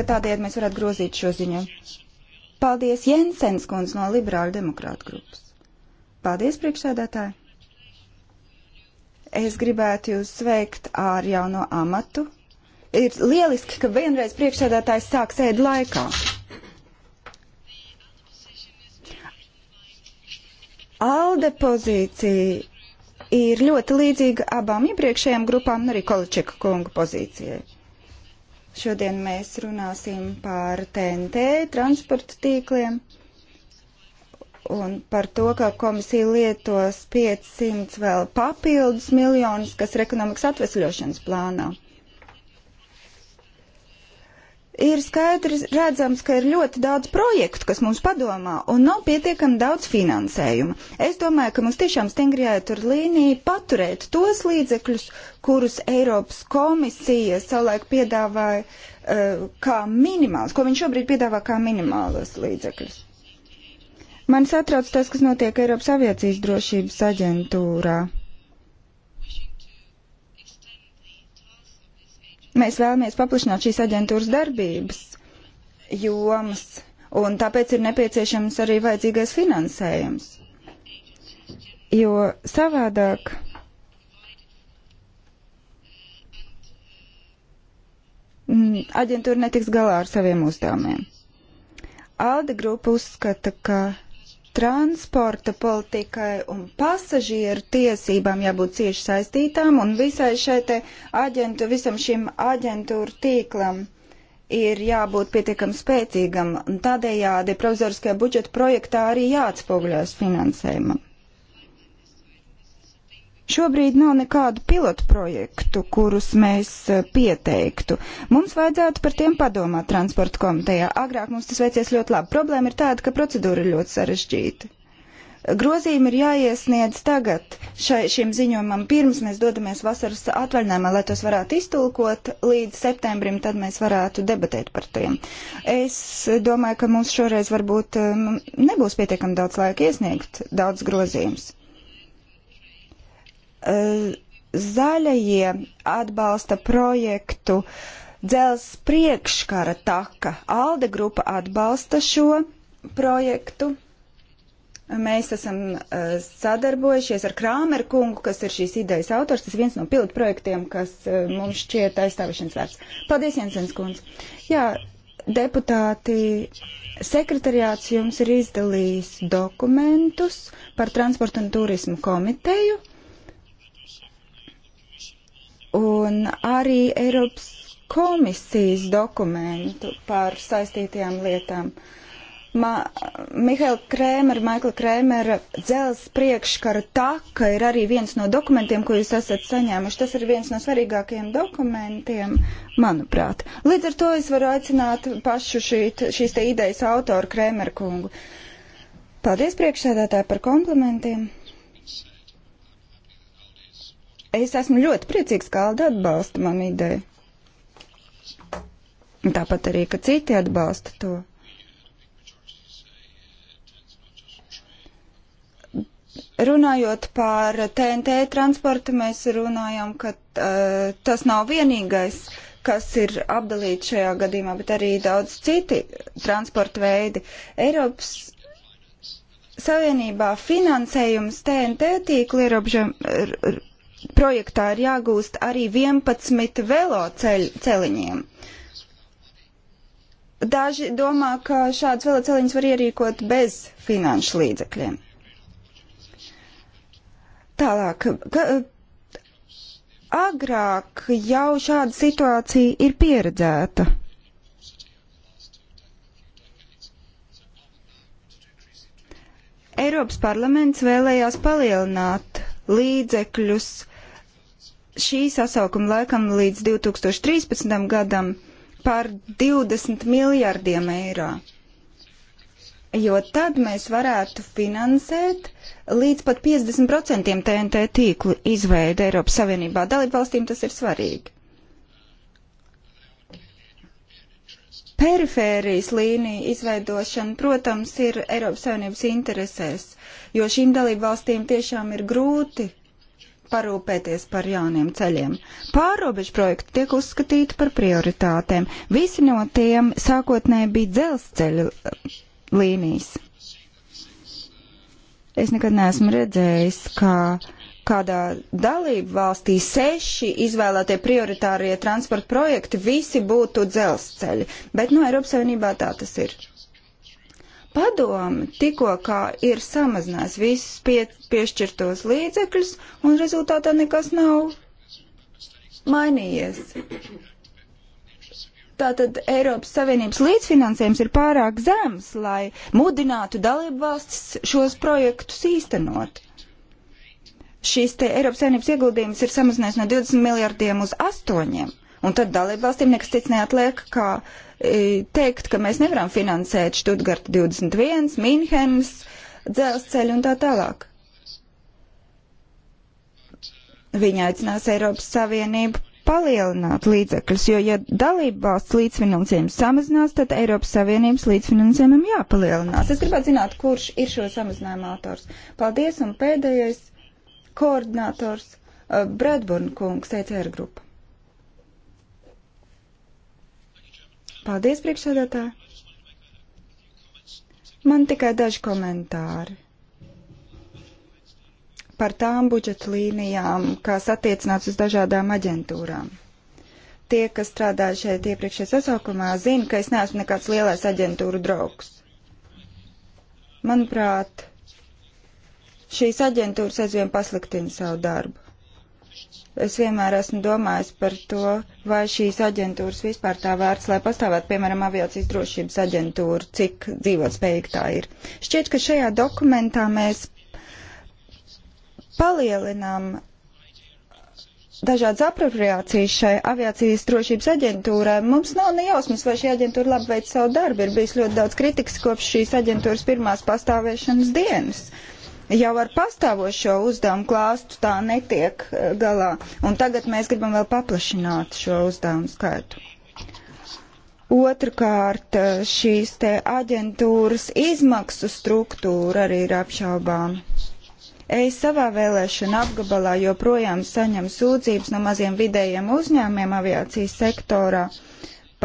ka tādējādi mēs varētu grozīt šo ziņu. Paldies Jensens kundz no Liberāļu demokrātu grupas. Paldies, priekšsēdētāji! Es gribētu jūs sveikt ar jauno amatu. Ir lieliski, ka vienreiz priekšsēdētājs sāk sēdi laikā. Alde pozīcija ir ļoti līdzīga abām iepriekšējām grupām, arī Količeka kunga pozīcijai. Šodien mēs runāsim par TNT transporta tīkliem un par to, ka komisija lietos 500 vēl papildus miljonus, kas ir ekonomikas atvesļošanas plānā ir skaidrs redzams, ka ir ļoti daudz projektu, kas mums padomā, un nav pietiekami daudz finansējuma. Es domāju, ka mums tiešām stingri jāietur līnija paturēt tos līdzekļus, kurus Eiropas komisija savulaik piedāvāja uh, kā minimāls, ko viņš šobrīd piedāvā kā minimālos līdzekļus. Man satrauc tas, kas notiek Eiropas aviācijas drošības aģentūrā. Mēs vēlamies paplašināt šīs aģentūras darbības jomas, un tāpēc ir nepieciešams arī vajadzīgais finansējums. Jo savādāk. Mm, aģentūra netiks galā ar saviem uzdevumiem. Alde grupa uzskata, ka transporta politikai un pasažieru tiesībām jābūt cieši saistītām, un visai šai te aģentu, visam šim aģentūru tīklam ir jābūt pietiekam spēcīgam, un tādējādi provizoriskajā budžeta projektā arī jāatspoguļojas finansējumam. Šobrīd nav nekādu pilotu projektu, kurus mēs e, pieteiktu. Mums vajadzētu par tiem padomāt transporta komitejā. Agrāk mums tas veicies ļoti labi. Problēma ir tāda, ka procedūra ir ļoti sarežģīta. Grozījumi ir jāiesniedz tagad šai, šim ziņojumam, pirms mēs dodamies vasaras atvaļinājumā, lai tos varētu iztulkot līdz septembrim, tad mēs varētu debatēt par tiem. Es domāju, ka mums šoreiz varbūt e, nebūs pietiekami daudz laika iesniegt daudz grozījumus. Eh, zaļajie atbalsta projektu dzels priekškara taka. Alde grupa atbalsta šo projektu. Mēs esam uh, sadarbojušies ar Krāmeru kungu, kas ir šīs idejas autors. Tas viens no pilotu projektiem, kas uh, mums šķiet aizstāvišanas vērts. Paldies, Jensens kundz. Jā, deputāti, sekretariāts jums ir izdalījis dokumentus par transportu un turismu komiteju. Uh, un arī Eiropas komisijas dokumentu par saistītajām lietām. Ma Mihaila Krēmera, Maikla Krēmera dzels priekškara taka ir arī viens no dokumentiem, ko jūs esat saņēmuši. Tas ir viens no svarīgākajiem dokumentiem, manuprāt. Līdz ar to es varu aicināt pašu šīt, šīs te idejas autoru Krēmera kungu. Paldies priekšsēdētāji par komplementiem! Es esmu ļoti priecīgs, ka Alda atbalsta manu ideju. Tāpat arī, ka citi atbalsta to. runājot par TNT transportu, mēs runājam, ka uh, tas nav vienīgais, kas ir apdalīts šajā gadījumā, bet arī daudz citi transporta veidi. Eiropas Savienībā finansējums TNT tīkli ir, projektā ir jāgūst arī 11 veloceliņiem. Daži domā, ka šādas veloceliņas var ierīkot bez finanšu līdzekļiem. Tālāk, ka, agrāk jau šāda situācija ir pieredzēta. Eiropas parlaments vēlējās palielināt līdzekļus šī sasaukuma laikam līdz 2013. gadam par 20 miljardiem eiro. Jo tad mēs varētu finansēt līdz pat 50% TNT tīklu izveidu Eiropas Savienībā. Dalību valstīm tas ir svarīgi. Perifērijas līnija izveidošana, protams, ir Eiropas Savienības interesēs, jo šīm dalību valstīm tiešām ir grūti parūpēties par jauniem ceļiem. Pārobežu projekti tiek uzskatīti par prioritātēm. Visi no tiem sākotnēji bija dzelzceļa eh, līnijas. Es nekad neesmu redzējis, ka kādā dalību valstī seši izvēlētie prioritārie transporta projekti visi būtu dzelzceļi, bet no nu, Eiropas Savienībā tā tas ir. Padomi tikko kā ir samazinājis visus pie, piešķirtos līdzekļus, un rezultātā nekas nav mainījies. Tātad Eiropas Savienības līdzfinansējums ir pārāk zems, lai mudinātu dalību valstis šos projektus īstenot šīs te Eiropas saimnības ieguldījums ir samazinājis no 20 miljardiem uz 8. Un tad dalībvalstīm nekas cits neatliek, kā e, teikt, ka mēs nevaram finansēt Študgarta 21, Minhenes dzelzceļu un tā tālāk. Viņa aicinās Eiropas Savienību palielināt līdzekļus, jo, ja dalībvalsts līdzfinansējums samazinās, tad Eiropas Savienības līdzfinansējumam jāpalielinās. Es gribētu zināt, kurš ir šo samazinājumu autors. Paldies, un pēdējais koordinators uh, Bradburn kungs, ECR grupa. Paldies, priekšsēdētāji! Man tikai daži komentāri par tām budžeta līnijām, kas attiecināts uz dažādām aģentūrām. Tie, kas strādāja šeit iepriekšējā sasaukumā, zina, ka es neesmu nekāds lielais aģentūru draugs. Manuprāt, šīs aģentūras aizvien pasliktina savu darbu. Es vienmēr esmu domājis par to, vai šīs aģentūras vispār tā vērts, lai pastāvētu, piemēram, aviācijas drošības aģentūra, cik dzīvotspējīga tā ir. Šķiet, ka šajā dokumentā mēs palielinām dažādas apropriācijas šai aviācijas drošības aģentūrai. Mums nav nejausmas, vai šī aģentūra labi veic savu darbu. Ir bijis ļoti daudz kritikas kopš šīs aģentūras pirmās pastāvēšanas dienas. Uh, Jau ar pastāvošo uzdevumu klāstu tā netiek e, galā, un tagad mēs gribam vēl paplašināt šo uzdevumu skaitu. Otrakārt, e, šīs te aģentūras izmaksu struktūra arī ir apšaubāma. Es savā vēlēšana apgabalā joprojām saņemu sūdzības no maziem vidējiem uzņēmiem aviācijas sektorā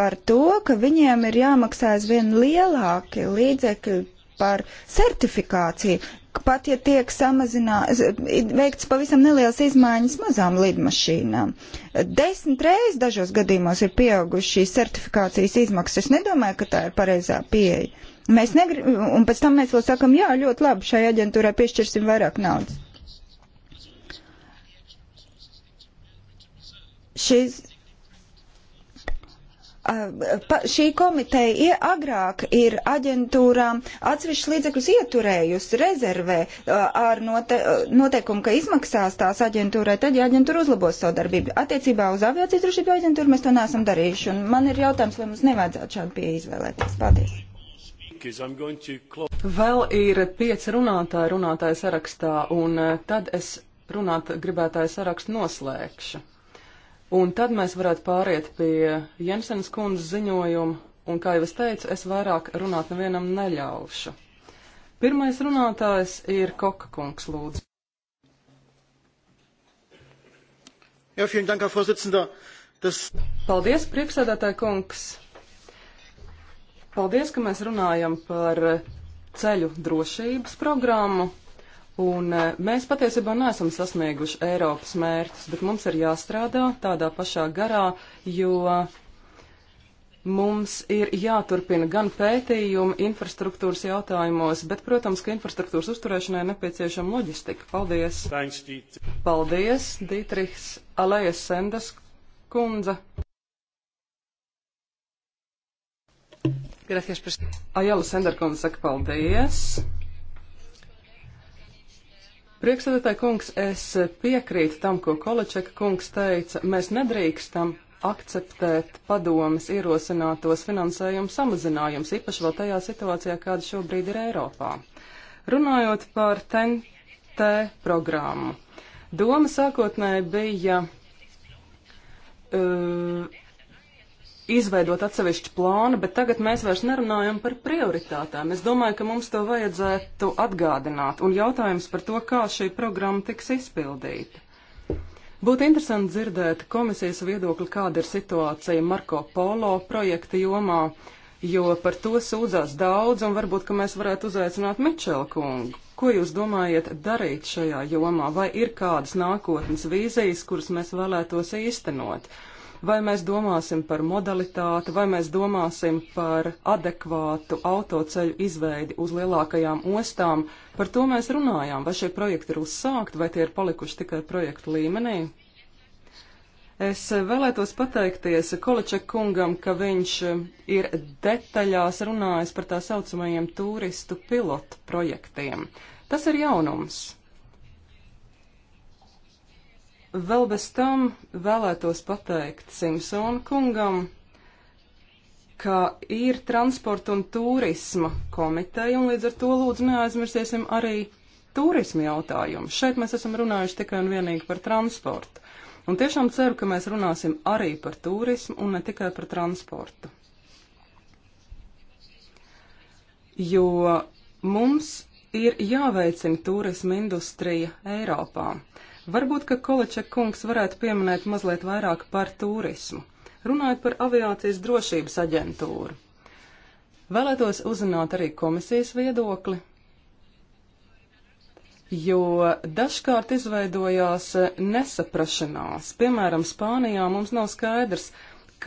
par to, ka viņiem ir jāmaksā aizvien lielāki līdzekļi par certifikāciju, pat ja tiek samazināts, veikts pavisam nelielas izmaiņas mazām lidmašīnām. Desmit reizes dažos gadījumos ir pieauguši šīs certifikācijas izmaksas. Es nedomāju, ka tā ir pareizā pieeja. Mēs negribam, un pēc tam mēs vēl sakam, jā, ļoti labi, šai aģentūrai piešķirsim vairāk naudas. Šis pa, šī komiteja agrāk ir aģentūrām atsevišķus līdzekļus ieturējusi rezervē ar note, noteikumu, ka izmaksās tās aģentūrai, tad ja aģentūra uzlabos savu darbību. Attiecībā uz aviācijas drošību aģentūru mēs to neesam darījuši, un man ir jautājums, vai mums nevajadzētu šādu pieeju izvēlēties. Paldies! Vēl ir pieci runātāji runātāja sarakstā, un tad es runāt gribētāju sarakstu noslēgšu. Un tad mēs varētu pāriet pie Jensenas kundzes ziņojuma, un, kā jau es teicu, es vairāk runāt nevienam neļaušu. Pirmais runātājs ir Koka kungs, lūdzu. Jā, vielen dank, Frau Sitzendā. Tas... Paldies, priekšsēdētāji kungs. Paldies, ka mēs runājam par ceļu drošības programmu, Un eh, mēs patiesībā neesam sasnieguši Eiropas mērķus, bet mums ir jāstrādā tādā pašā garā, jo mums ir jāturpina gan pētījumi infrastruktūras jautājumos, bet, protams, ka infrastruktūras uzturēšanai nepieciešama loģistika. Paldies! Thanks, Dīt. Paldies, Dītrihs Alējas Sendas kundze! Gracias, presidente. Ajala Senderkundze saka paldies! Priekšsēdētāji kungs, es piekrītu tam, ko Kolačeka kungs teica. Mēs nedrīkstam akceptēt padomas ierosinātos finansējumu samazinājumus, īpaši vēl tajā situācijā, kāda šobrīd ir Eiropā. Runājot par TNT programmu, doma sākotnēji bija uh, izveidot atsevišķu plānu, bet tagad mēs vairs nerunājam par prioritātēm. Es domāju, ka mums to vajadzētu atgādināt, un jautājums par to, kā šī programma tiks izpildīta. Būtu interesanti dzirdēt komisijas viedokli, kāda ir situācija Marko Polo projekta jomā, jo par to sūdzās daudz, un varbūt, ka mēs varētu uzaicināt Mičela kungu. Ko jūs domājat darīt šajā jomā, vai ir kādas nākotnes vīzijas, kuras mēs vēlētos īstenot? Vai mēs domāsim par modalitāti, vai mēs domāsim par adekvātu autoceļu izveidi uz lielākajām ostām, par to mēs runājām. Vai šie projekti ir uzsākti, vai tie ir palikuši tikai projektu līmenī? Es vēlētos pateikties Količak kungam, ka viņš ir detaļās runājis par tā saucamajiem turistu pilotu projektiem. Tas ir jaunums. Vēl bez tam vēlētos pateikt Simpsona kungam, ka ir transporta un turisma komiteja, un līdz ar to lūdzu neaizmirsiesim arī turismu jautājumu. Šeit mēs esam runājuši tikai un vienīgi par transportu. Un tiešām ceru, ka mēs runāsim arī par turismu un ne tikai par transportu. Jo mums ir jāveicina turisma industrija Eiropā. Varbūt, ka Koleča kungs varētu pieminēt mazliet vairāk par turismu. Runājot par aviācijas drošības aģentūru. Vēlētos uzzināt arī komisijas viedokli, jo dažkārt izveidojās nesaprašanās. Piemēram, Spānijā mums nav skaidrs,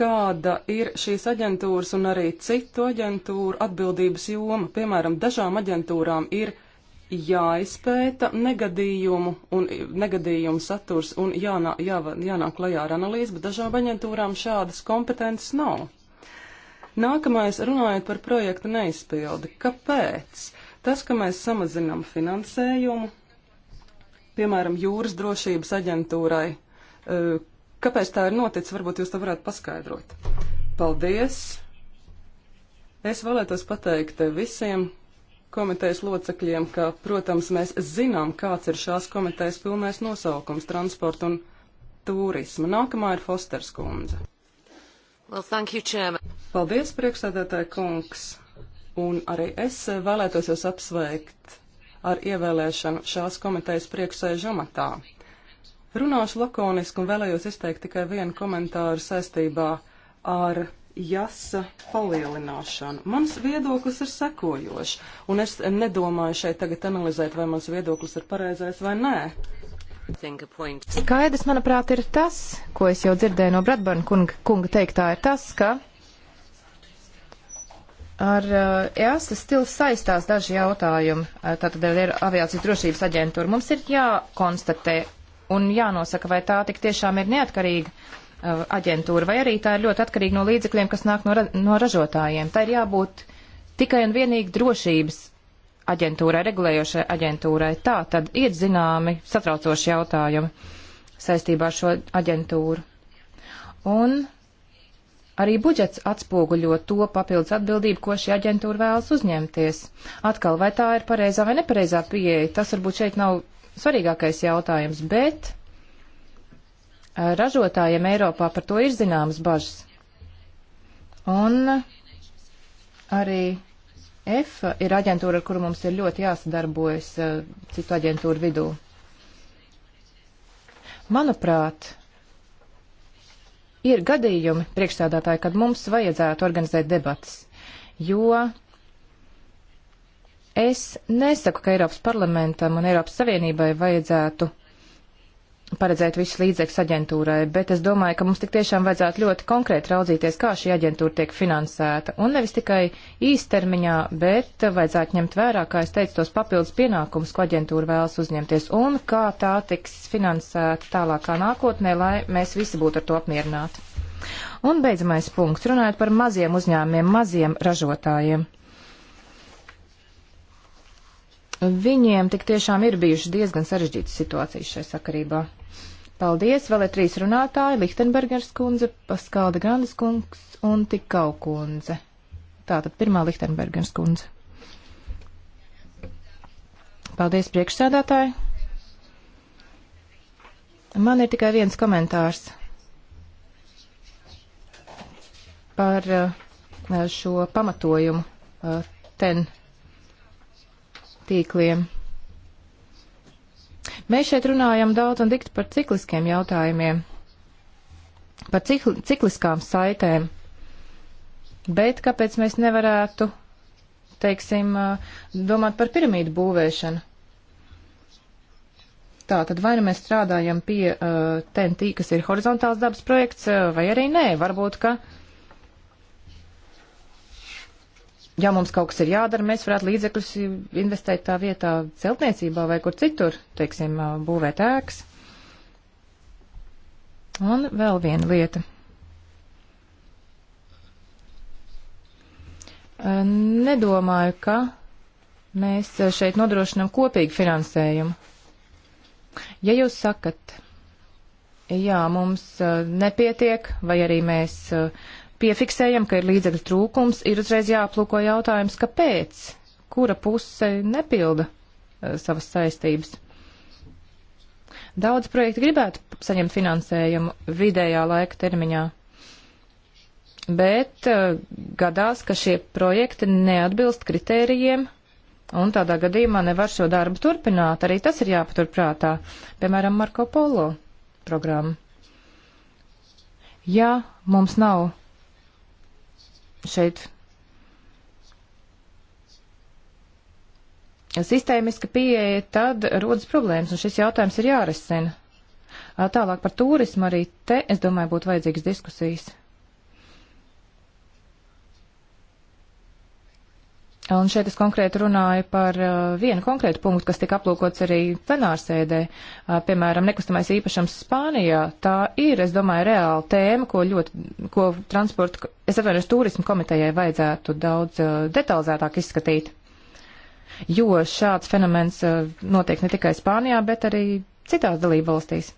kāda ir šīs aģentūras un arī citu aģentūru atbildības joma. Piemēram, dažām aģentūrām ir jāizpēta negadījumu un negadījumu saturs un jānā, jā, jānāk klajā ar analīzi, bet dažām aģentūrām šādas kompetences nav. Nākamais runājot par projekta neizpildi. Kāpēc? Tas, ka mēs samazinām finansējumu, piemēram, jūras drošības aģentūrai, kāpēc tā ir noticis, varbūt jūs to varētu paskaidrot. Paldies! Es vēlētos pateikt visiem, komitejas locekļiem, ka, protams, mēs zinām, kāds ir šās komitejas pilnais nosaukums - transporta un turisma. Nākamā ir Fosters kundze. Well, thank you, chairman. Paldies, priekšsēdētāji kungs. Un arī es vēlētos jūs apsveikt ar ievēlēšanu šās komitejas priekšsēžu amatā. Runāšu lakoniski un vēlējos izteikt tikai vienu komentāru saistībā ar jasa palielināšanu. Mans viedoklis ir sekojošs, un es nedomāju šeit tagad analizēt, vai mans viedoklis ir pareizais vai nē. Skaidrs, manuprāt, ir tas, ko es jau dzirdēju no Bradburna kunga, kunga teiktā, ir tas, ka ar uh, eh, EASA stilu saistās daži jautājumi, uh, tātad ar aviācijas drošības aģentūru. Mums ir jākonstatē un jānosaka, vai tā tik tiešām ir neatkarīga Uh, aģentūra, vai arī tā ir ļoti atkarīga no līdzekļiem, kas nāk no, ra no ražotājiem. Tā ir jābūt tikai un vienīgi drošības aģentūrai, regulējošai aģentūrai. Tā tad ir zināmi satraucoši jautājumi saistībā ar šo aģentūru. Un arī budžets atspoguļo to papildus atbildību, ko šī aģentūra vēlas uzņemties. Atkal, vai tā ir pareizā vai nepareizā pieeja, tas varbūt šeit nav svarīgākais jautājums, bet Ražotājiem Eiropā par to ir zināmas bažas. Un arī EFA ir aģentūra, ar kuru mums ir ļoti jāsadarbojas eh, citu aģentūru vidū. Manuprāt, ir gadījumi priekšstādātāji, kad mums vajadzētu organizēt debatas, jo es nesaku, ka Eiropas parlamentam un Eiropas Savienībai vajadzētu paredzēt visus līdzekļus aģentūrai, bet es domāju, ka mums tik tiešām vajadzētu ļoti konkrēti raudzīties, kā šī aģentūra tiek finansēta. Un nevis tikai īstermiņā, bet vajadzētu ņemt vērā, kā es teicu, tos papildus pienākumus, ko aģentūra vēlas uzņemties, un kā tā tiks finansēta tālākā nākotnē, lai mēs visi būtu ar to apmierināti. Un beidzamais punkts, runājot par maziem uzņēmumiem, maziem ražotājiem. Viņiem tik tiešām ir bijušas diezgan sarežģītas situācijas šai sakarībā. Paldies, vēl ir trīs runātāji - Lichtenbergers kundze, Paskalda Grandes kungs un Tikau kundze. Tātad pirmā Lichtenbergers kundze. Paldies, priekšsēdētāji. Man ir tikai viens komentārs par eh, šo pamatojumu eh, ten tīkliem. Mēs šeit runājam daudz un dikti par cikliskiem jautājumiem, par cikl cikliskām saitēm, bet kāpēc mēs nevarētu, teiksim, domāt par piramīdu būvēšanu? Tā tad vai nu mēs strādājam pie uh, TNT, kas ir horizontāls dabas projekts, vai arī nē, varbūt, ka uh, ja mums kaut kas ir jādara, mēs varētu līdzekļus investēt tā vietā celtniecībā vai kur citur, teiksim, būvēt ēkas. Un vēl viena lieta. Nedomāju, ka mēs šeit nodrošinām kopīgu finansējumu. Ja jūs sakat, jā, mums nepietiek, vai arī mēs uh, piefiksējam, ka ir līdzekļu trūkums, ir uzreiz jāaplūko jautājums, kāpēc, kura puse nepilda eh, savas saistības. Daudz projekti gribētu saņemt finansējumu vidējā laika termiņā, bet uh, gadās, ka šie projekti neatbilst kritērijiem, un tādā gadījumā nevar šo darbu turpināt. Arī tas ir jāpaturprātā, piemēram, Marko Polo programmu. Ja mums nav šeit sistēmiska pieeja, tad rodas problēmas, un šis jautājums ir jārisina. Tālāk par turismu arī te, es domāju, būtu vajadzīgas diskusijas. Un šeit es konkrēti runāju par uh, vienu konkrētu punktu, kas tika aplūkots arī plenārsēdē. Uh, piemēram, nekustamais īpašums Spānijā. Tā ir, es domāju, reāla tēma, ko ļoti, ko transporta, es atvainojos, turismu komitejai vajadzētu daudz uh, detalizētāk izskatīt. Jo šāds fenomens uh, notiek ne tikai Spānijā, bet arī citās dalību valstīs.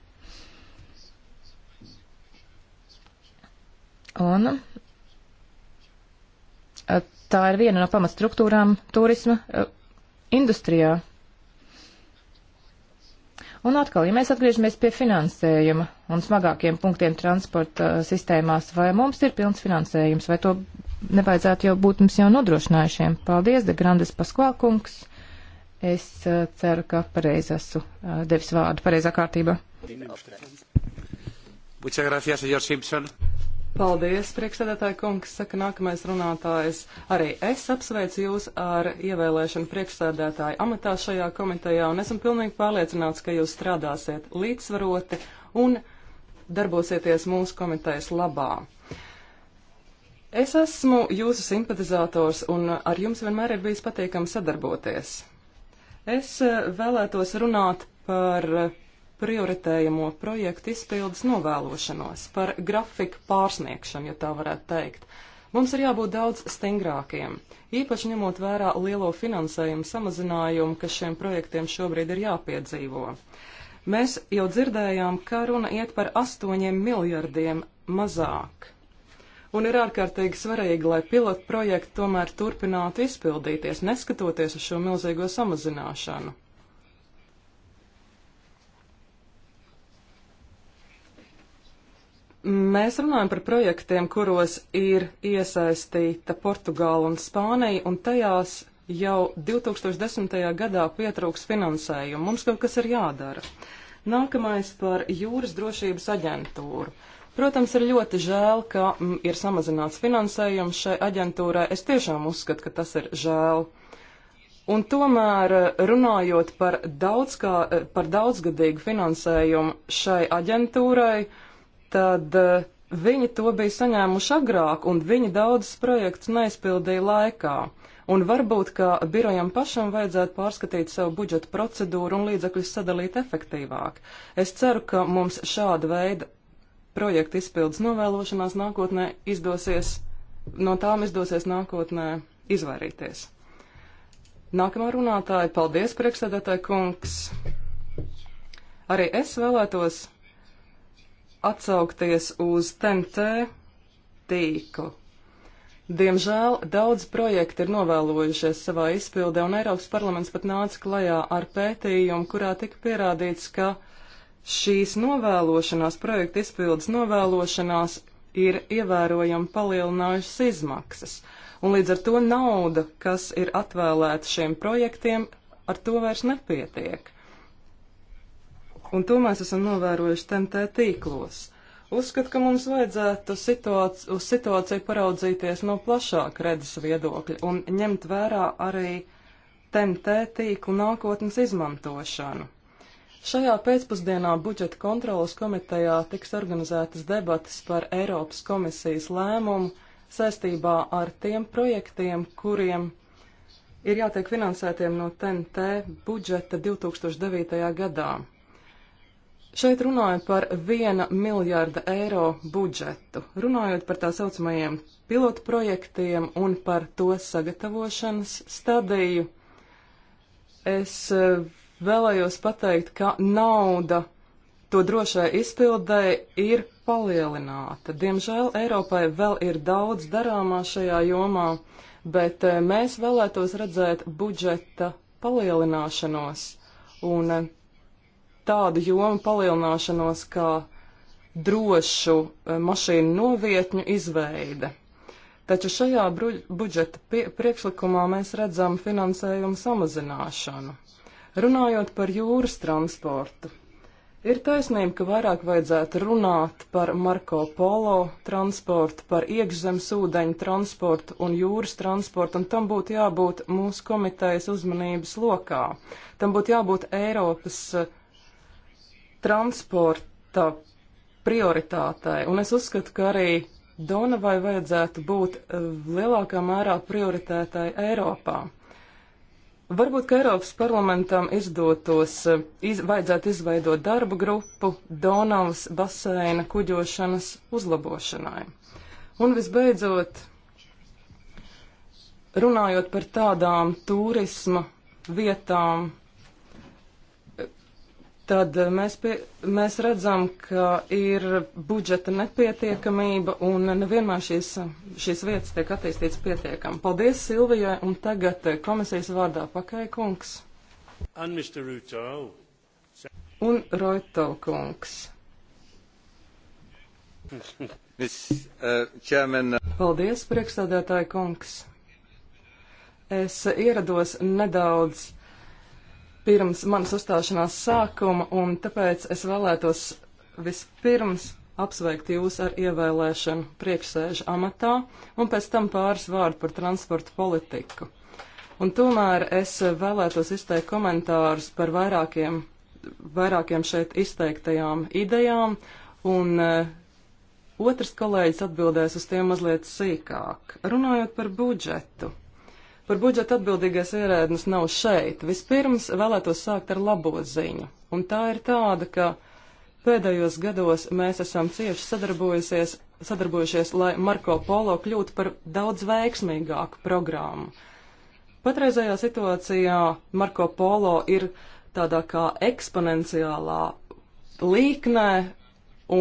Un. Uh, tā ir viena no pamatstruktūrām turisma e, industrijā. Un atkal, ja mēs atgriežamies pie finansējuma un smagākiem punktiem transporta sistēmās, vai mums ir pilns finansējums, vai to nevajadzētu jau būt mums jau nodrošinājušiem? Paldies, De Grandes Paskvalkungs. Es e, ceru, ka pareizi esmu e, devis vārdu pareizā kārtībā. Muchas gracias, señor Simpson. Paldies, priekšsēdētāji kungs, saka nākamais runātājs. Arī es apsveicu jūs ar ievēlēšanu priekšsēdētāju amatā šajā komitejā un esmu pilnīgi pārliecināts, ka jūs strādāsiet līdzsvaroti un darbosieties mūsu komitejas labā. Es esmu jūsu simpatizators un ar jums vienmēr ir bijis patīkami sadarboties. Es eh, vēlētos runāt par prioritējamo projektu izpildes novēlošanos, par grafiku pārsniegšanu, ja tā varētu teikt. Mums ir jābūt daudz stingrākiem, īpaši ņemot vērā lielo finansējumu samazinājumu, kas šiem projektiem šobrīd ir jāpiedzīvo. Mēs jau dzirdējām, ka runa iet par astoņiem miljardiem mazāk un ir ārkārtīgi svarīgi, lai pilotu projekti tomēr turpinātu izpildīties, neskatoties uz šo milzīgo samazināšanu. Mēs runājam par projektiem, kuros ir iesaistīta Portugāla un Spānija, un tajās jau 2010. gadā pietrūks finansējumu. Mums kaut kas ir jādara. Nākamais par jūras drošības aģentūru. Protams, ir ļoti žēl, ka m, mm, ir samazināts finansējums šai aģentūrai. Es tiešām uzskatu, ka tas ir žēl. Un tomēr runājot par, daudz kā, par daudzgadīgu finansējumu šai aģentūrai, uh, tad eh, viņi to bija saņēmuši agrāk, un viņi daudzas projekts neizpildīja laikā. Un varbūt, ka birojam pašam vajadzētu pārskatīt savu budžeta procedūru un līdzekļus sadalīt efektīvāk. Es ceru, ka mums šāda veida projekta izpildes novēlošanās nākotnē izdosies, no tām izdosies nākotnē izvairīties. Nākamā runātāja, paldies priekšsēdētāja kungs. Arī es vēlētos atsaukties uz TNT tīklu. Diemžēl daudz projekti ir novēlojušies savā izpildē, un Eiropas parlaments pat nāca klajā ar pētījumu, kurā tika pierādīts, ka šīs novēlošanās, projekta izpildes novēlošanās ir ievērojami palielinājušas izmaksas, un līdz ar to nauda, kas ir atvēlēta šiem projektiem, ar to vairs nepietiek un to mēs esam novērojuši TMT tīklos. Uzskatu, ka mums vajadzētu situāci uz situāciju paraudzīties no plašāka redzes viedokļa un ņemt vērā arī TMT tīklu nākotnes izmantošanu. Šajā pēcpusdienā budžeta kontrolas komitejā tiks organizētas debatas par Eiropas komisijas lēmumu saistībā ar tiem projektiem, kuriem ir jātiek finansētiem no TNT budžeta 2009. gadā. Šeit runāju par viena miljārda eiro budžetu, runājot par tā saucamajiem pilotu projektiem un par to sagatavošanas stadiju. Es eh, vēlējos pateikt, ka nauda to drošai izpildēji ir palielināta. Diemžēl Eiropai vēl ir daudz darāmā šajā jomā, bet eh, mēs vēlētos redzēt budžeta palielināšanos. Un eh, tādu jomu palielināšanos kā drošu eh, mašīnu novietņu izveide. Taču šajā budžeta priekšlikumā mēs redzam finansējumu samazināšanu. Runājot par jūras transportu, Ir taisnība, ka vairāk vajadzētu runāt par Marko Polo transportu, par iekšzemes ūdeņu transportu un jūras transportu, un tam būtu jābūt mūsu komitejas uzmanības lokā. Tam būtu jābūt Eiropas eh, transporta prioritātei, un es uzskatu, ka arī Donavai vajadzētu būt eh, lielākā mērā prioritētai Eiropā. Varbūt, ka Eiropas parlamentam izdotos, eh, iz, vajadzētu izveidot darbu grupu Donavas baseina kuģošanas uzlabošanai. Un visbeidzot, runājot par tādām turisma vietām, tad eh, mēs, pie, mēs redzam, ka ir budžeta nepietiekamība un nevienmēr šīs, šīs vietas tiek attīstītas pietiekami. Paldies Silvijai un tagad eh, komisijas vārdā pakai kungs. Un Roito kungs. Uh, uh, Paldies, priekšstādātāji kungs. Es eh, ierados nedaudz pirms manas uzstāšanās sākuma, un tāpēc es vēlētos vispirms apsveikt jūs ar ievēlēšanu priekšsēža amatā, un pēc tam pāris vārdu par transportu politiku. Un tomēr es vēlētos izteikt komentārus par vairākiem, vairākiem šeit izteiktajām idejām, un eh, Otrs kolēģis atbildēs uz tiem mazliet sīkāk. Runājot par budžetu, Par budžetu atbildīgais ierēdnis nav šeit. Vispirms vēlētos sākt ar labo ziņu. Un tā ir tāda, ka pēdējos gados mēs esam cieši sadarbojusies, sadarbojušies, lai Marko Polo kļūtu par daudz veiksmīgāku programmu. Patreizajā situācijā Marko Polo ir tādā kā eksponenciālā līknē,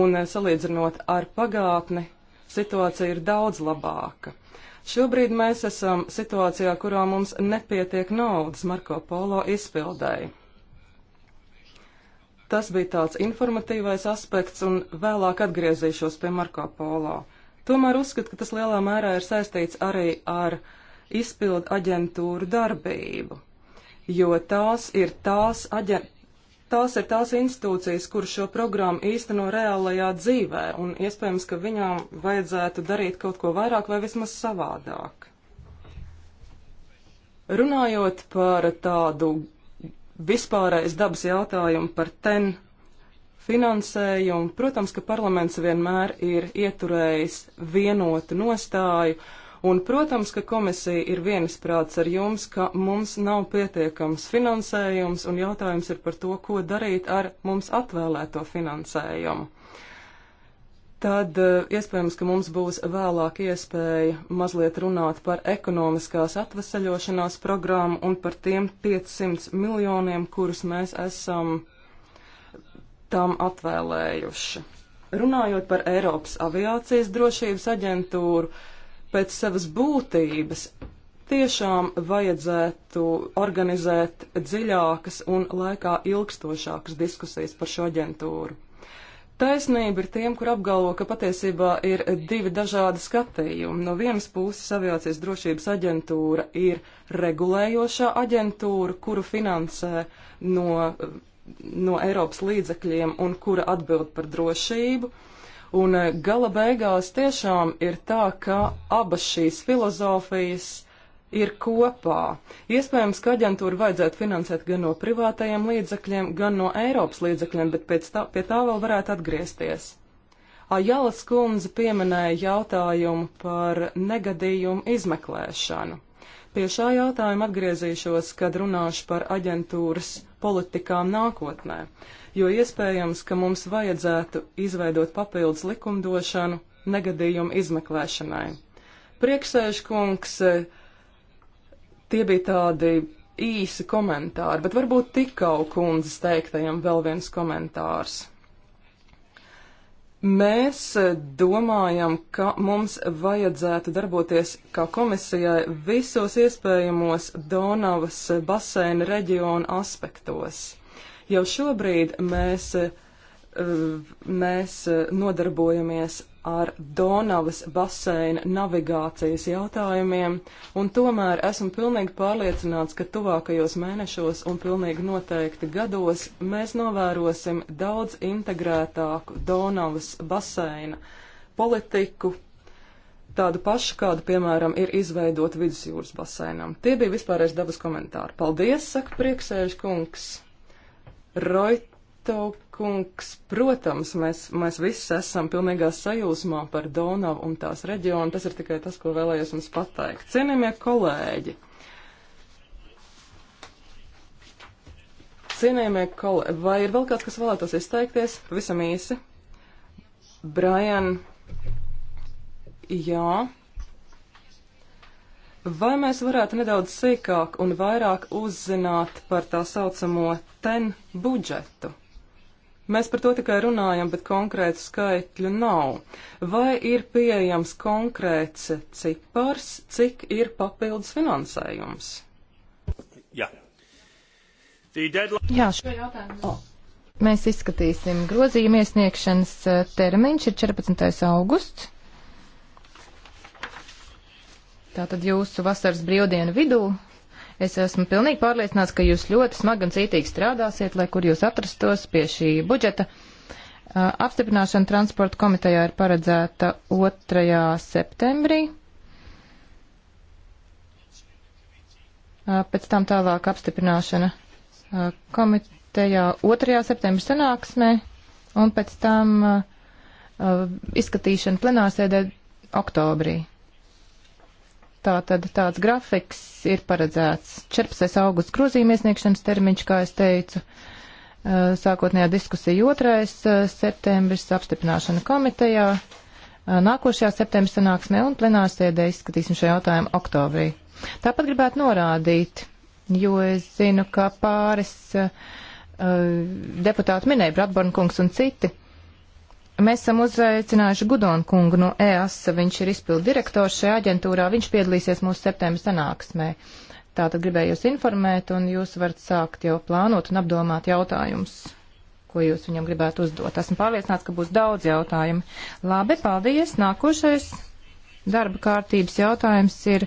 un salīdzinot ar pagātni, situācija ir daudz labāka. Šobrīd mēs esam situācijā, kurā mums nepietiek naudas Marko Polo izpildēji. Tas bija tāds informatīvais aspekts, un vēlāk atgriezīšos pie Marko Polo. Tomēr uzskatu, ka tas lielā mērā ir saistīts arī ar izpildu aģentūru darbību, jo tās ir tās aģentūras Tās ir tās institūcijas, kuras šo programmu īsteno reālajā dzīvē, un iespējams, ka viņām vajadzētu darīt kaut ko vairāk vai vismaz savādāk. Runājot par tādu vispārējais dabas jautājumu par ten finansējumu, protams, ka parlaments vienmēr ir ieturējis vienotu nostāju, Un, protams, ka komisija ir vienisprāts ar jums, ka mums nav pietiekams finansējums, un jautājums ir par to, ko darīt ar mums atvēlēto finansējumu. Tad eh, iespējams, ka mums būs vēlāk iespēja mazliet runāt par ekonomiskās atveseļošanās programmu un par tiem 500 miljoniem, kurus mēs esam tam atvēlējuši. Runājot par Eiropas aviācijas drošības aģentūru, uh, pēc savas būtības tiešām vajadzētu organizēt dziļākas un laikā ilgstošākas diskusijas par šo aģentūru. Taisnība ir tiem, kur apgalvo, ka patiesībā ir divi dažādi skatījumi. No vienas puses aviācijas drošības aģentūra ir regulējošā aģentūra, kuru finansē no, no Eiropas līdzekļiem un kura atbild par drošību. Uh, Un eh, gala beigās tiešām ir tā, ka abas šīs filozofijas ir kopā. Iespējams, ka aģentūru vajadzētu finansēt gan no privātajiem līdzekļiem, gan no Eiropas līdzekļiem, bet pēc tā, pie tā vēl varētu atgriezties. Ajala skundze pieminēja jautājumu par negadījumu izmeklēšanu. Pie šā jautājuma atgriezīšos, kad runāšu par aģentūras politikām nākotnē, jo iespējams, ka mums vajadzētu izveidot papildus likumdošanu negadījumu izmeklēšanai. Priekšsēžkungs, tie bija tādi īsi komentāri, bet varbūt tikau kundzes teiktajam vēl viens komentārs. Mēs e, domājam, ka mums vajadzētu darboties kā komisijai visos iespējamos Donavas e, basēna reģiona aspektos. Jau šobrīd mēs, e, mēs nodarbojamies ar Donavas baseina navigācijas jautājumiem, un tomēr esmu pilnīgi pārliecināts, ka tuvākajos mēnešos un pilnīgi noteikti gados mēs novērosim daudz integrētāku Donavas baseina politiku, tādu pašu, kādu, piemēram, ir izveidota vidusjūras basēnam. Tie bija vispārējais dabas komentāri. Paldies, saka prieksēžu kungs. Roit Kato kungs, protams, mēs, mēs visi esam pilnīgā sajūsmā par Donavu un tās reģionu. Tas ir tikai tas, ko vēlējos jums pateikt. Cienījamie kolēģi! Cienījamie kolēģi, vai ir vēl kāds, kas vēlētos izteikties? Pavisam īsi. Brian, jā. Vai mēs varētu nedaudz sīkāk un vairāk uzzināt par tā saucamo ten budžetu? Mēs par to tikai runājam, bet konkrētu skaitļu nav. Vai ir pieejams konkrēts cipars, cik ir papildus finansējums? Jā, Jā šo jautājumu. Oh. Mēs izskatīsim grozījuma iesniegšanas uh, termiņš ir 14. augusts. Tātad jūsu vasaras brīvdienu vidū Es esmu pilnīgi pārliecināts, ka jūs ļoti smagi un cītīgi strādāsiet, lai kur jūs atrastos pie šī budžeta. Uh, apstiprināšana transporta komitejā ir paredzēta 2. septembrī. Uh, pēc tam tālāk apstiprināšana uh, komitejā 2. septembra sanāksmē un pēc tam izskatīšana plenārsēdē oktobrī. Tātad tāds grafiks ir paredzēts 14. augusts grozījuma iesniegšanas termiņš, kā es teicu, sākotnējā diskusija 2. septembris apstiprināšana komitejā, nākošajā septembris sanāksmē un plenārsēdē izskatīsim šo jautājumu oktobrī. Tāpat gribētu norādīt, jo es zinu, ka pāris deputāti minēja Bratborn kungs un citi Mēs esam uzaicinājuši Gudonu kungu no EAS, viņš ir izpildu direktors šajā aģentūrā, viņš piedalīsies mūsu septembra sanāksmē. Tātad gribēju jūs informēt, un jūs varat sākt jau plānot un apdomāt jautājumus, ko jūs viņam gribētu uzdot. Esmu pārliecināts, ka būs daudz jautājumu. Labi, paldies. Nākošais darba kārtības jautājums ir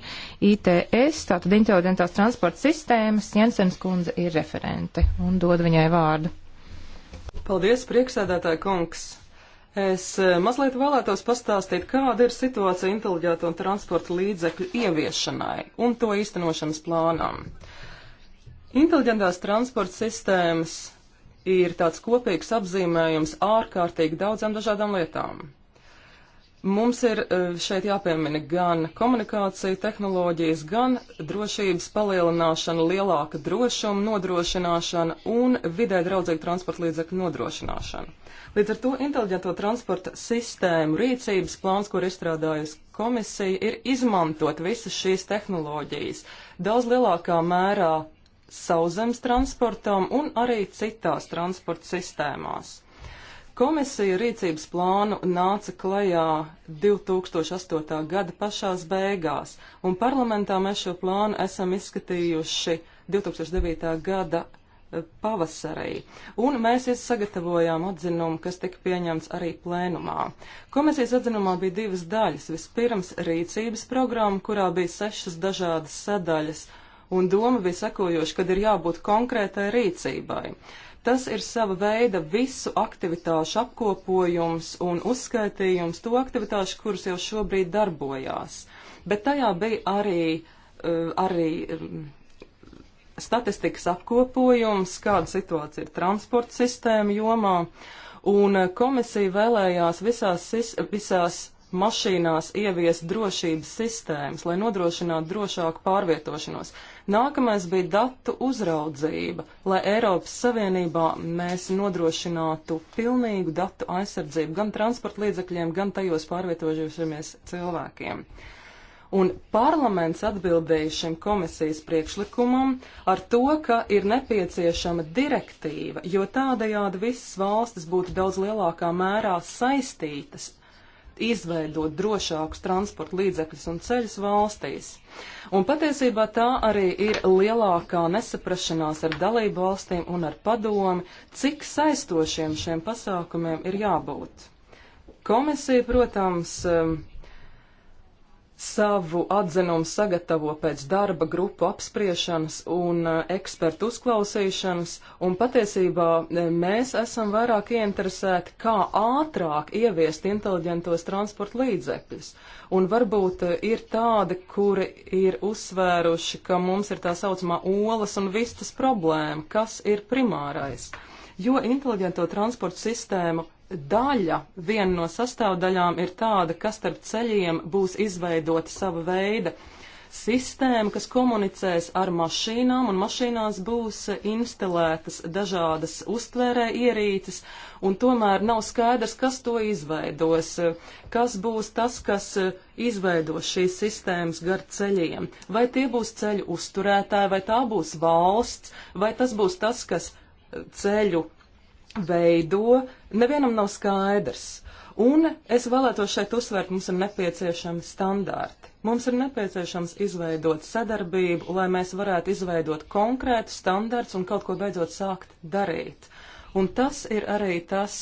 ITS, tātad inteliģentās transporta sistēmas. Jensens kundze ir referente un dod viņai vārdu. Paldies, prieksēdētāji kungs! Es e, mazliet vēlētos pastāstīt, kāda ir situācija inteliģēto un transporta līdzekļu ieviešanai un to īstenošanas plānam. Inteliģentās transporta sistēmas ir tāds kopīgs apzīmējums ārkārtīgi daudzām dažādām lietām. Mums ir e, šeit jāpiemina gan komunikācija tehnoloģijas, gan drošības palielināšana, lielāka drošuma nodrošināšana un vidē draudzīga transporta līdzekļu nodrošināšana. Līdz ar to inteliģento transporta sistēmu rīcības plāns, kur izstrādājusi komisija, ir izmantot visas šīs tehnoloģijas daudz lielākā mērā sauszemes transportam un arī citās transporta sistēmās. Komisija rīcības plānu nāca klajā 2008. gada pašās beigās, un parlamentā mēs šo plānu esam izskatījuši 2009. gada eh, pavasarī, un mēs sagatavojām atzinumu, kas tika pieņemts arī plēnumā. Komisijas atzinumā bija divas daļas. Vispirms rīcības programma, kurā bija sešas dažādas sadaļas, un doma bija sekojoša, kad ir jābūt konkrētai rīcībai. Tas ir sava veida visu aktivitāšu apkopojums un uzskaitījums to aktivitāšu, kuras jau šobrīd darbojās. Bet tajā bija arī, eh, arī mm, statistikas apkopojums, kāda situācija ir transporta sistēma jomā, un eh, komisija vēlējās visās, visās mašīnās ieviest drošības sistēmas, lai nodrošinātu drošāku pārvietošanos. Nākamais bija datu uzraudzība, lai Eiropas Savienībā mēs nodrošinātu pilnīgu datu aizsardzību gan transporta līdzekļiem, gan tajos pārvietojušamies cilvēkiem. Un parlaments atbildēja šim komisijas priekšlikumam ar to, ka ir nepieciešama direktīva, jo tādējādi visas valstis būtu daudz lielākā mērā saistītas izveidot drošākus transporta līdzekļus un ceļus valstīs. Un patiesībā tā arī ir lielākā nesaprašanās ar dalību valstīm un ar padomi, cik saistošiem šiem pasākumiem ir jābūt. Komisija, protams, um, savu atzinumu sagatavo pēc darba grupu apspriešanas un uh, ekspertu uzklausīšanas, un patiesībā uh, mēs esam vairāk ieinteresēti, kā ātrāk ieviest inteliģentos transporta līdzekļus. Un varbūt uh, ir tādi, kuri ir uzsvēruši, ka mums ir tā saucamā olas un vistas problēma, kas ir primārais. Jo inteliģento transporta sistēmu daļa, viena no sastāvdaļām ir tāda, kas starp ceļiem būs izveidota sava veida sistēma, kas komunicēs ar mašīnām, un mašīnās būs instalētas dažādas uztvērē ierīces, un tomēr nav skaidrs, kas to izveidos, kas būs tas, kas izveidos šīs sistēmas gar ceļiem. Vai tie būs ceļu uzturētāji, vai tā būs valsts, vai tas būs tas, kas ceļu veido, nevienam nav skaidrs. Un es vēlētos šeit uzsvērt, mums ir nepieciešami standarti. Mums ir nepieciešams izveidot sadarbību, lai mēs varētu izveidot konkrētu standarts un kaut ko beidzot sākt darīt. Un tas ir arī tas,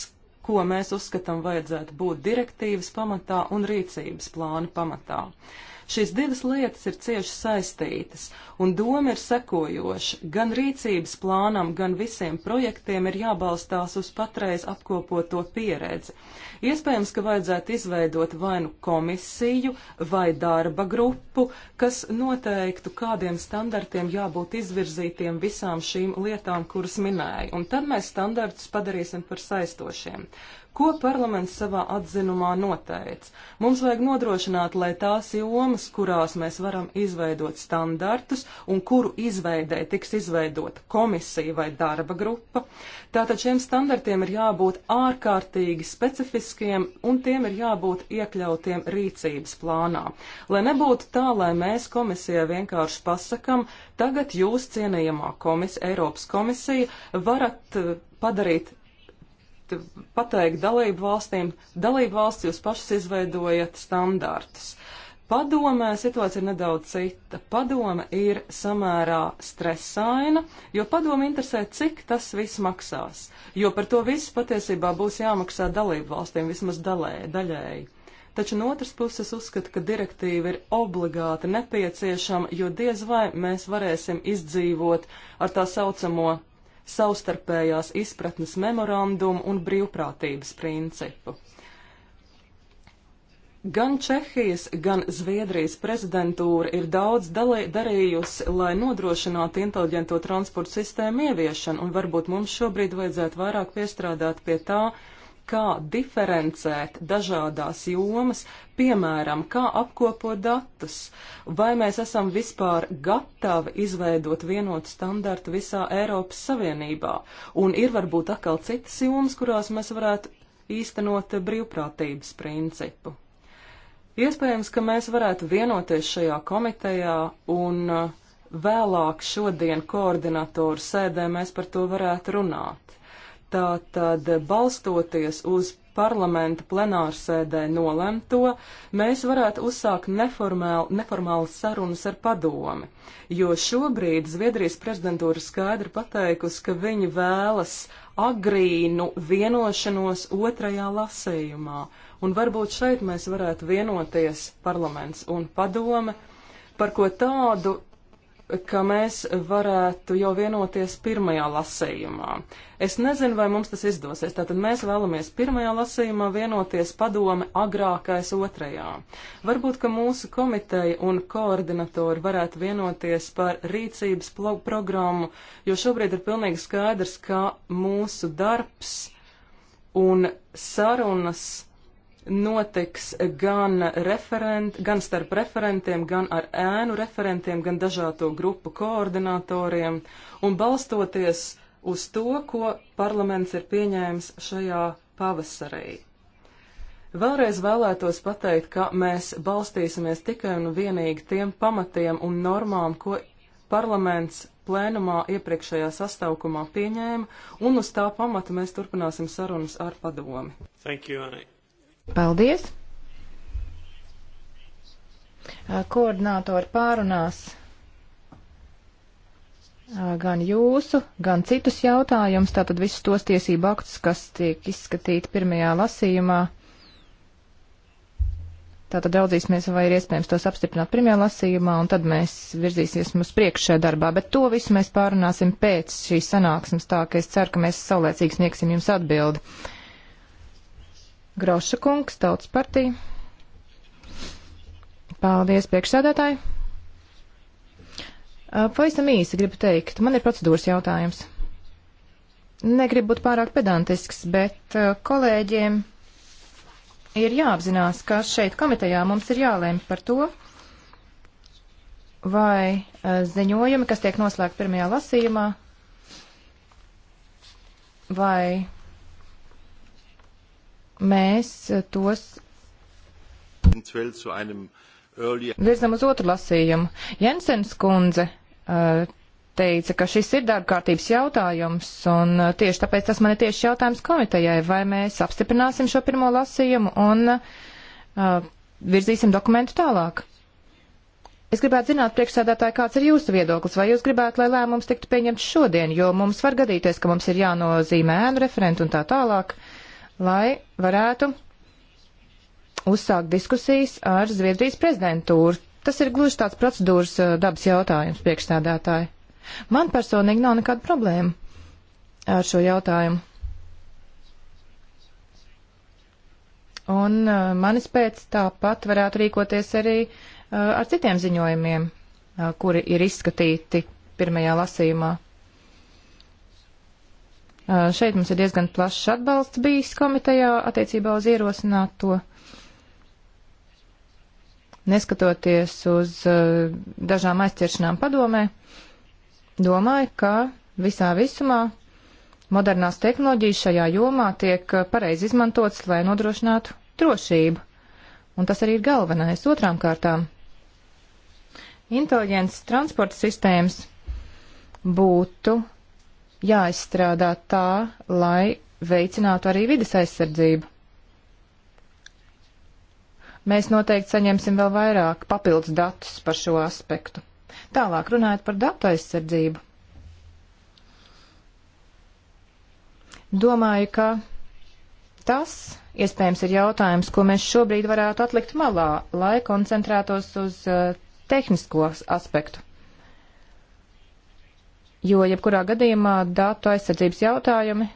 ko mēs uzskatām vajadzētu būt direktīvas pamatā un rīcības plāna pamatā. Uh, Šīs divas lietas ir cieši saistītas, un doma ir sekojoša. Gan rīcības plānam, gan visiem projektiem ir jābalstās uz patreiz apkopoto pieredzi. Iespējams, ka vajadzētu izveidot vai nu komisiju, vai darba grupu, kas noteiktu, kādiem standartiem jābūt izvirzītiem visām šīm lietām, kuras minēju, un tad mēs standartus padarīsim par saistošiem. Ko parlaments savā atzinumā noteica? Mums vajag nodrošināt, lai tās jomas, kurās mēs varam izveidot standartus un kuru izveidē tiks izveidota komisija vai darba grupa, tātad šiem standartiem ir jābūt ārkārtīgi specifiskiem un tiem ir jābūt iekļautiem rīcības plānā. Lai nebūtu tā, lai mēs komisijai vienkārši pasakam, tagad jūs cienījamā komis, Eiropas komisija varat eh, padarīt pateikt dalību valstīm, dalību valsts jūs pašas izveidojat standārtus. Padomē situācija ir nedaudz cita. Padome ir samērā stresaina, jo padome interesē, cik tas viss maksās. Jo par to visu patiesībā būs jāmaksā dalību valstīm vismaz dalē, daļēji. Taču no otras puses uzskata, ka direktīva ir obligāti nepieciešama, jo diez vai mēs varēsim izdzīvot ar tā saucamo savstarpējās izpratnes memorandumu un brīvprātības principu. Gan Čehijas, gan Zviedrijas prezidentūra ir daudz darījusi, lai nodrošinātu inteliģento transportu sistēmu ieviešanu, un varbūt mums šobrīd vajadzētu vairāk piestrādāt pie tā, uh, kā diferencēt dažādās jomas, piemēram, kā apkopot datus, vai mēs esam vispār gatavi izveidot vienotu standartu visā Eiropas Savienībā, un ir varbūt atkal citas jomas, kurās mēs varētu īstenot brīvprātības principu. Iespējams, ka mēs varētu vienoties šajā komitejā un uh, vēlāk šodien koordinatoru sēdē mēs par to varētu runāt. Tātad, balstoties uz parlamenta plenārsēdē nolemto, mēs varētu uzsākt neformālu, neformālu sarunas ar padomi, jo šobrīd Zviedrijas prezidentūra skaidri pateikusi, ka viņi vēlas agrīnu vienošanos otrajā lasējumā, un varbūt šeit mēs varētu vienoties parlaments un padome par ko tādu, ka mēs varētu jau vienoties pirmajā lasījumā. Es nezinu, vai mums tas izdosies. Tātad mēs vēlamies pirmajā lasījumā vienoties padome agrākais otrajā. Varbūt, ka mūsu komiteja un koordinatori varētu vienoties par rīcības programmu, jo šobrīd ir pilnīgi skaidrs, ka mūsu darbs un sarunas notiks gan, referent, gan starp referentiem, gan ar ēnu referentiem, gan dažādo grupu koordinatoriem, un balstoties uz to, ko parlaments ir pieņēmis šajā pavasarī. Vēlreiz vēlētos pateikt, ka mēs balstīsimies tikai un vienīgi tiem pamatiem un normām, ko parlaments plēnumā iepriekšējā sastāvkumā pieņēma, un uz tā pamata mēs turpināsim sarunas ar padomi. Thank you, Annie. Paldies! Koordinātori pārunās gan jūsu, gan citus jautājumus, tātad visus tos tiesību aktus, kas tiek izskatīti pirmajā lasījumā. Tātad raudzīsimies, vai ir iespējams tos apstiprināt pirmajā lasījumā, un tad mēs virzīsies mums priekšē darbā. Bet to visu mēs pārunāsim pēc šīs sanāksmes, tā ka es ceru, ka mēs saulēcīgi sniegsim jums atbildi. Groša kungs, Tautas partija. Paldies, priekšsēdētāji. Pavisam īsi gribu teikt, man ir procedūras jautājums. Negribu būt pārāk pedantisks, bet kolēģiem ir jāapzinās, ka šeit komitejā mums ir jālēma par to, vai ziņojumi, kas tiek noslēgti pirmajā lasījumā, vai mēs tos virzam uz otru lasījumu. Jensens kundze uh, teica, ka šis ir darbkārtības jautājums, un uh, tieši tāpēc tas man ir tieši jautājums komitejai, vai mēs apstiprināsim šo pirmo lasījumu un uh, virzīsim dokumentu tālāk. Es gribētu zināt, priekšsēdētāji, kāds ir jūsu viedoklis, vai jūs gribētu, lai lēmums tiktu pieņemts šodien, jo mums var gadīties, ka mums ir jānozīmē ēnu referentu un tā tālāk. Uh, lai varētu uzsākt diskusijas ar Zviedrijas prezidentūru. Tas ir gluži tāds procedūras eh, dabas jautājums priekšstādātāji. Man personīgi nav nekāda problēma ar šo jautājumu. Un eh, manis pēc tāpat varētu rīkoties arī eh, ar citiem ziņojumiem, kuri ir izskatīti pirmajā lasījumā. Šeit mums ir diezgan plašs atbalsts bijis komitejā attiecībā uz ierosināto. Neskatoties uz dažām aizķeršanām padomē, domāju, ka visā visumā modernās tehnoloģijas šajā jomā tiek pareizi izmantotas, lai nodrošinātu drošību. Un tas arī ir galvenais otrām kārtām. Inteliģents transporta sistēmas būtu jāizstrādā tā, lai veicinātu arī vides aizsardzību. Mēs noteikti saņemsim vēl vairāk papildus datus par šo aspektu. Tālāk runājot par datu aizsardzību. Domāju, ka tas iespējams ir jautājums, ko mēs šobrīd varētu atlikt malā, lai koncentrētos uz uh, tehnisko aspektu jo jebkurā gadījumā datu aizsardzības jautājumi uh,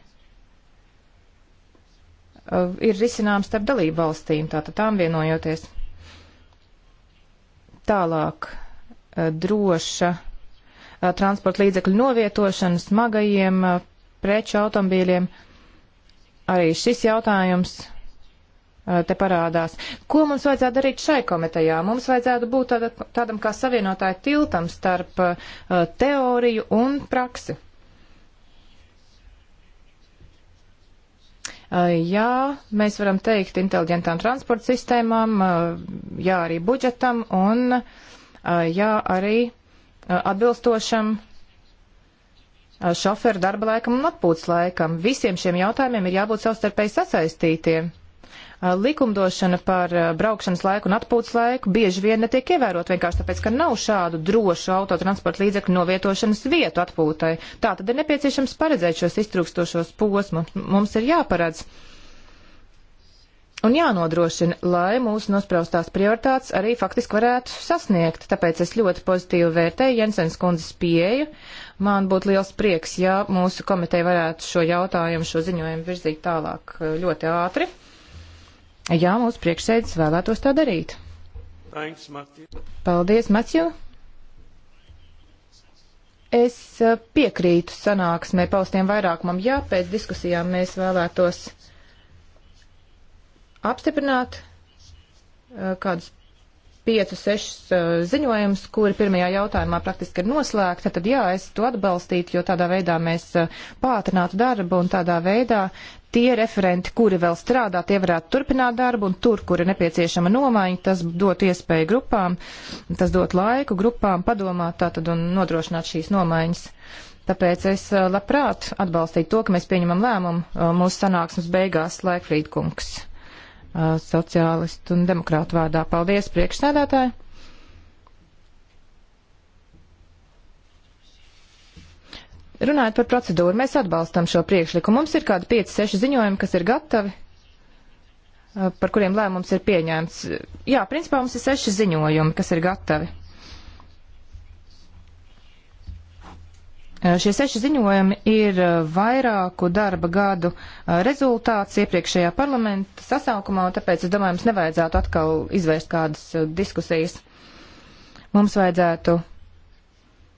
ir risināms starp dalību valstīm, tātad tām vienojoties. Tālāk uh, droša uh, transporta līdzekļu novietošana smagajiem preču automobīļiem. Arī šis jautājums Eh, te parādās. Ko mums vajadzētu darīt šai komitejā? Mums vajadzētu būt tāda, tādam kā savienotāju tiltam starp uh, teoriju un praksi. Uh, jā, mēs varam teikt inteliģentām transporta sistēmām, uh, jā, arī budžetam un jā, arī atbilstošam šoferu darba laikam un atpūtas laikam. Visiem šiem jautājumiem ir jābūt savstarpēji sasaistītiem. Eh, likumdošana par eh, braukšanas laiku un atpūtas laiku bieži vien netiek ievērot vienkārši tāpēc, ka nav šādu drošu autotransporta līdzekļu novietošanas vietu atpūtai. Tā tad ir nepieciešams paredzēt šos iztrūkstošos posmus. Mums ir jāparedz un jānodrošina, lai mūsu nospraustās prioritātes arī faktiski varētu sasniegt. Tāpēc es ļoti pozitīvi vērtēju Jensens kundzes pieeju. Man būtu liels prieks, ja mūsu komiteja varētu šo jautājumu, šo ziņojumu virzīt tālāk eh, ļoti ātri. Jā, mūsu priekšsēdis vēlētos tā darīt. Thanks, Matthew. Paldies, Matju. Es eh, piekrītu sanāksmē paustiem vairākumam. Jā, pēc diskusijām mēs vēlētos apstiprināt eh, kādus piecus, sešus uh, ziņojumus, kuri pirmajā jautājumā praktiski ir noslēgti, tad jā, es to atbalstītu, jo tādā veidā mēs uh, pātrinātu darbu un tādā veidā tie referenti, kuri vēl strādā, tie varētu turpināt darbu, un tur, kur ir nepieciešama nomaiņa, tas dot iespēju grupām, tas dot laiku grupām padomāt tātad un nodrošināt šīs nomaiņas. Tāpēc es eh, labprāt atbalstītu to, ka mēs pieņemam lēmumu eh, mūsu sanāksmes beigās Laikfrīd kungs eh, sociālistu un demokrātu vārdā. Paldies, priekšsēdētāji! Runājot par procedūru, mēs atbalstam šo priekšlikumu. Mums ir kādi 5-6 ziņojumi, kas ir gatavi, eh, par kuriem lēmums ir pieņēmts. Jā, principā mums ir 6 ziņojumi, kas ir gatavi. Eh, šie seši ziņojumi ir eh, vairāku darba gadu rezultāts iepriekšējā parlamenta sasaukumā, un tāpēc, es domāju, mums nevajadzētu atkal izvērst kādas diskusijas. Mums vajadzētu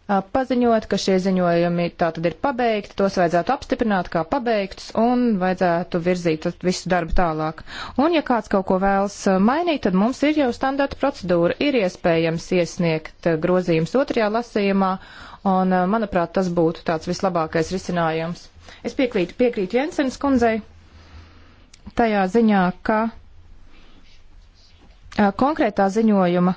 paziņot, ka šie ziņojumi tātad ir pabeigti, tos vajadzētu apstiprināt kā pabeigts un vajadzētu virzīt visu darbu tālāk. Un, ja kāds kaut ko vēlas mainīt, tad mums ir jau standarta procedūra, ir iespējams iesniegt grozījums otrajā lasījumā, un, manuprāt, tas būtu tāds vislabākais risinājums. Es piekrītu, piekrītu Jensens kundzei tajā ziņā, ka konkrētā ziņojuma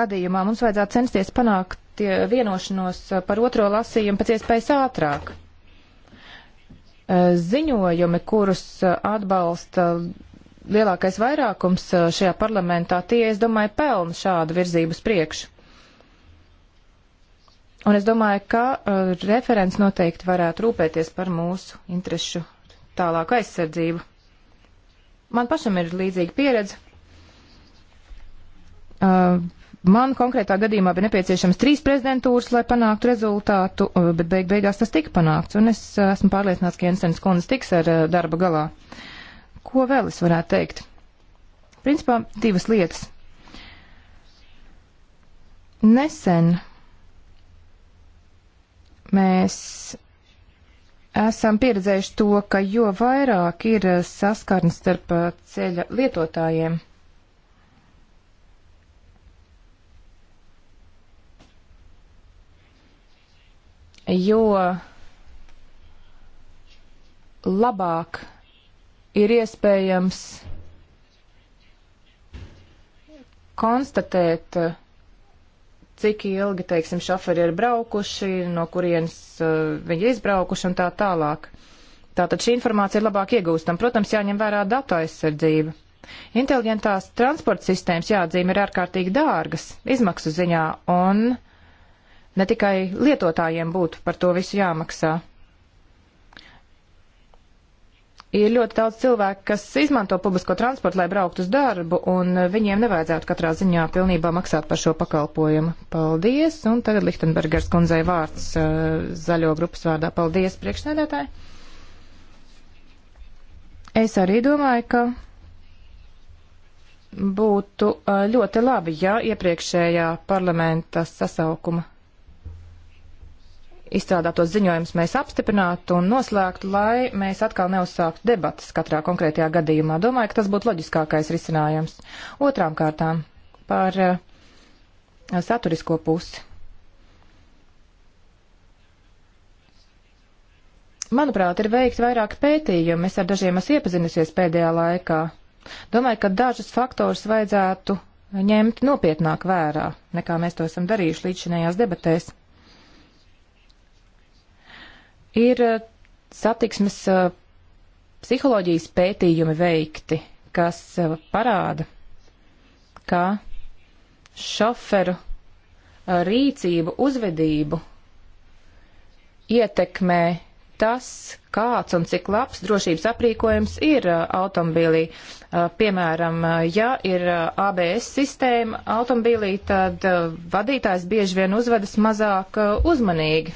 gadījumā mums vajadzētu censties panākt vienošanos par otro lasījumu pēc iespējas ātrāk. Eh, ziņojumi, kurus eh, atbalsta lielākais vairākums eh, šajā parlamentā, tie, es domāju, pelna šādu virzību uz priekšu. Un es domāju, ka uh, referents noteikti varētu rūpēties par mūsu interešu tālāku aizsardzību. Man pašam ir līdzīga pieredze. Uh, Man konkrētā gadījumā bija nepieciešams trīs prezidentūras, lai panāktu rezultātu, uh, bet beig beigās tas tika panākts, un es uh, esmu pārliecināts, ka Jensens kundze tiks ar uh, darba galā. Ko vēl es varētu teikt? Principā divas lietas. Nesen mēs esam pieredzējuši to, ka jo vairāk ir saskarnes starp ceļa lietotājiem, jo labāk ir iespējams konstatēt, cik ilgi, teiksim, šoferi ir braukuši, no kurienes uh, viņi izbraukuši un tā tālāk. Tātad šī informācija ir labāk iegūstam. Protams, jāņem vērā datu aizsardzība. Inteliģentās transporta sistēmas jāatzīm ir ārkārtīgi dārgas izmaksu ziņā, un uh, Ne tikai lietotājiem būtu par to visu jāmaksā. Ir ļoti daudz cilvēku, kas izmanto publisko transportu, lai brauktu uz darbu, un viņiem nevajadzētu katrā ziņā pilnībā maksāt par šo pakalpojumu. Paldies, un tagad Lichtenbergers kundzei vārds uh, zaļo grupas vārdā. Paldies, priekšnēdētāji. Es arī domāju, ka būtu uh, ļoti labi, ja iepriekšējā parlamenta sasaukuma izstrādātos ziņojumus mēs apstiprinātu un noslēgtu, lai mēs atkal neuzsāktu debatas katrā konkrētajā gadījumā. Domāju, ka tas būtu loģiskākais risinājums. Otrām kārtām par uh, saturisko pusi. Manuprāt, ir veikti vairāk pētījumi, es ar dažiem esmu iepazinusies pēdējā laikā. Domāju, ka dažus faktorus vajadzētu ņemt nopietnāk vērā, nekā mēs to esam darījuši līdz šinējās debatēs. Ir eh, satiksmes eh, psiholoģijas pētījumi veikti, kas eh, parāda, ka šoferu rīcību, uzvedību ietekmē tas, kāds un cik labs drošības aprīkojums ir automobīlī. Piemēram, ja ir ABS sistēma automobīlī, tad vadītājs bieži vien uzvedas mazāk uzmanīgi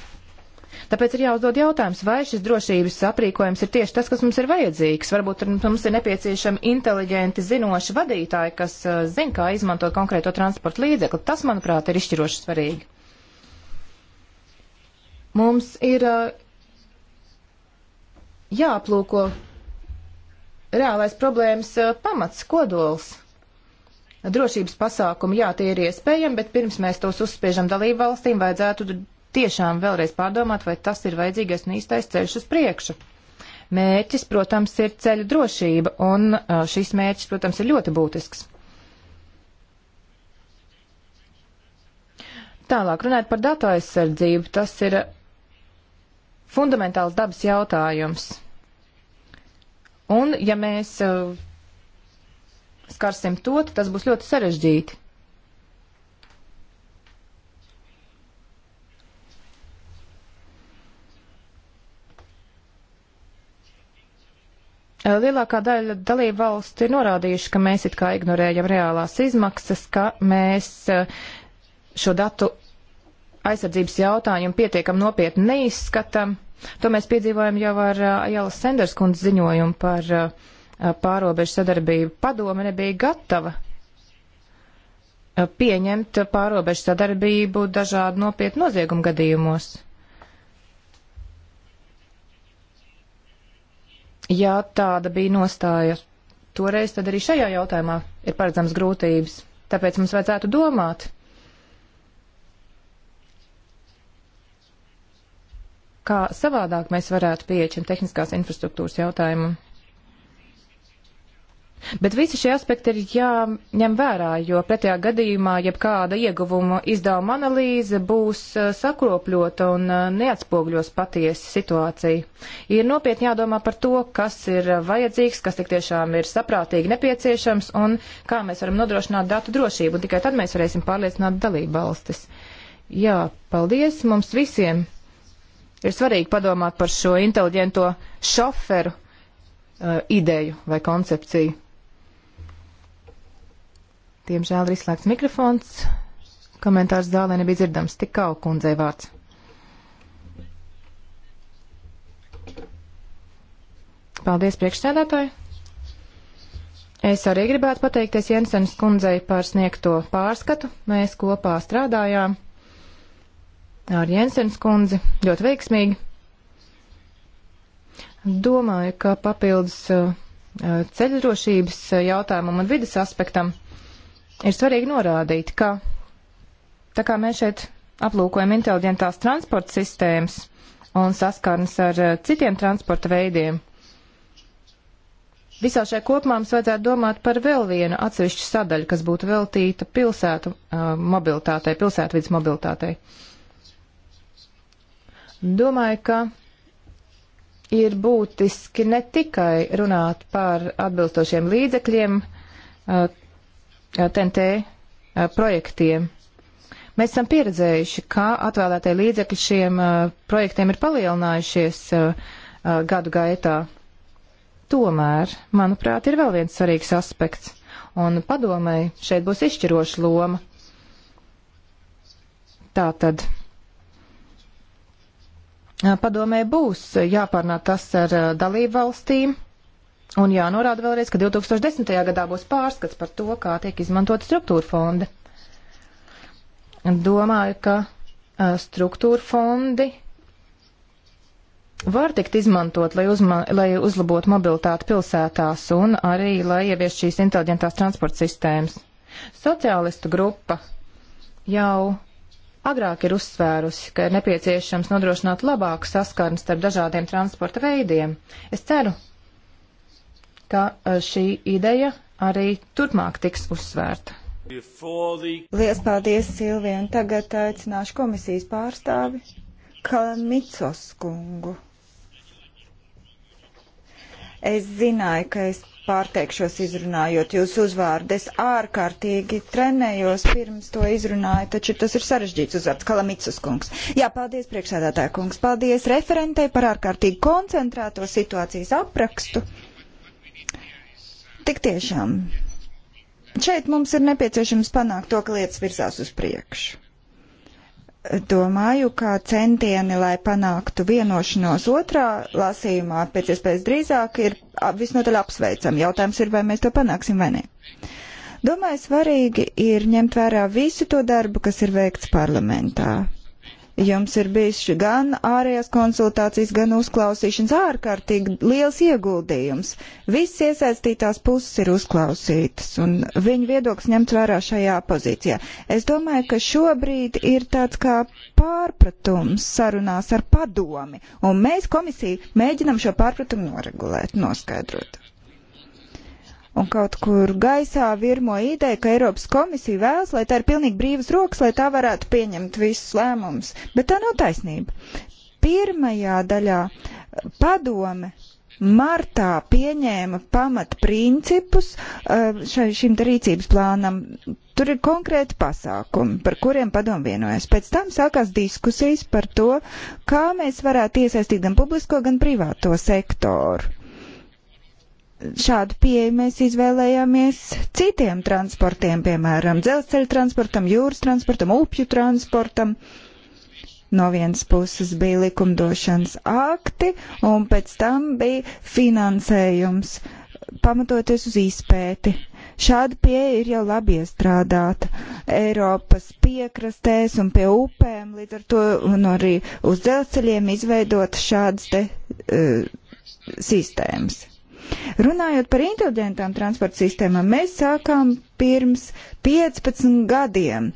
Tāpēc ir jāuzdod jautājums, vai šis drošības aprīkojums ir tieši tas, kas mums ir vajadzīgs. Varbūt mums ir nepieciešami inteliģenti, zinoši vadītāji, kas uh, zina, kā izmantot konkrēto transporta līdzekli. Tas, manuprāt, ir izšķiroši svarīgi. Mums ir uh, jāaplūko reālais problēmas uh, pamats, kodols. Drošības pasākumi, jā, tie ir iespējami, bet pirms mēs tos uzspiežam dalību valstīm, vajadzētu tiešām vēlreiz pārdomāt, vai tas ir vajadzīgais un īstais ceļš uz priekšu. Mērķis, protams, ir ceļu drošība, un šis mērķis, protams, ir ļoti būtisks. Tālāk runājot par datu aizsardzību, tas ir fundamentāls dabas jautājums. Un ja mēs skarsim to, tad tas būs ļoti sarežģīti. Lielākā daļa dalību valstu ir norādījuši, ka mēs it kā ignorējam reālās izmaksas, ka mēs eh, šo datu aizsardzības jautājumu pietiekam nopietni neizskatam. To mēs piedzīvojam jau ar eh, Jāla Senders kundz ziņojumu par eh, pārobežu sadarbību. Padome nebija gatava pieņemt pārobežu sadarbību dažādu nopietnu noziegumu gadījumos. ja tāda bija nostāja toreiz, tad arī šajā jautājumā ir paredzams grūtības. Tāpēc mums vajadzētu domāt, kā savādāk mēs varētu pieeja šim tehniskās infrastruktūras jautājumam. Bet visi šie aspekti ir jāņem vērā, jo pretējā gadījumā jebkāda ieguvuma izdevuma analīze būs eh, sakropļota un eh, neatspogļos patiesi situāciju. Ir nopietni jādomā par to, kas ir vajadzīgs, kas tik tiešām ir saprātīgi nepieciešams un kā mēs varam nodrošināt datu drošību, un tikai tad mēs varēsim pārliecināt dalību valstis. Jā, paldies mums visiem! Ir svarīgi padomāt par šo inteliģento šoferu uh, ideju vai koncepciju. Tiemžēl ir izslēgts mikrofons. Komentārs zālē nebija dzirdams. Tikau kundzei vārds. Paldies, priekšsēdētāji! Es arī gribētu pateikties Jensenas kundzei par sniegto pārskatu. Mēs kopā strādājām ar Jensenas kundzi ļoti veiksmīgi. Domāju, ka papildus uh, uh, ceļdrošības uh, jautājumam un vidas aspektam ir svarīgi norādīt, ka tā kā mēs šeit aplūkojam inteliģentās transporta sistēmas un saskarnes ar eh, citiem transporta veidiem, visā šajā kopumā mums vajadzētu domāt par vēl vienu atsevišķu sadaļu, kas būtu veltīta pilsētu uh, mobilitātei, pilsētvidas mobilitātei. Domāju, ka ir būtiski ne tikai runāt par atbilstošiem līdzekļiem, uh, TNT projektiem. Mēs esam pieredzējuši, kā atvēlētie līdzekļi šiem projektiem ir palielinājušies gadu gaitā. Tomēr, manuprāt, ir vēl viens svarīgs aspekts, un padomai šeit būs izšķiroša loma. Tātad padomē būs jāpārnāk tas ar dalību valstīm Un jānorāda vēlreiz, ka 2010. gadā būs pārskats par to, kā tiek izmantot struktūra fondi. Domāju, ka uh, struktūra fondi var tikt izmantot, lai, uzma, lai uzlabotu mobilitāti pilsētās un arī, lai ievies šīs inteliģentās transporta sistēmas. Sociālistu grupa jau agrāk ir uzsvērusi, ka ir nepieciešams nodrošināt labāku saskarni starp dažādiem transporta veidiem. Es ceru, ka e, šī ideja arī turpmāk tiks uzsvērta. Lielas paldies, Silvija, un tagad aicināšu komisijas pārstāvi Kalamicos kungu. Es zināju, ka es pārteikšos izrunājot jūsu uzvārdu. Es ārkārtīgi trenējos pirms to izrunāju, taču tas ir sarežģīts uzvārds - Kalamicas kungs. Jā, paldies priekšsēdētāja kungs, paldies referentei par ārkārtīgi koncentrēto situācijas aprakstu. Tik tiešām. Šeit mums ir nepieciešams panākt to, ka lietas virzās uz priekšu domāju, ka centieni, lai panāktu vienošanos otrā lasījumā pēc iespējas drīzāk, ir visnotaļ apsveicami. Jautājums ir, vai mēs to panāksim vai nē. Domāju, svarīgi ir ņemt vērā visu to darbu, kas ir veikts parlamentā. Jums ir bijuši gan ārējās konsultācijas, gan uzklausīšanas ārkārtīgi liels ieguldījums. Viss iesaistītās puses ir uzklausītas, un viņu viedoklis ņemts vērā šajā pozīcijā. Es domāju, ka šobrīd ir tāds kā pārpratums sarunās ar padomi, un mēs komisiju mēģinam šo pārpratumu noregulēt, noskaidrot. Un kaut kur gaisā virmo ideja, ka Eiropas komisija vēlas, lai tā ir pilnīgi brīvas rokas, lai tā varētu pieņemt visus lēmumus. Bet tā nav taisnība. Pirmajā daļā padome martā pieņēma pamat principus uh, šai, šim rīcības plānam. Tur ir konkrēti pasākumi, par kuriem padomu vienojas. Pēc tam sākās diskusijas par to, kā mēs varētu iesaistīt gan publisko, gan privāto sektoru šādu pieeju mēs izvēlējāmies citiem transportiem, piemēram, dzelzceļa transportam, jūras transportam, upju transportam. No vienas puses bija likumdošanas akti, un pēc tam bija finansējums, pamatoties uz izpēti. Šāda pieeja ir jau labi iestrādāta Eiropas piekrastēs un pie upēm, līdz ar to un arī uz dzelzceļiem izveidot šādas te uh, sistēmas. Runājot par inteliģentām transporta sistēmām, mēs sākām pirms 15 gadiem.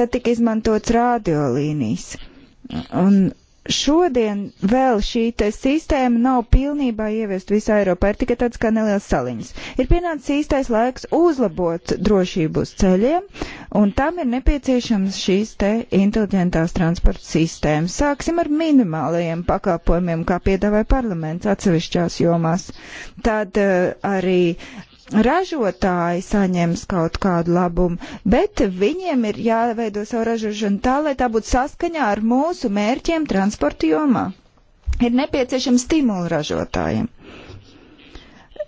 Tad tika izmantots radiolīnijas. Un šodien vēl šī sistēma nav pilnībā ieviest visā Eiropā, ir tikai tāds kā neliels saliņas. Ir pienācis īstais laiks uzlabot drošību uz ceļiem, un tam ir nepieciešams šīs te inteliģentās transporta sistēmas. Sāksim ar minimālajiem pakalpojumiem, kā piedāvāja parlaments atsevišķās jomās. Tad uh, arī ražotāji saņems kaut kādu labumu, bet viņiem ir jāveido savu ražošanu tā, lai tā būtu saskaņā ar mūsu mērķiem transporta jomā. Ir nepieciešams stimulu ražotājiem.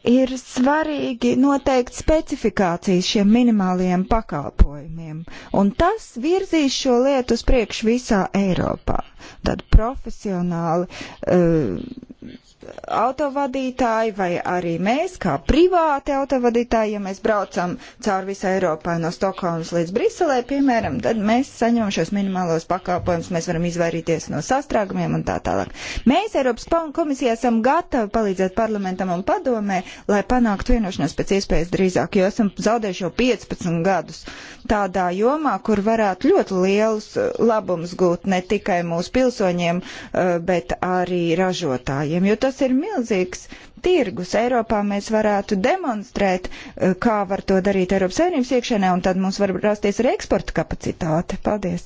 Ir svarīgi noteikt specifikācijas šiem minimālajiem pakalpojumiem, un tas virzīs šo lietu uz priekšu visā Eiropā. Tad profesionāli. Uh, autovadītāji vai arī mēs, kā privāti autovadītāji, ja mēs braucam cauri visai Eiropai no Stokholmas līdz Briselē, piemēram, tad mēs saņemam šos minimālos pakalpojumus, mēs varam izvairīties no sastrēgumiem un tā tālāk. Mēs Eiropas komisijā esam gatavi palīdzēt parlamentam un padomē, lai panāktu vienošanos pēc iespējas drīzāk, jo esam zaudējuši jau 15 gadus tādā jomā, kur varētu ļoti lielus eh, labumus gūt ne tikai mūsu pilsoņiem, eh, bet arī ražotājiem, jo tas Tas ir milzīgs tirgus. Eiropā mēs varētu demonstrēt, eh, kā var to darīt Eiropas Savienības iekšēnē, un tad mums var rasties arī eksporta kapacitāte. Paldies!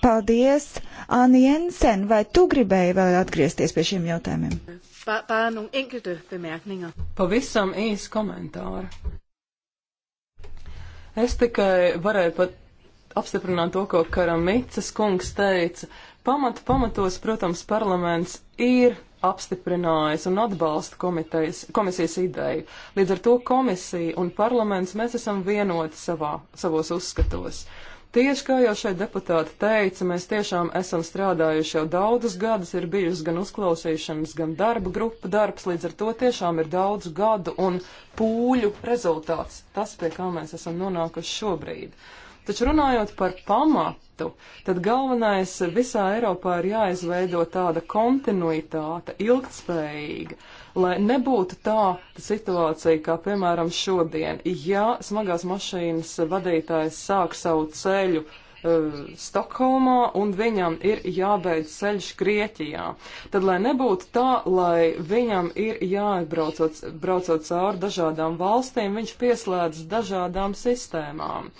Paldies! Anni Jensen, vai tu gribēji vēl atgriezties pie šiem jautājumiem? Pavisam īsi komentāri. Es tikai varēju pat apstiprināt to, ko Karamicas kungs teica. Pamatu pamatos, protams, parlaments ir apstiprinājis un atbalsta komitejas, komisijas ideju. Līdz ar to komisija un parlaments mēs esam vienoti savā, savos uzskatos. Tieši kā jau šeit deputāti teica, mēs tiešām esam strādājuši jau daudzus gadus, ir bijusi gan uzklausīšanas, gan darba grupa darbs, līdz ar to tiešām ir daudz gadu un pūļu rezultāts, tas, pie kā mēs esam nonākuši šobrīd. Uh, Taču runājot par pamatu, tad galvenais visā Eiropā ir jāizveido tāda kontinuitāte, ilgtspējīga, lai nebūtu tāda situācija, kā piemēram šodien, ja smagās mašīnas vadītājs sāk savu ceļu uh, Stokholmā un viņam ir jābeidz ceļš Grieķijā. Tad, lai nebūtu tā, lai viņam ir jāatbraucot braucot cauri dažādām valstīm, viņš pieslēdzas dažādām sistēmām.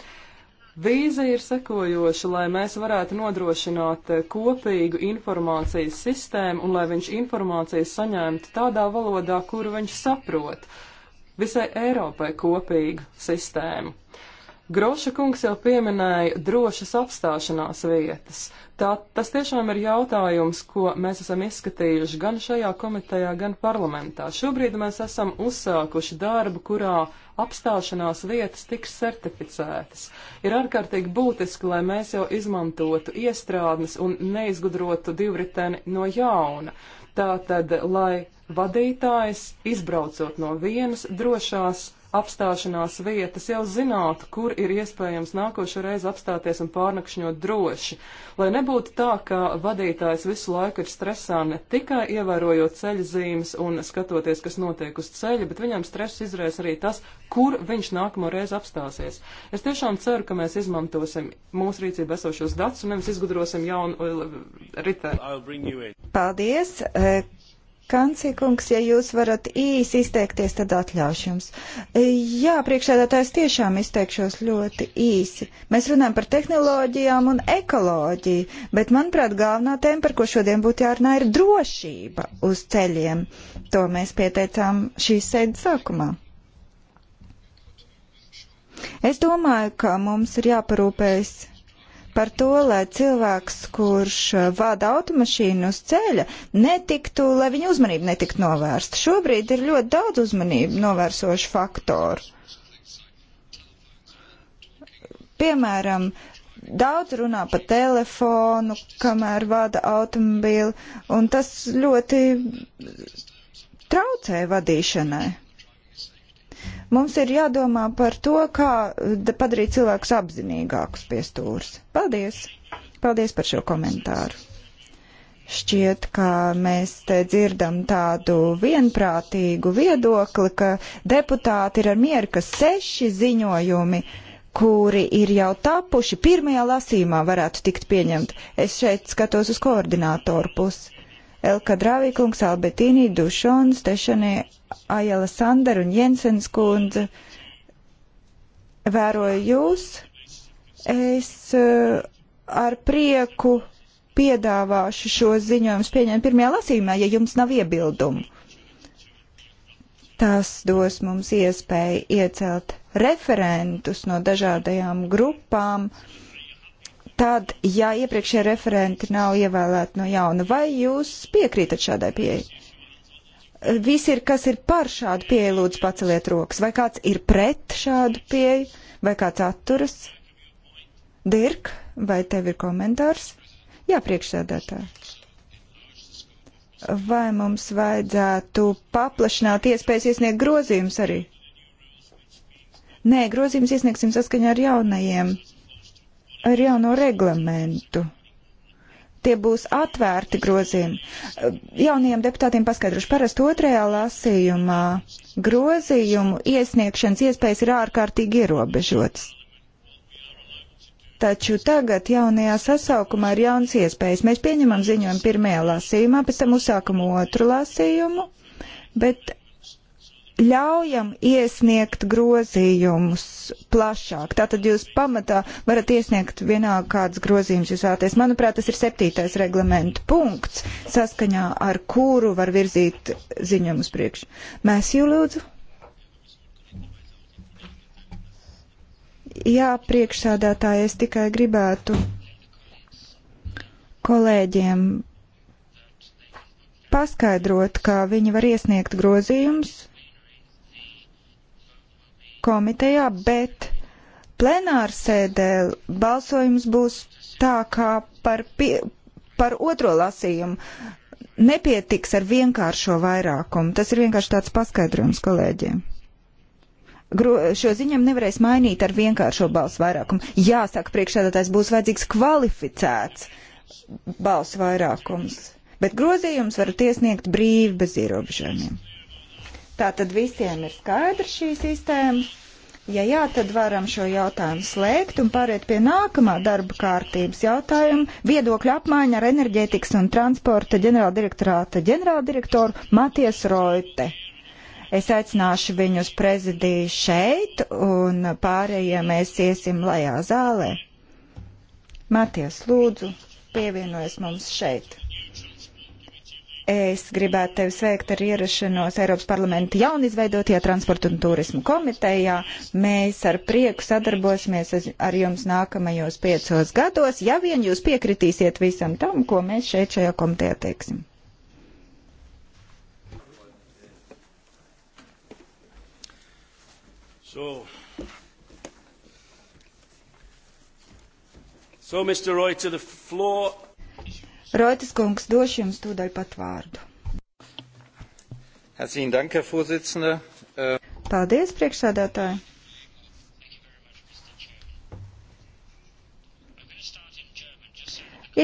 Vīza ir sekojoša, lai mēs varētu nodrošināt eh, kopīgu informācijas sistēmu un lai viņš informācijas saņemtu tādā valodā, kuru viņš saprot visai Eiropai kopīgu sistēmu. Groša kungs jau pieminēja drošas apstāšanās vietas. Tā, tas tiešām ir jautājums, ko mēs esam izskatījuši gan šajā komitejā, gan parlamentā. Šobrīd mēs esam uzsākuši darbu, kurā apstāšanās vietas tiks certificētas. Ir ārkārtīgi būtiski, lai mēs jau izmantotu iestrādnes un neizgudrotu divriteni no jauna. Tātad, lai vadītājs, izbraucot no vienas drošās apstāšanās vietas, jau zinātu, kur ir iespējams nākošo reizi apstāties un pārnakšņot droši. Lai nebūtu tā, ka vadītājs visu laiku ir stresā ne tikai ievērojot ceļzīmes un skatoties, kas notiek uz ceļa, bet viņam stress izrēs arī tas, kur viņš nākamo reizi apstāsies. Es tiešām ceru, ka mēs izmantosim mūsu rīcību esošos datus un nevis izgudrosim jaunu uh, ritēnu. Paldies! Kancīkungs, ja jūs varat īsi izteikties, tad atļaušu jums. E, jā, priekšsēdētājs tiešām izteikšos ļoti īsi. Mēs runājam par tehnoloģijām un ekoloģiju, bet, manuprāt, galvenā tēma, par ko šodien būtu jārunā, ir drošība uz ceļiem. To mēs pieteicām šīs sēdes sākumā. Es domāju, ka mums ir jāparūpējas par to, lai cilvēks, kurš uh, vada automašīnu uz ceļa, netiktu, lai viņa uzmanība netiktu novērsta. Šobrīd ir ļoti daudz uzmanību novērsošu faktoru. Piemēram, daudz runā pa telefonu, kamēr vada automobīli, un tas ļoti traucē vadīšanai. Mums ir jādomā par to, kā padarīt cilvēkus apzinīgākus pie stūres. Paldies! Paldies par šo komentāru! Šķiet, ka mēs te dzirdam tādu vienprātīgu viedokli, ka deputāti ir ar mieru, ka seši ziņojumi kuri ir jau tapuši, pirmajā lasīmā varētu tikt pieņemti. Es šeit skatos uz koordinātoru pusi. Elka Drāvīkungs, Albetīnī, Dušons, Tešanē, Ajala Sandar un Jensens kundze. Vēroju jūs, es eh, ar prieku piedāvāšu šo ziņojumu pieņemt pirmajā lasījumā, ja jums nav iebildumu. Tas dos mums iespēju iecelt referentus no dažādajām grupām. Uh, tad, ja iepriekšējie referenti nav ievēlēti no jauna, vai jūs piekrītat šādai pieeji? Visi ir, kas ir par šādu pieeju, lūdzu paceliet rokas. Vai kāds ir pret šādu pieeju, vai kāds atturas? Dirk, vai tev ir komentārs? Jā, priekšsēdētāji. Vai mums vajadzētu paplašināt iespējas iesniegt grozījumus arī? Nē, grozījumus iesniegsim saskaņā ar jaunajiem ar jauno reglamentu. Tie būs atvērti grozījumi. Jaunajiem deputātiem paskaidrošu, parasti otrajā lasījumā grozījumu iesniegšanas iespējas ir ārkārtīgi ierobežotas. Taču tagad jaunajā sasaukumā ir jauns iespējas. Mēs pieņemam ziņojumu pirmajā lasījumā, pēc tam uzsākam otru lasījumu, bet ļaujam iesniegt grozījumus plašāk. Tātad jūs pamatā varat iesniegt vienalga kādas grozījumus jūs vēlaties. Manuprāt, tas ir septītais reglamentu punkts, saskaņā ar kuru var virzīt ziņojumus priekš. Mēs jū lūdzu. Jā, priekšsādātāji, es tikai gribētu kolēģiem paskaidrot, kā viņi var iesniegt grozījumus komitejā, bet plenārsēdē balsojums būs tā kā par, pie, par otro lasījumu. Nepietiks ar vienkāršo vairākumu. Tas ir vienkārši tāds paskaidrojums kolēģiem. Gro, šo ziņam nevarēs mainīt ar vienkāršo balsu vairākumu. Jāsaka, priekšsēdētājs būs vajadzīgs kvalificēts balsu vairākums. Bet grozījums varat iesniegt brīvi bez ierobežojumiem. Tātad visiem ir skaidra šī sistēma. Ja jā, tad varam šo jautājumu slēgt un pāriet pie nākamā darba kārtības jautājuma - viedokļa apmaiņa ar enerģētikas un transporta ģenerāldirektorāta ģenerāldirektoru Maties Roite. Es aicināšu viņu uz prezidiju šeit un pārējie mēs iesim lajā zālē. Maties, lūdzu, pievienojas mums šeit. Es gribētu tevi sveikt ar ierašanos Eiropas parlamenta jaunizveidotajā transporta un turismu komitejā. Mēs ar prieku sadarbosimies ar jums nākamajos piecos gados, ja vien jūs piekritīsiet visam tam, ko mēs šeit šajā komitejā teiksim. So, so Mr. Reuter, the floor Roitas kungs, došu jums tūdaļ pat vārdu. Äh, Paldies, priekšsādātāji!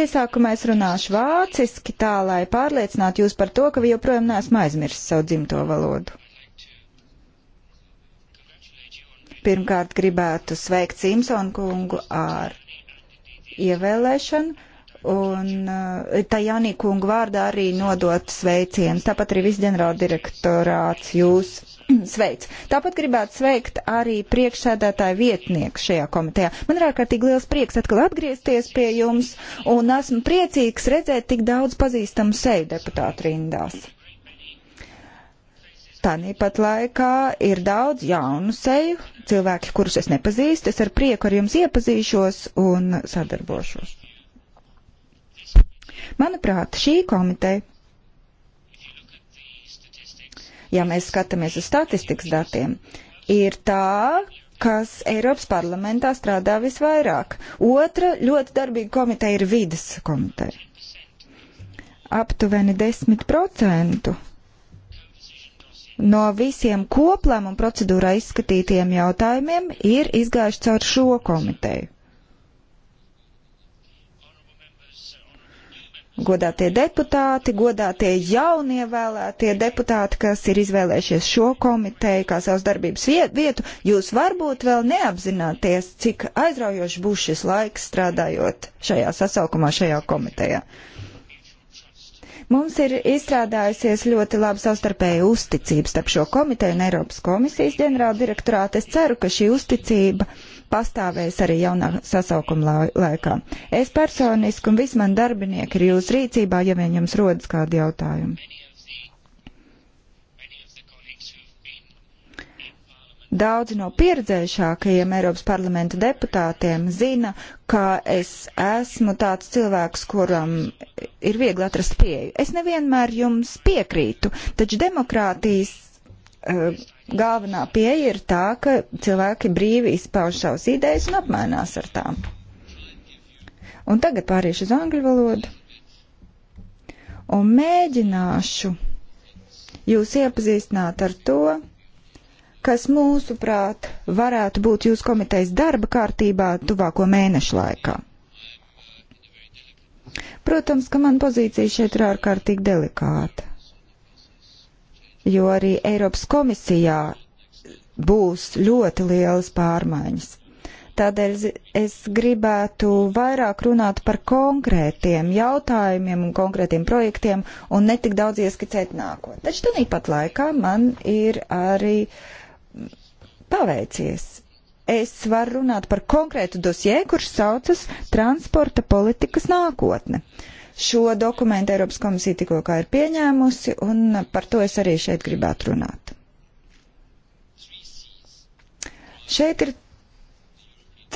Iesākumā es runāšu vāciski tā, lai pārliecinātu jūs par to, ka vi joprojām neesmu aizmirsis savu dzimto valodu. Pirmkārt gribētu sveikt Simpsonu kungu ar ievēlēšanu un eh, Tajānī kungu vārdā arī nodot sveicienu. Tāpat arī viss ģenerāldirektorāts jūs sveic. Tāpat gribētu sveikt arī priekšsēdētāju vietnieku šajā komitejā. Man ir ārkārtīgi liels prieks atkal atgriezties pie jums, un esmu priecīgs redzēt tik daudz pazīstamu seju deputātu rindās. Tāpat laikā ir daudz jaunu seju, cilvēki, kurus es nepazīstu. Es ar prieku ar jums iepazīšos un sadarbošos. Manuprāt, šī komiteja, ja mēs skatāmies uz statistikas datiem, ir tā, kas Eiropas parlamentā strādā visvairāk. Otra ļoti darbīga komiteja ir vidas komiteja. Aptuveni 10% no visiem koplēm un procedūrā izskatītiem jautājumiem ir izgājuši caur šo komiteju. godātie deputāti, godātie jaunievēlētie deputāti, kas ir izvēlējušies šo komiteju kā savas darbības vietu, jūs varbūt vēl neapzināties, cik aizraujoši būs šis laiks strādājot šajā sasaukumā, šajā komitejā. Mums ir izstrādājusies ļoti laba savstarpēja uzticība starp šo komiteju un Eiropas komisijas ģenerāldirektorātu. Es ceru, ka šī uzticība uh, pastāvēs arī jaunā sasaukuma laikā. Es personiski un visi mani darbinieki ir jūsu rīcībā, ja vien jums rodas kādi jautājumi. Daudzi no pieredzējušākajiem Eiropas parlamenta deputātiem zina, ka es esmu tāds cilvēks, kuram ir viegli atrast pieeju. Es nevienmēr jums piekrītu, taču demokrātijas uh, Galvenā pieeja ir tā, ka cilvēki brīvi izpauž savas idejas un apmainās ar tām. Un tagad pāriešu uz angļu valodu un mēģināšu jūs iepazīstināt ar to, kas mūsuprāt varētu būt jūsu komitejas darba kārtībā tuvāko mēnešu laikā. Protams, ka man pozīcija šeit ir ārkārtīgi delikāta jo arī Eiropas komisijā būs ļoti lielas pārmaiņas. Tādēļ es gribētu vairāk runāt par konkrētiem jautājumiem un konkrētiem projektiem un netik daudz ieskicēt nākotnē. Taču tāpat laikā man ir arī paveicies. Es varu runāt par konkrētu dosjē, kurš saucas transporta politikas nākotne. Uh, Šo dokumentu Eiropas komisija tikko kā ir pieņēmusi, un par to es arī šeit gribētu runāt. Šeit ir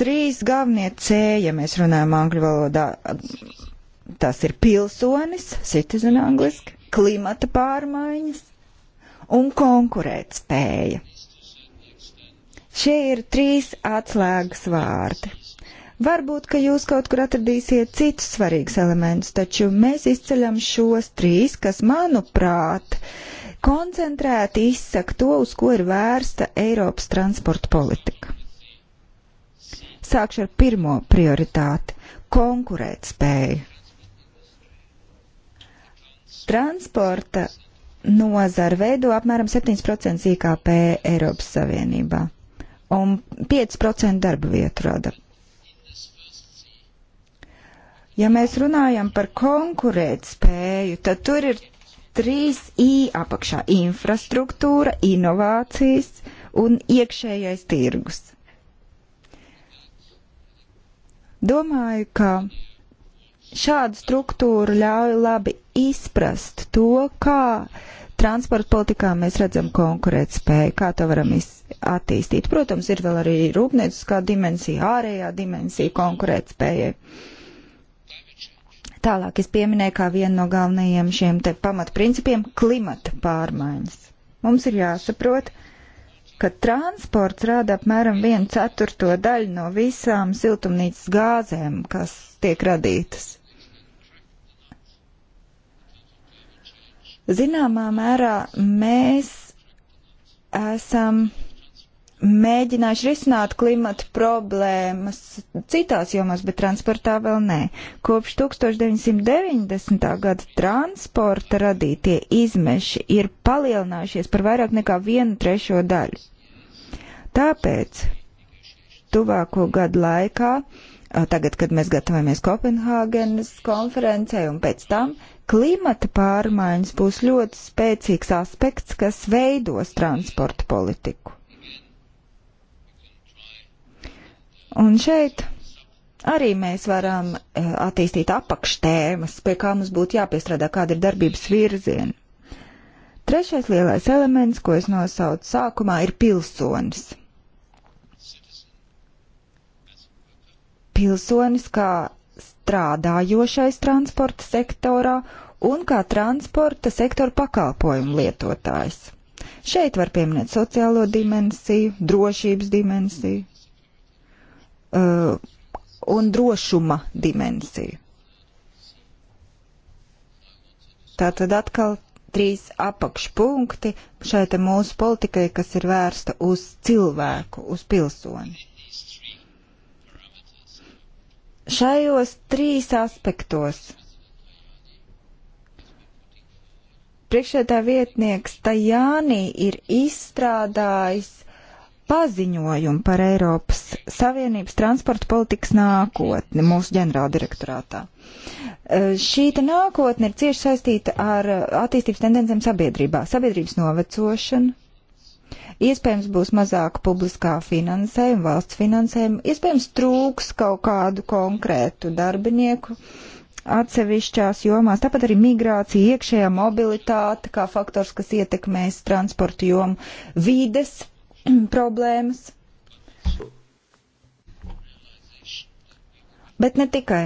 trīs galvenie C, ja mēs runājam angļu valodā. Tas ir pilsonis, citizen angliski, klimata pārmaiņas un konkurētspēja. Šie ir trīs atslēgas vārdi. Varbūt, ka jūs kaut kur atradīsiet citus svarīgus elementus, taču mēs izceļam šos trīs, kas, manuprāt, koncentrēti izsaka to, uz ko ir vērsta Eiropas transporta politika. Sākšu ar pirmo prioritāti - konkurētspēju. Transporta nozara veido apmēram 7% IKP Eiropas Savienībā un 5% darba vietu rada Ja mēs runājam par konkurētspēju, tad tur ir trīs I apakšā - infrastruktūra, inovācijas un iekšējais tirgus. Domāju, ka šāda struktūra ļauj labi izprast to, kā transporta politikā mēs redzam konkurēt spēju, kā to varam attīstīt. Protams, ir vēl arī rūpnieciskā dimensija, ārējā dimensija konkurēt spējai. Tālāk es pieminēju kā vienu no galvenajiem šiem te pamatprincipiem klimata pārmaiņas. Mums ir jāsaprot, ka transports rāda apmēram 1 ceturto daļu no visām siltumnīcas gāzēm, kas tiek radītas. Zināmā mērā mēs esam mēģinājuši risināt klimata problēmas citās jomās, bet transportā vēl nē. Kopš 1990. gada transporta radītie izmeši ir palielinājušies par vairāk nekā vienu trešo daļu. Tāpēc tuvāko gadu laikā, tagad, kad mēs gatavojamies Kopenhāgenes konferencē un pēc tam, klimata pārmaiņas būs ļoti spēcīgs aspekts, kas veidos transporta politiku. Un šeit arī mēs varam eh, attīstīt apakštēmas, pie kā mums būtu jāpiestrādā, kāda ir darbības virziena. Trešais lielais elements, ko es nosaucu sākumā, ir pilsonis. Pilsonis kā strādājošais transporta sektorā un kā transporta sektora pakalpojumu lietotājs. Šeit var pieminēt sociālo dimensiju, drošības dimensiju, Uh, un drošuma dimensiju. Tātad atkal trīs apakšpunkti šai te mūsu politikai, kas ir vērsta uz cilvēku, uz pilsoni. Šajos trīs aspektos priekšētā vietnieks Tajānī ir izstrādājis paziņojumu par Eiropas Savienības transporta politikas nākotni mūsu ģenerāldirektorātā. E, šī te nākotne ir cieši saistīta ar attīstības tendencēm sabiedrībā, sabiedrības novecošanu, iespējams būs mazāk publiskā finansējuma, valsts finansējuma, iespējams trūks kaut kādu konkrētu darbinieku atsevišķās jomās, tāpat arī migrācija, iekšējā mobilitāte kā faktors, kas ietekmēs transportu jomu, vides problēmas. Bet ne tikai.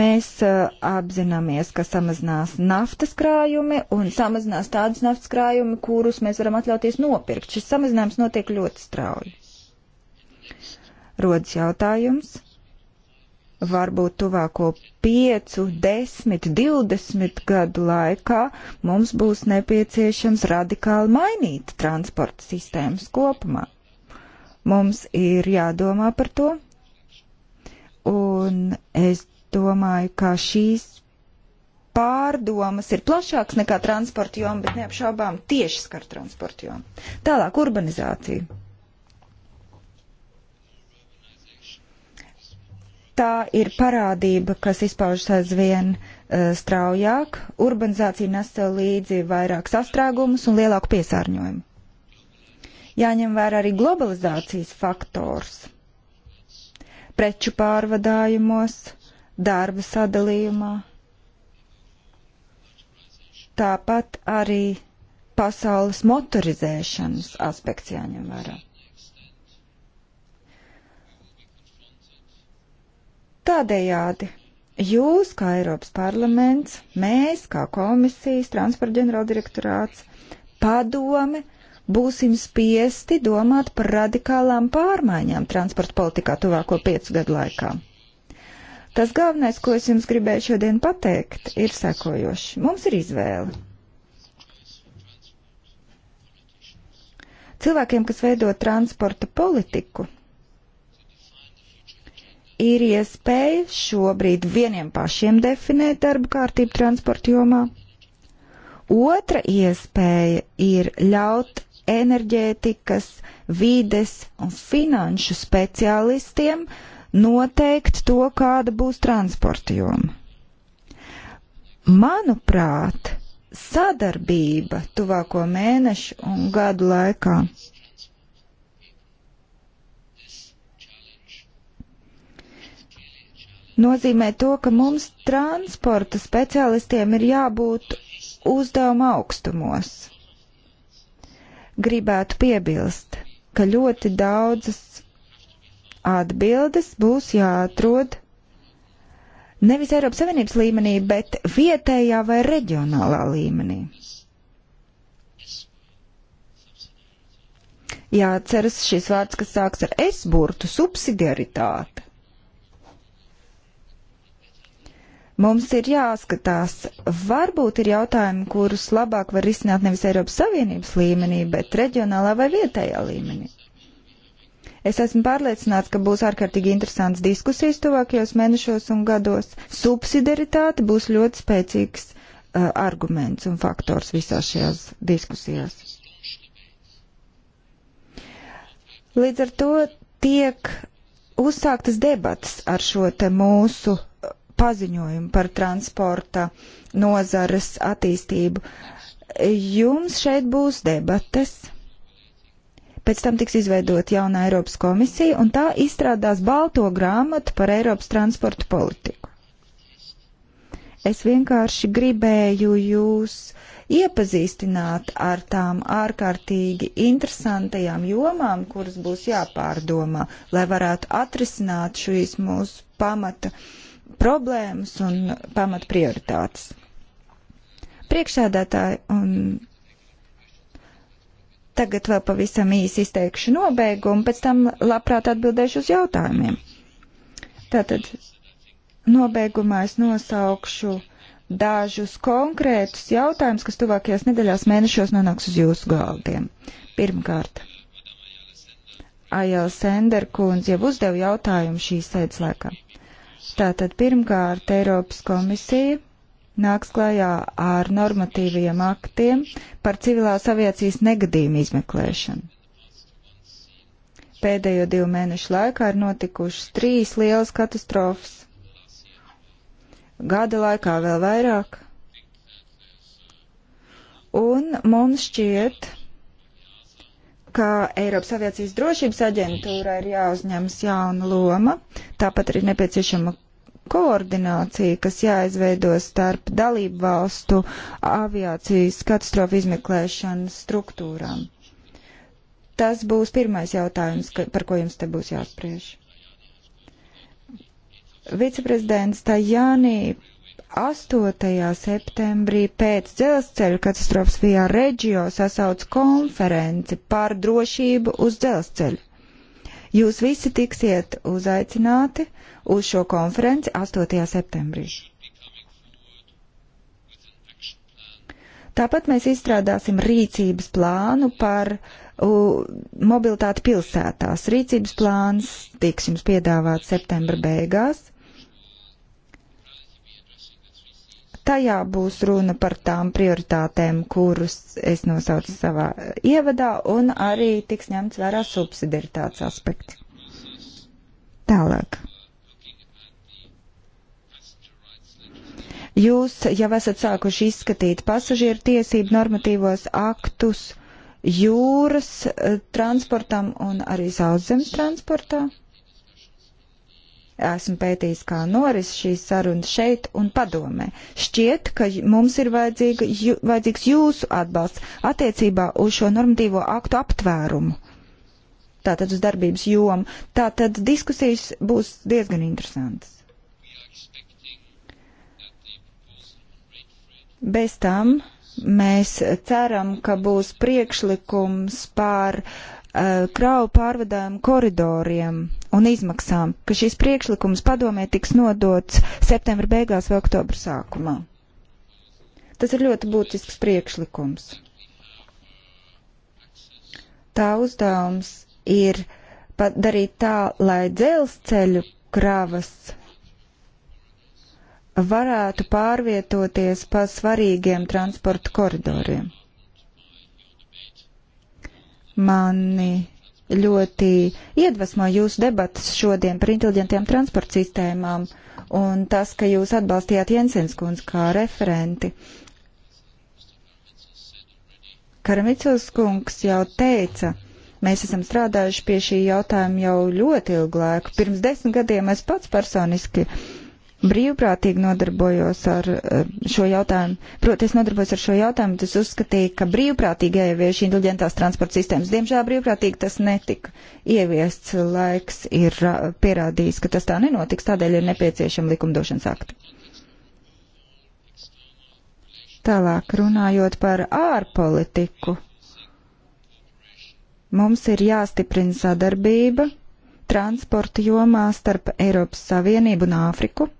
Mēs uh, apzināmies, ka samazinās naftas krājumi un samazinās tādas naftas krājumi, kurus mēs varam atļauties nopirkt. Šis samazinājums notiek ļoti strauji. Rodas jautājums, varbūt tuvāko 5, 10, 20 gadu laikā mums būs nepieciešams radikāli mainīt transporta sistēmas kopumā. Mums ir jādomā par to, un es domāju, ka šīs pārdomas ir plašāks nekā transporta joma, bet neapšaubām tieši skar transporta jomu. Tālāk, urbanizācija. tā ir parādība, kas izpaužas aizvien uh, straujāk. Urbanizācija nes sev līdzi vairāk sastrēgumus un lielāku piesārņojumu. Jāņem vērā arī globalizācijas faktors preču pārvadājumos, darba sadalījumā. Tāpat arī pasaules motorizēšanas aspekts jāņem vērā. Tādējādi jūs, kā Eiropas parlaments, mēs, kā komisijas, transporta ģenerāldirektorāts, padome, būsim spiesti domāt par radikālām pārmaiņām transporta politikā tuvāko piecu gadu laikā. Tas galvenais, ko es jums gribēju šodien pateikt, ir sekojoši. Mums ir izvēle. Cilvēkiem, kas veido transporta politiku, ir iespēja šobrīd vieniem pašiem definēt darba kārtību transporta jomā. Otra iespēja ir ļaut enerģētikas, vides un finanšu speciālistiem noteikt to, kāda būs transporta joma. Manuprāt, sadarbība tuvāko mēnešu un gadu laikā nozīmē to, ka mums transporta specialistiem ir jābūt uzdevuma augstumos. Gribētu piebilst, ka ļoti daudzas atbildes būs jāatrod nevis Eiropas Savienības līmenī, bet vietējā vai reģionālā līmenī. Jāatceras šis vārds, kas sāks ar S burtu - subsidiaritāte. Mums ir jāskatās, varbūt ir jautājumi, kurus labāk var risināt nevis Eiropas Savienības līmenī, bet reģionālā vai vietējā līmenī. Es esmu pārliecināts, ka būs ārkārtīgi interesants diskusijas tuvākajos mēnešos un gados. Subsidaritāte būs ļoti spēcīgs uh, arguments un faktors visās šajās diskusijās. Līdz ar to tiek uzsāktas debatas ar šo te mūsu paziņojumu par transporta nozares attīstību. Jums šeit būs debates. Pēc tam tiks izveidot jauna Eiropas komisija, un tā izstrādās balto grāmatu par Eiropas transportu politiku. Es vienkārši gribēju jūs iepazīstināt ar tām ārkārtīgi interesantajām jomām, kuras būs jāpārdomā, lai varētu atrisināt šīs mūsu pamata uh, problēmas un pamat prioritātes. Priekšsēdētāji un tagad vēl pavisam īsi izteikšu nobeigumu, pēc tam labprāt atbildēšu uz jautājumiem. Tātad nobeigumā es nosaukšu dažus konkrētus jautājumus, kas tuvākajās nedēļās mēnešos nonāks uz jūsu galdiem. Pirmkārt, Ajala Sender kundze jau uzdeva jautājumu šīs sēdes laikā. Tātad pirmkārt Eiropas komisija nāks klajā ar normatīviem aktiem par civilās aviācijas negadījumu izmeklēšanu. Pēdējo divu mēnešu laikā ir notikušas trīs lielas katastrofas. Gada laikā vēl vairāk. Un mums šķiet, ka Eiropas aviācijas drošības aģentūra ir jāuzņemas jauna loma, tāpat arī nepieciešama koordinācija, kas jāizveido starp dalību valstu aviācijas katastrofu izmeklēšanas struktūrām. Tas būs pirmais jautājums, ka, par ko jums te būs jāspriež. Viceprezidents Tajānī 8. septembrī pēc dzelzceļa katastrofas Vijā Reģio sasauc konferenci par drošību uz dzelzceļa. Jūs visi tiksiet uzaicināti uz šo konferenci 8. septembrī. Tāpat mēs izstrādāsim rīcības plānu par uh, mobilitāti pilsētās. Rīcības plāns tiks jums piedāvāts septembra beigās Tajā būs runa par tām prioritātēm, kurus es nosaucu savā ievadā, un arī tiks ņemts vērā subsidiaritātes aspekti. Tālāk. Jūs jau esat sākuši izskatīt pasažieru tiesību normatīvos aktus jūras eh, transportam un arī sauszemes transportā. Esmu pētījis, kā noris šīs sarunas šeit un padomē. Šķiet, ka mums ir vajadzīga, jū, vajadzīgs jūsu atbalsts attiecībā uz šo normatīvo aktu aptvērumu. Tātad uz darbības jomu. Tātad diskusijas būs diezgan interesantas. Bez tam mēs ceram, ka būs priekšlikums par uh, Uh, kravu pārvadājumu koridoriem un izmaksām, ka šis priekšlikums padomē tiks nodots septembra beigās vai oktobra sākumā. Tas ir ļoti būtisks priekšlikums. Tā uzdevums ir padarīt tā, lai dzelzceļu kravas varētu pārvietoties pa svarīgiem transporta koridoriem. Mani ļoti iedvesmo jūsu debatas šodien par inteliģentiem transporta sistēmām un tas, ka jūs atbalstījāt Jensenskundz kā referenti. Karamicos kungs jau teica, mēs esam strādājuši pie šī jautājuma jau ļoti ilgu laiku. Pirms desmit gadiem es pats personiski uh, brīvprātīgi nodarbojos ar eh, šo jautājumu. Proti, es nodarbojos ar šo jautājumu, tas uzskatīja, ka brīvprātīgi ievieš inteliģentās transporta sistēmas. Diemžēl brīvprātīgi tas netika ieviests. Laiks ir eh, pierādījis, ka tas tā nenotiks, tādēļ ir nepieciešama likumdošanas akta. Tālāk runājot par ārpolitiku. Mums ir jāstiprina sadarbība transporta jomā starp Eiropas Savienību un Āfriku.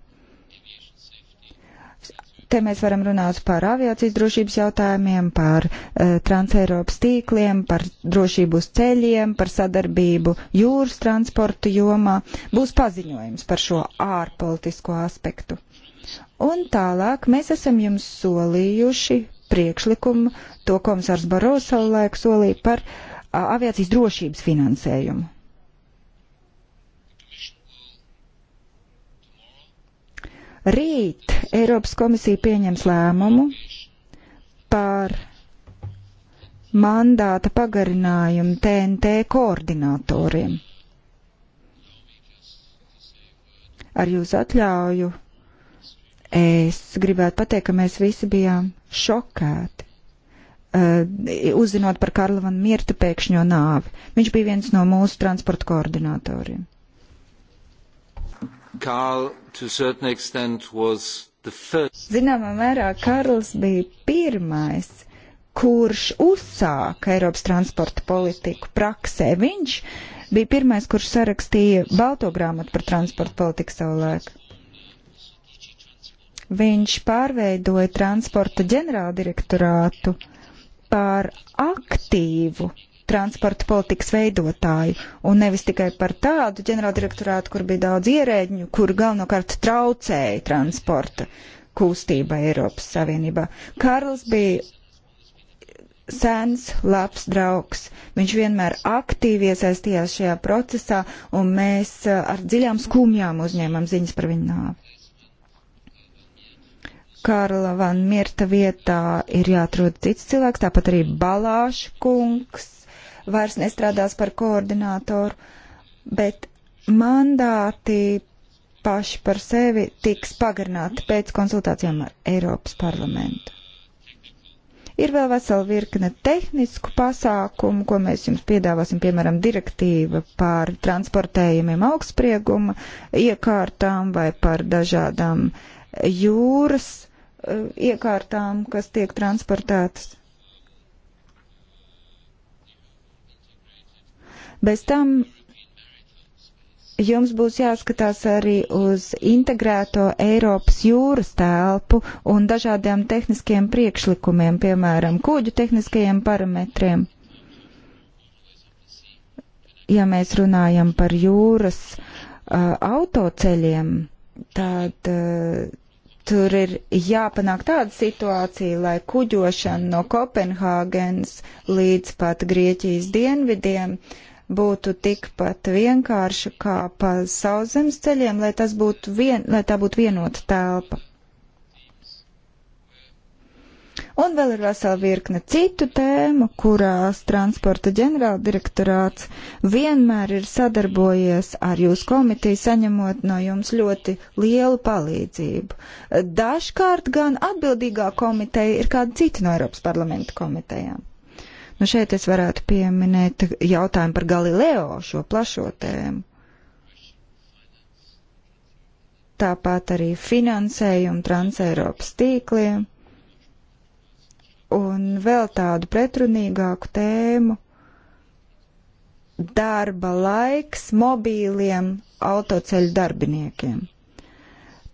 Te mēs varam runāt par aviācijas drošības jautājumiem, par uh, transeiropas tīkliem, par drošību uz ceļiem, par sadarbību jūras transportu jomā. Būs paziņojums par šo ārpolitisko aspektu. Un tālāk mēs esam jums solījuši priekšlikumu, to komisārs Baros savulaik solīja par uh, aviācijas drošības finansējumu. Rīt Eiropas komisija pieņems lēmumu par mandāta pagarinājumu TNT koordinatoriem. Ar jūsu atļauju es gribētu pateikt, ka mēs visi bijām šokēti. Uh, uzzinot par Karla van Mierta pēkšņo nāvi. Viņš bija viens no mūsu transporta koordinatoriem. Karl, to a certain extent, was the first. Zināmā mērā Karls bija pirmais, kurš uzsāka Eiropas transporta politiku praksē. Viņš bija pirmais, kurš sarakstīja balto grāmatu par transporta politiku savulaik. Viņš pārveidoja transporta ģenerāldirektorātu par aktīvu transporta politikas veidotāju, un nevis tikai par tādu ģenerāldirektorātu, kur bija daudz ierēģiņu, kur galvenokārt traucēja transporta kustība Eiropas Savienībā. Karls bija sens, labs draugs. Viņš vienmēr aktīvi iesaistījās šajā procesā, un mēs eh, ar dziļām skumjām uzņēmām ziņas par viņu nāvi. Karla van Mierta vietā ir jāatrod cits cilvēks, tāpat arī Balāša kungs vairs nestrādās par koordinātoru, bet mandāti paši par sevi tiks pagarināti pēc konsultācijām ar Eiropas parlamentu. Ir vēl vesela virkne tehnisku pasākumu, ko mēs jums piedāvāsim, piemēram, direktīva par transportējumiem augstsprieguma iekārtām vai par dažādām jūras eh, iekārtām, kas tiek transportētas. Bez tam jums būs jāskatās arī uz integrēto Eiropas jūras telpu un dažādiem tehniskiem priekšlikumiem, piemēram, kuģu tehniskajiem parametriem. Ja mēs runājam par jūras uh, autoceļiem, tad uh, tur ir jāpanāk tāda situācija, lai kuģošana no Kopenhāgenes līdz pat Grieķijas dienvidiem uh, būtu tikpat vienkārša kā pa sauszemes ceļiem, lai, būtu vien, lai tā būtu vienota telpa. Un vēl ir vesela virkne citu tēmu, kurās transporta ģenerāldirektorāts vienmēr ir sadarbojies ar jūsu komitiju, saņemot no jums ļoti lielu palīdzību. Dažkārt gan atbildīgā komiteja ir kāda cita no Eiropas parlamenta komitejām. Nu šeit es varētu pieminēt jautājumu par Galileo šo plašo tēmu. Tāpat arī finansējumu transeiropas tīkliem un vēl tādu pretrunīgāku tēmu - darba laiks mobīliem autoceļu darbiniekiem.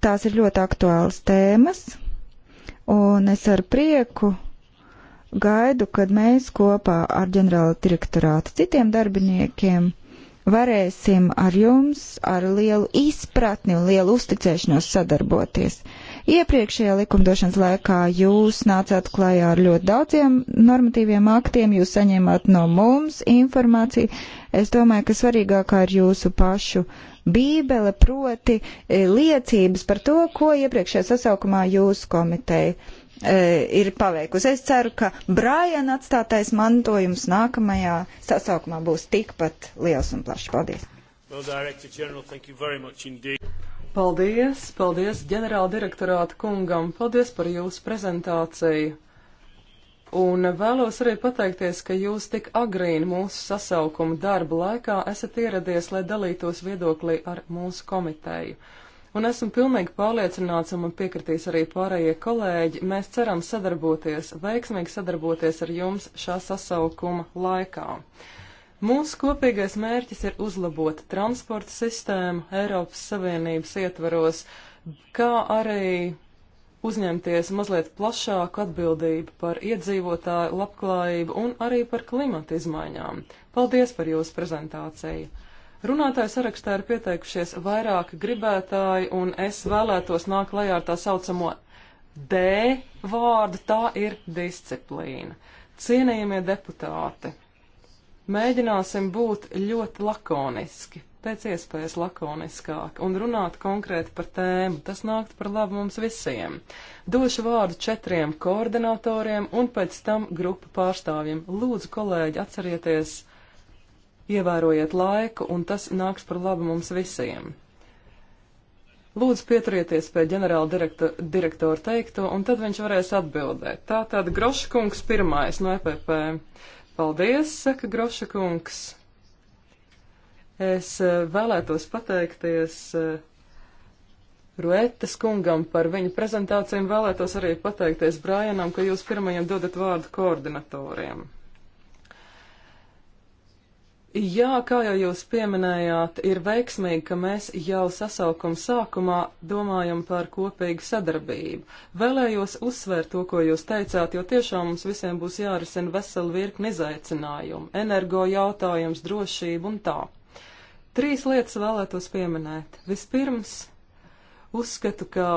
Tās ir ļoti aktuālas tēmas, un es ar prieku gaidu, kad mēs kopā ar ģenerāla direktorāta citiem darbiniekiem varēsim ar jums ar lielu izpratni un lielu uzticēšanos sadarboties. Iepriekšējā likumdošanas laikā jūs nācāt klajā ar ļoti daudziem normatīviem aktiem, jūs saņēmāt no mums informāciju. Es domāju, ka svarīgākā ir jūsu pašu bībele, proti e, liecības par to, ko iepriekšējā sasaukumā jūsu komiteja E, ir paveikusi. Es ceru, ka Brājana atstātais mantojums nākamajā sasaukumā būs tikpat liels un plašs. Paldies! Well, Director General, thank you very much indeed. Paldies, paldies ģenerāla direktorāta kungam, paldies par jūsu prezentāciju. Un vēlos arī pateikties, ka jūs tik agrīni mūsu sasaukuma darba laikā esat ieradies, lai dalītos viedoklī ar mūsu komiteju un esmu pilnīgi pārliecināts, un man piekritīs arī pārējie kolēģi, mēs ceram sadarboties, veiksmīgi sadarboties ar jums šā sasaukuma laikā. Mūsu kopīgais mērķis ir uzlabot transporta sistēmu Eiropas Savienības ietvaros, kā arī uzņemties mazliet plašāku atbildību par iedzīvotāju labklājību un arī par klimata izmaiņām. Paldies par jūsu prezentāciju! Runātāju sarakstā ir pieteikušies vairāki gribētāji, un es vēlētos nākt klajā ar tā saucamo D vārdu, tā ir disciplīna. Cienījamie deputāti, mēģināsim būt ļoti lakoniski, pēc iespējas lakoniskāk un runāt konkrēti par tēmu. Tas nāktu par labu mums visiem. Došu vārdu četriem koordinatoriem un pēc tam grupu pārstāvjiem. Lūdzu, kolēģi, atcerieties! Ievērojiet laiku, un tas nāks par labu mums visiem. Lūdzu, pieturieties pie ģenerāla direktor, direktora teikto, un tad viņš varēs atbildēt. Tā tad Grošakungs pirmais no EPP. Paldies, saka Grošakungs. Es eh, vēlētos pateikties eh, Ruetas kungam par viņa prezentācijām, vēlētos arī pateikties Brājanam, ka jūs pirmajam dodat vārdu koordinatoriem. Jā, kā jau jūs pieminējāt, ir veiksmīgi, ka mēs jau sasaukuma sākumā domājam par kopīgu sadarbību. Vēlējos uzsvērt to, ko jūs teicāt, jo tiešām mums visiem būs jārisina veseli virkni izaicinājumu - energo jautājums, drošība un tā. Trīs lietas vēlētos pieminēt. Vispirms, uzskatu, ka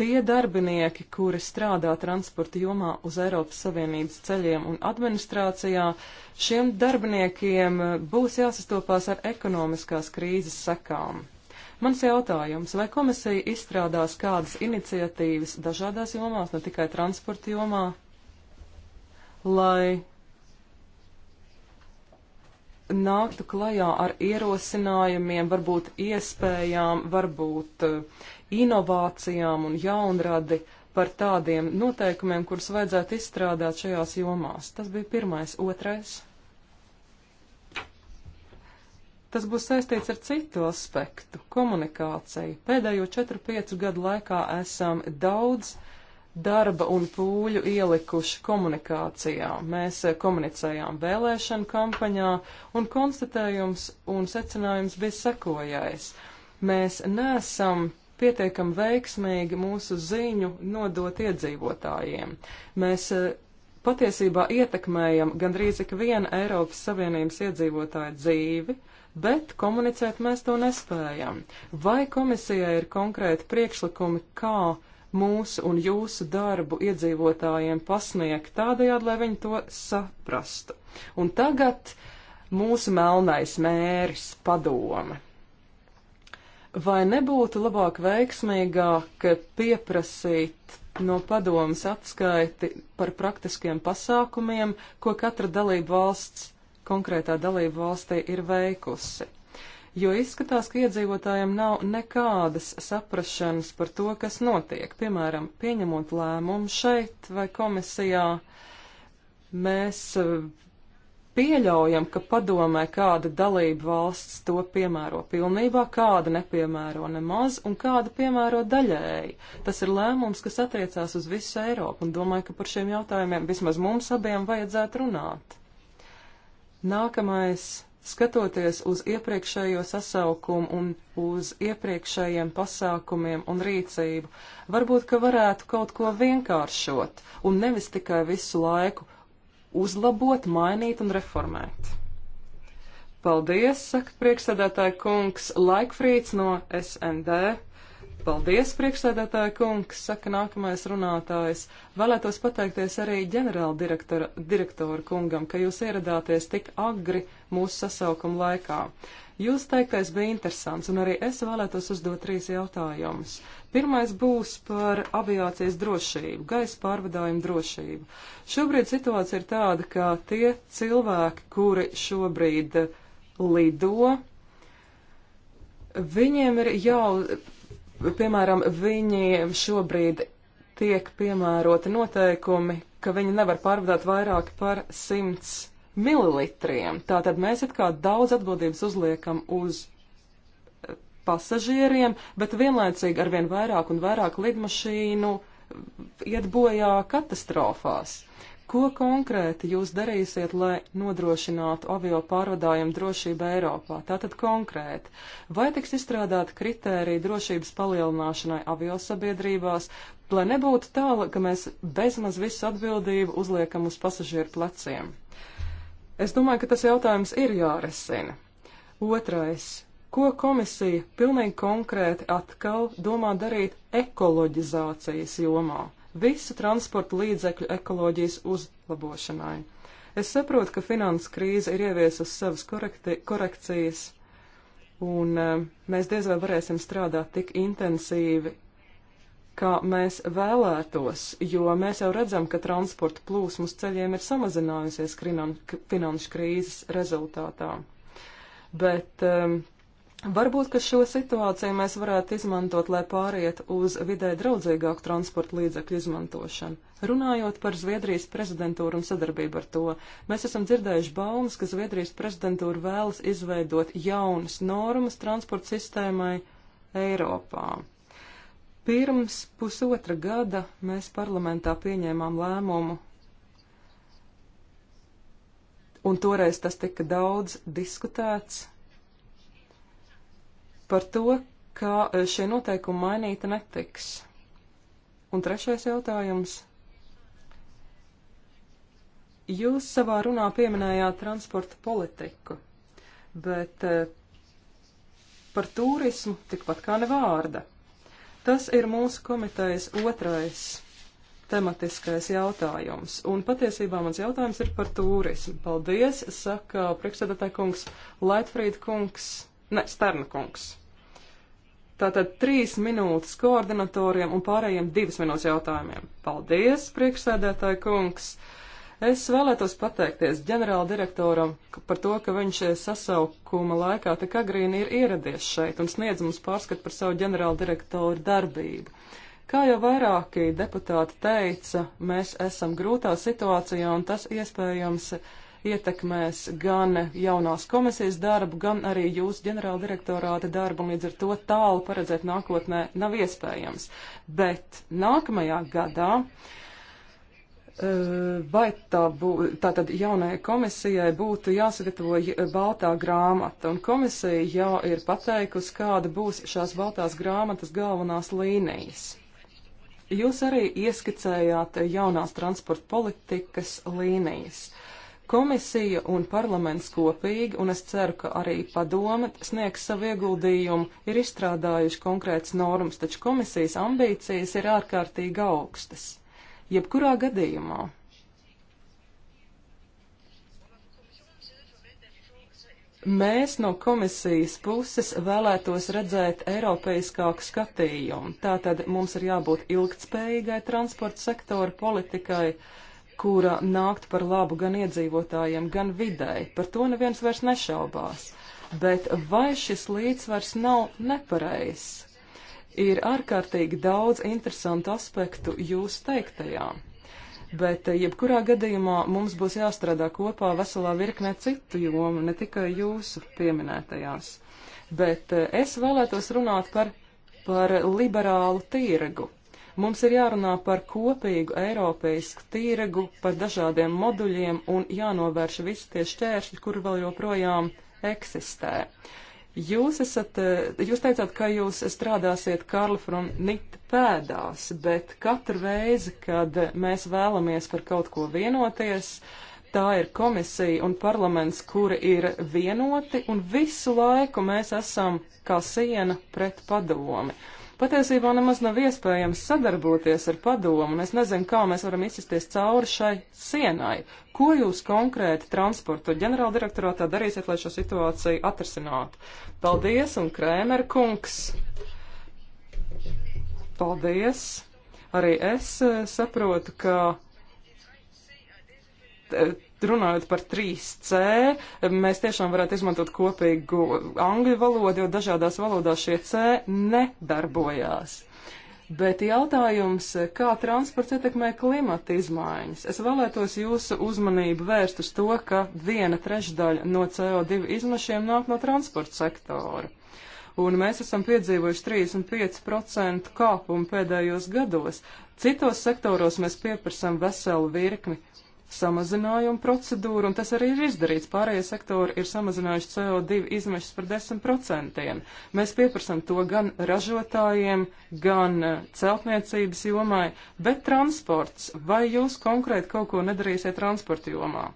Tie darbinieki, kuri strādā transporta jomā uz Eiropas Savienības ceļiem un administrācijā, šiem darbiniekiem eh, būs jāsastopās ar ekonomiskās krīzes sekām. Mans jautājums, vai komisija izstrādās kādas iniciatīvas dažādās jomās, ne tikai transporta jomā, lai nāktu klajā ar ierosinājumiem, varbūt iespējām, varbūt uh, inovācijām un jaunradi par tādiem noteikumiem, kurus vajadzētu izstrādāt šajās jomās. Tas bija pirmais. Otrais. Tas būs saistīts ar citu aspektu - komunikāciju. Pēdējo 4-5 gadu laikā esam daudz darba un pūļu ielikuši komunikācijā. Mēs eh, komunicējām vēlēšanu kampaņā, un konstatējums un secinājums bija sekojais. Mēs nesam pietiekami veiksmīgi mūsu ziņu nodot iedzīvotājiem. Mēs eh, patiesībā ietekmējam gandrīz ikvienu Eiropas Savienības iedzīvotāju dzīvi, bet komunicēt mēs to nespējam. Vai komisijai ir konkrēti priekšlikumi, kā mūsu un jūsu darbu iedzīvotājiem pasniegt tādējādi, lai viņi to saprastu? Un tagad mūsu melnais mēris padome. Vai nebūtu labāk veiksmīgāk pieprasīt no padomas atskaiti par praktiskiem pasākumiem, ko katra dalība valsts, konkrētā dalība valstī ir veikusi? Jo izskatās, ka iedzīvotājiem nav nekādas saprašanas par to, kas notiek. Piemēram, pieņemot lēmumu šeit vai komisijā, mēs pieļaujam, ka padomē kāda dalība valsts to piemēro pilnībā, kāda nepiemēro nemaz un kāda piemēro daļēji. Tas ir lēmums, kas attiecās uz visu Eiropu un domāju, ka par šiem jautājumiem vismaz mums abiem vajadzētu runāt. Nākamais, skatoties uz iepriekšējo sasaukumu un uz iepriekšējiem pasākumiem un rīcību, varbūt, ka varētu kaut ko vienkāršot un nevis tikai visu laiku uzlabot, mainīt un reformēt. Paldies, saka priekšsēdētāja kungs Laikfrīds no SND. Paldies, priekšsēdētāja kungs, saka nākamais runātājs. Vēlētos pateikties arī ģenerāla direktora, direktora kungam, ka jūs ieradāties tik agri mūsu sasaukuma laikā. Jūs teiktais bija interesants, un arī es vēlētos uzdot trīs jautājumus. Pirmais būs par aviācijas drošību, gaisa pārvadājumu drošību. Šobrīd situācija ir tāda, ka tie cilvēki, kuri šobrīd lido, viņiem ir jau piemēram, viņiem šobrīd tiek piemēroti noteikumi, ka viņi nevar pārvadāt vairāk par 100 mililitriem. Tātad mēs it kā daudz atbildības uzliekam uz eh, pasažieriem, bet vienlaicīgi arvien vairāk un vairāk lidmašīnu eh, iet bojā katastrofās. Ko konkrēti jūs darīsiet, lai nodrošinātu avio pārvadājumu drošību Eiropā? Tātad konkrēti, vai tiks izstrādāti kritēriji drošības palielināšanai avio sabiedrībās, lai nebūtu tā, ka mēs bezmaz visu atbildību uzliekam uz pasažieru pleciem? Es domāju, ka tas jautājums ir jārisina. Otrais ko komisija pilnīgi konkrēti atkal domā darīt ekoloģizācijas jomā visu transporta līdzekļu ekoloģijas uzlabošanai. Es saprotu, ka finanses krīze ir ieviesusi savas korekti, korekcijas, un eh, mēs diez vai varēsim strādāt tik intensīvi, kā mēs vēlētos, jo mēs jau redzam, ka transporta plūsma uz ceļiem ir samazinājusies krinan, finanšu krīzes rezultātā. Bet um, Varbūt, ka šo situāciju mēs varētu izmantot, lai pāriet uz vidē draudzīgāku transporta līdzekļu izmantošanu. Runājot par Zviedrijas prezidentūru un sadarbību ar to, mēs esam dzirdējuši baumas, ka Zviedrijas prezidentūra vēlas izveidot jaunas normas transporta sistēmai Eiropā. Pirms pusotra gada mēs parlamentā pieņēmām lēmumu un toreiz tas tika daudz diskutēts, par to, ka eh, šie noteikumi mainīti netiks. Un trešais jautājums. Jūs savā runā pieminējāt transporta politiku, bet eh, par turismu tikpat kā ne vārda. Tas ir mūsu komitejas otrais tematiskais jautājums, un patiesībā mans jautājums ir par turismu. Paldies, saka priekšsēdētāj kungs, Laitfrīd kungs, ne, Sterna kungs. Tātad trīs minūtes koordinatoriem un pārējiem divas minūtes jautājumiem. Paldies, priekšsēdētāji kungs! Es vēlētos pateikties ģenerāla direktoram par to, ka viņš sasaukuma laikā tik agrīni ir ieradies šeit un sniedz mums pārskatu par savu ģenerāla direktoru darbību. Kā jau vairāki deputāti teica, mēs esam grūtā situācijā un tas iespējams. Uh, ietekmēs gan jaunās komisijas darbu, gan arī jūsu ģenerāldirektorāta darbu, un līdz ar to tālu paredzēt nākotnē nav iespējams. Bet nākamajā gadā. Eh, vai tā būtu, tātad jaunajai komisijai būtu jāsagatavo baltā grāmata, un komisija jau ir pateikusi, kāda būs šās baltās grāmatas galvenās līnijas. Jūs arī ieskicējāt jaunās transporta politikas līnijas. Komisija un parlaments kopīgi, un es ceru, ka arī padome sniegs savu ieguldījumu, ir izstrādājuši konkrētas normas, taču komisijas ambīcijas ir ārkārtīgi augstas. Jebkurā gadījumā. Mēs no komisijas puses vēlētos redzēt eiropeiskāku skatījumu. Tātad mums ir jābūt ilgtspējīgai transporta sektora politikai, kura nāktu par labu gan iedzīvotājiem, gan videi. Par to neviens vairs nešaubās. Bet vai šis līdzsvars nav nepareizs? Ir ārkārtīgi daudz interesantu aspektu jūsu teiktajā. Bet eh, jebkurā gadījumā mums būs jāstrādā kopā veselā virknē citu jomu, ne tikai jūsu pieminētajās. Bet eh, es vēlētos runāt par, par liberālu tirgu Mums ir jārunā par kopīgu eiropeisku tīregu, par dažādiem moduļiem un jānovērš visi tie šķēršļi, kuri vēl joprojām eksistē. Jūs, esat, eh, jūs teicāt, ka jūs strādāsiet Karla from Nita pēdās, bet katru reizi, kad mēs vēlamies par kaut ko vienoties, tā ir komisija un parlaments, kuri ir vienoti, un visu laiku mēs esam kā siena pret padomi. Patiesībā nemaz nav iespējams sadarboties ar padomu, un es nezinu, kā mēs varam izsisties cauri šai sienai. Ko jūs konkrēti transporta ģenerāldirektorātā darīsiet, lai šo situāciju atrisinātu? Paldies, un Krēmer kungs! Paldies! Arī es eh, saprotu, ka eh, runājot par 3C, mēs tiešām varētu izmantot kopīgu angļu valodu, jo dažādās valodās šie C nedarbojās. Bet jautājums, kā transports ietekmē klimata izmaiņas? Es vēlētos jūsu uzmanību vērst uz to, ka viena trešdaļa no CO2 izmešiem nāk no transporta sektora. Un mēs esam piedzīvojuši 35% kāpumu pēdējos gados. Citos sektoros mēs pieprasām veselu virkni samazinājuma procedūru, un tas arī ir izdarīts. Pārējie sektori ir samazinājuši CO2 izmešas par 10%. Mēs pieprasam to gan ražotājiem, gan eh, celtniecības jomai, bet transports. Vai jūs konkrēti kaut ko nedarīsiet transporta jomā?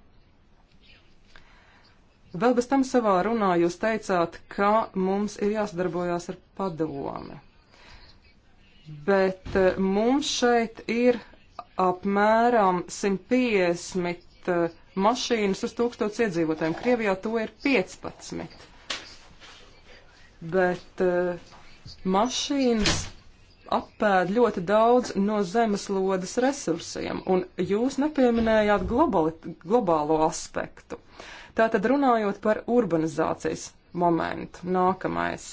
Vēl bez tam savā runā jūs teicāt, ka mums ir jāsadarbojās ar padomi. Bet eh, mums šeit ir apmēram 150 eh, mašīnas uz tūkstots iedzīvotājiem. Krievijā to ir 15. Bet uh, mašīnas apēd ļoti daudz no zemeslodes resursiem, un jūs nepieminējāt globali, globālo aspektu. Tātad runājot par urbanizācijas momentu, nākamais.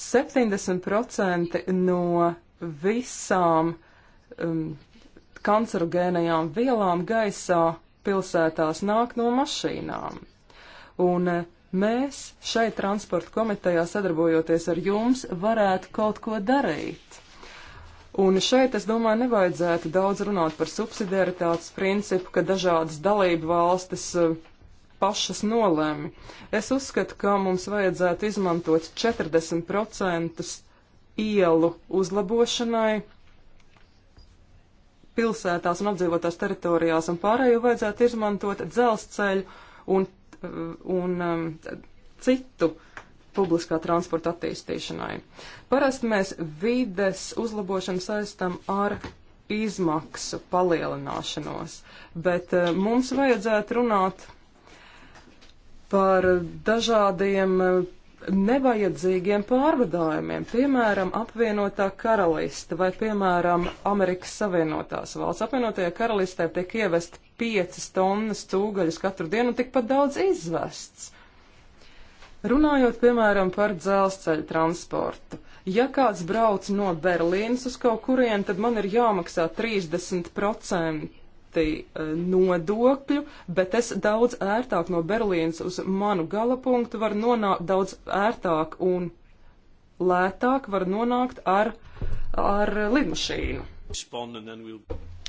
70% no visām uh, um, kancerogēnajām vielām gaisā pilsētās nāk no mašīnām. Un uh, mēs šeit transporta komitejā sadarbojoties ar jums varētu kaut ko darīt. Un šeit, es domāju, nevajadzētu daudz runāt par subsidiaritātes principu, ka dažādas dalību valstis uh, pašas nolēmi. Es uzskatu, ka mums vajadzētu izmantot 40% ielu uzlabošanai pilsētās un apdzīvotās teritorijās, un pārējo vajadzētu izmantot dzelzceļu un, un um, citu publiskā transporta attīstīšanai. Parasti mēs vides uzlabošanu saistam ar izmaksu palielināšanos, bet uh, mums vajadzētu runāt par dažādiem uh, nevajadzīgiem pārvadājumiem, piemēram, apvienotā karalista vai, piemēram, Amerikas Savienotās valsts. Apvienotajā karalistē tiek ievest 5 tonnas cūgaļus katru dienu un tikpat daudz izvests. Runājot, piemēram, par dzelzceļa transportu. Ja kāds brauc no Berlīnas uz kaut kurien, tad man ir jāmaksā 30% pati e, nodokļu, bet es daudz ērtāk no Berlīnas uz manu gala punktu varu nonākt, daudz ērtāk un lētāk var nonākt ar, ar lidmašīnu.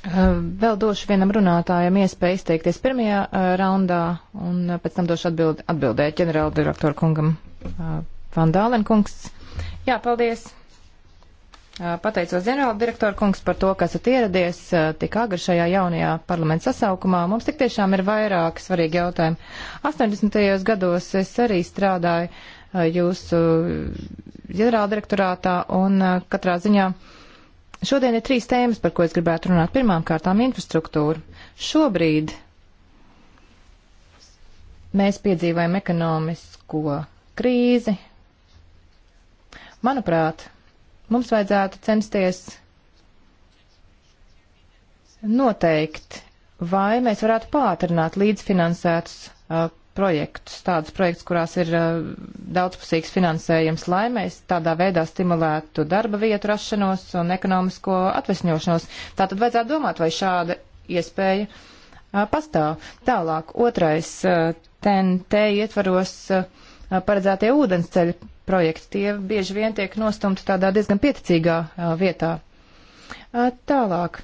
Vēl došu vienam runātājam iespēju izteikties pirmajā raundā, un pēc tam došu atbild, atbildēt ģenerāldirektoru kungam Vandālenkungs. Jā, paldies! Pateicos ģenerāla direktora kungs par to, ka esat ieradies tik agri šajā jaunajā parlamenta sasaukumā. Mums tik tiešām ir vairāk svarīgi jautājumi. 80. gados es arī strādāju jūsu ģenerāla direktorātā un katrā ziņā šodien ir trīs tēmas, par ko es gribētu runāt. Pirmām kārtām infrastruktūra. Šobrīd mēs piedzīvojam ekonomisko krīzi. Manuprāt, mums vajadzētu censties noteikt, vai mēs varētu pātrināt līdzfinansētus uh, projektus, tādus projektus, kurās ir uh, daudzpusīgs finansējums, lai mēs tādā veidā stimulētu darba vietu rašanos un ekonomisko atvesņošanos. Tātad vajadzētu domāt, vai šāda iespēja uh, pastāv. Tālāk, otrais TNT uh, ietvaros uh, paredzētie ūdensceļi projekti. Tie bieži vien tiek nostumti tādā diezgan pieticīgā uh, vietā. Uh, tālāk.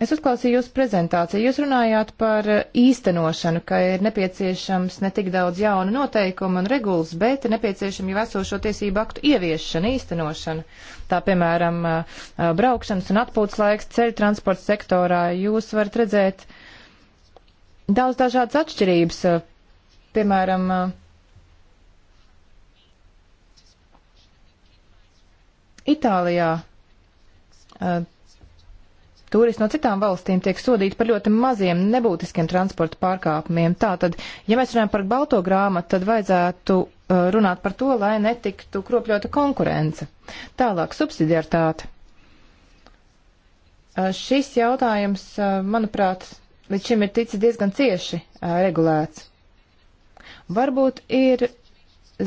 Es uzklausīju jūsu prezentāciju. Jūs runājāt par īstenošanu, ka ir nepieciešams ne tik daudz jaunu noteikumu un regulas, bet ir nepieciešama jau esošo tiesību aktu ieviešana, īstenošana. Tā piemēram, braukšanas un atpūtas laiks ceļu transporta sektorā. Jūs varat redzēt daudz dažādas atšķirības. Piemēram, Itālijā uh, Turisti no citām valstīm tiek sodīti par ļoti maziem, nebūtiskiem transporta pārkāpumiem. Tātad, ja mēs runājam par balto grāmatu, tad vajadzētu uh, runāt par to, lai netiktu kropļota konkurence. Tālāk, subsidiartāte. Uh, šis jautājums, uh, manuprāt, līdz šim ir ticis diezgan cieši regulēts. Varbūt ir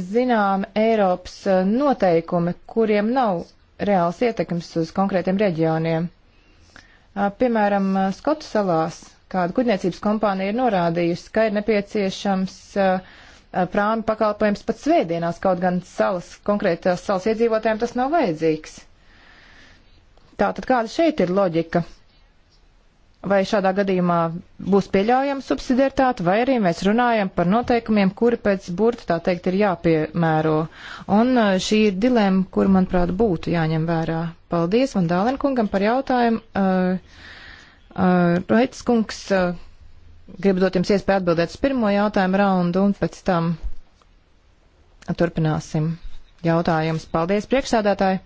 zināmi Eiropas eh, noteikumi, kuriem nav reāls ietekmes uz konkrētiem reģioniem. Eh, piemēram, eh, Skotu salās kāda kuģniecības kompānija ir norādījusi, ka ir nepieciešams prāmi pakalpojums pat svētdienās, kaut gan salas, konkrētās salas iedzīvotājiem tas nav vajadzīgs. Tātad kāda šeit ir loģika? vai šādā gadījumā būs pieļaujama subsidiaritāte, vai arī mēs runājam par noteikumiem, kuri pēc burta, tā teikt, ir jāpiemēro. Un uh, šī ir dilēma, kur, manuprāt, būtu jāņem vērā. Paldies man Dālenkungam par jautājumu. Uh, uh, Raits kungs, uh, gribu dot jums iespēju atbildēt uz pirmo jautājumu raundu, un pēc tam turpināsim jautājumus. Paldies, priekšsādātāji!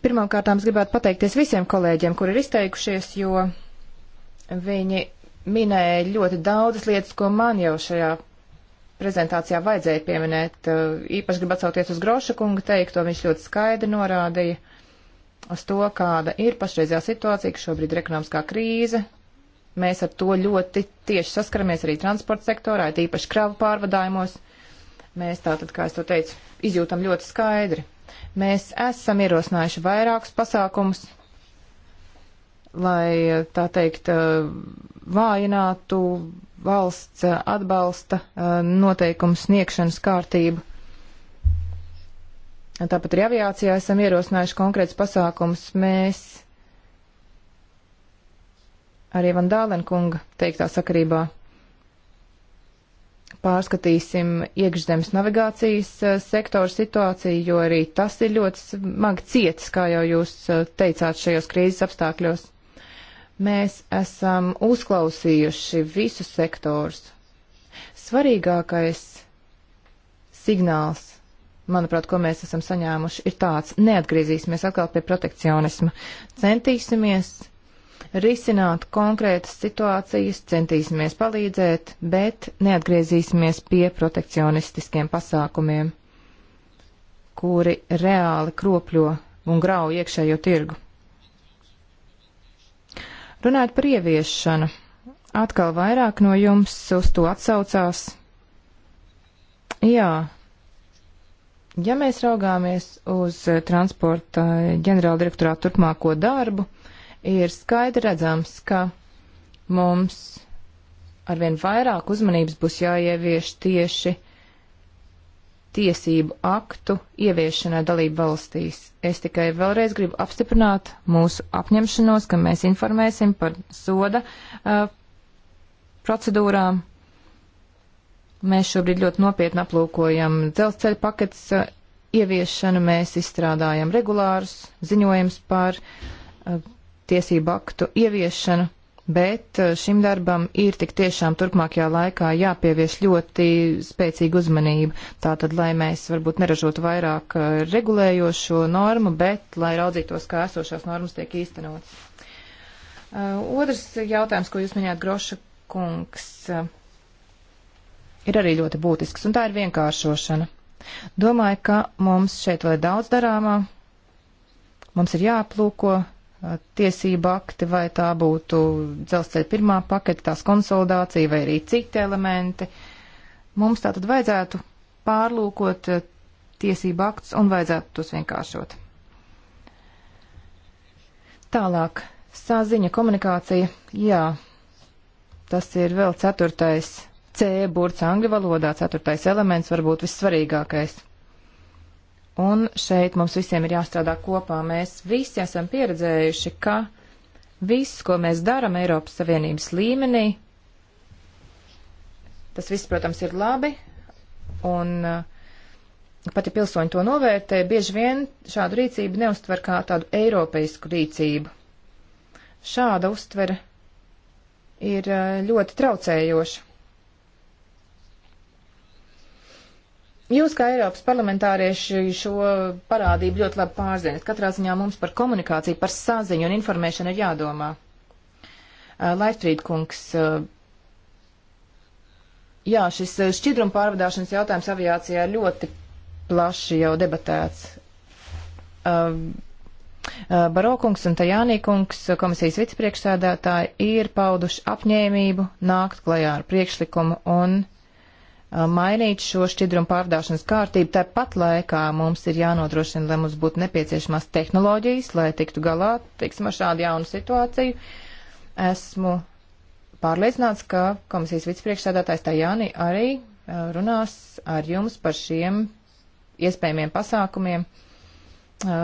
Pirmkārt, es gribētu pateikties visiem kolēģiem, kur ir izteikušies, jo viņi minēja ļoti daudzas lietas, ko man jau šajā prezentācijā vajadzēja pieminēt. Uh, īpaši gribu atsauties uz Groša kunga teikto, viņš ļoti skaidri norādīja uz to, kāda ir pašreizējā situācija, ka šobrīd ir ekonomiskā krīze. Mēs ar to ļoti tieši saskaramies arī transporta sektorā, tīpaši kravu pārvadājumos. Mēs tātad, kā es to teicu, izjūtam ļoti skaidri. Mēs esam ierosinājuši vairākus pasākumus, lai tā teikt vājinātu valsts atbalsta noteikumu sniegšanas kārtību. Tāpat arī aviācijā esam ierosinājuši konkrēts pasākums. Mēs arī Vandālenkunga teiktā sakarībā pārskatīsim iekšzemes navigācijas eh, sektoru situāciju, jo arī tas ir ļoti smagi cietis, kā jau jūs eh, teicāt, šajos krīzes apstākļos. Mēs esam uzklausījuši visus sektors. Svarīgākais signāls, manuprāt, ko mēs esam saņēmuši, ir tāds - neatgriezīsimies atkal pie protekcionisma. Centīsimies risināt konkrētas situācijas, centīsimies palīdzēt, bet neatgriezīsimies pie protekcionistiskiem pasākumiem, kuri reāli kropļo un grauj iekšējo tirgu. Runājot par ieviešanu, atkal vairāk no jums uz to atsaucās. Jā, ja mēs raugāmies uz transporta ģenerāldirektorā turpmāko darbu, ir skaidri redzams, ka mums arvien vairāk uzmanības būs jāievieš tieši tiesību aktu ieviešanai dalību valstīs. Es tikai vēlreiz gribu apstiprināt mūsu apņemšanos, ka mēs informēsim par soda uh, procedūrām. Mēs šobrīd ļoti nopietni aplūkojam dzelzceļa paketes uh, ieviešanu, mēs izstrādājam regulārus ziņojums par uh, tiesību aktu ieviešanu, bet eh, šim darbam ir tik tiešām turpmākajā laikā jāpievieš ļoti spēcīga uzmanība. Tātad, lai mēs varbūt neražotu vairāk eh, regulējošo normu, bet lai raudzītos, kā esošās normas tiek īstenotas. Eh, otrs jautājums, ko jūs minējāt, Groša kungs, ir arī ļoti būtisks, un tā ir vienkāršošana. Domāju, ka mums šeit vēl ir daudz darāmā, mums ir jāaplūko tiesība akti, vai tā būtu dzelzceļa pirmā pakete, tās konsolidācija vai arī citi elementi. Mums tā tad vajadzētu pārlūkot tiesību aktus un vajadzētu tos vienkāršot. Tālāk, sāziņa komunikācija, jā, tas ir vēl ceturtais C burts angļu valodā, ceturtais elements, varbūt vissvarīgākais. Un šeit mums visiem ir jāstrādā kopā. Mēs visi esam pieredzējuši, ka viss, ko mēs daram Eiropas Savienības līmenī, tas viss, protams, ir labi. Un uh, pat ja pilsoņi to novērtē, bieži vien šādu rīcību neustver kā tādu eiropeisku rīcību. Šāda uztvere ir uh, ļoti traucējoša. Jūs, kā Eiropas parlamentārieši, šo parādību ļoti labi pārzinat. Katrā ziņā mums par komunikāciju, par saziņu un informēšanu ir jādomā. Uh, Laifrīd kungs, uh, jā, šis uh, šķidruma pārvadāšanas jautājums aviācijā ļoti plaši jau debatēts. Barokungs un Tajānīkungs, komisijas vicepriekšsēdētāji, ir pauduši apņēmību nākt klajā ar priekšlikumu un Uh, mainīt šo šķidrumu pārdāšanas kārtību. Tāpat laikā mums ir jānodrošina, lai mums būtu nepieciešamās tehnoloģijas, lai tiktu galā, teiksim, ar šādu jaunu situāciju. Esmu pārliecināts, ka komisijas vicepriekšsēdētājs Tajāni arī uh, runās ar jums par šiem iespējamiem pasākumiem, uh,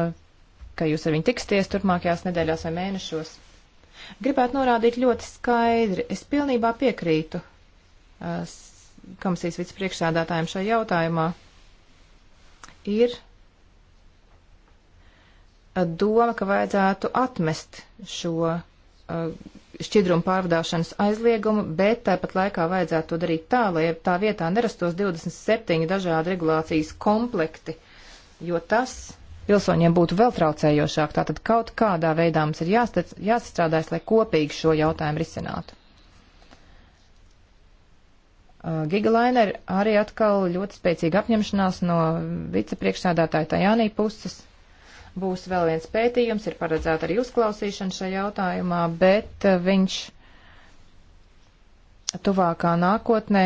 ka jūs ar viņu tiksties turpmākajās nedēļās vai mēnešos. Gribētu norādīt ļoti skaidri, es pilnībā piekrītu komisijas vicepriekšsādātājiem šajā jautājumā ir doma, ka vajadzētu atmest šo uh, šķidrumu pārvadāšanas aizliegumu, bet tāpat laikā vajadzētu to darīt tā, lai tā vietā nerastos 27 dažādi regulācijas komplekti, jo tas pilsoņiem būtu vēl traucējošāk. Tātad kaut kādā veidā mums ir jāsastrādājas, lai kopīgi šo jautājumu risinātu. Uh, Gigalaineru arī atkal ļoti spēcīga apņemšanās no vicepriekšsādātāja Tajānī puses. Būs vēl viens pētījums, ir paredzēta arī uzklausīšana šajā jautājumā, bet uh, viņš tuvākā nākotnē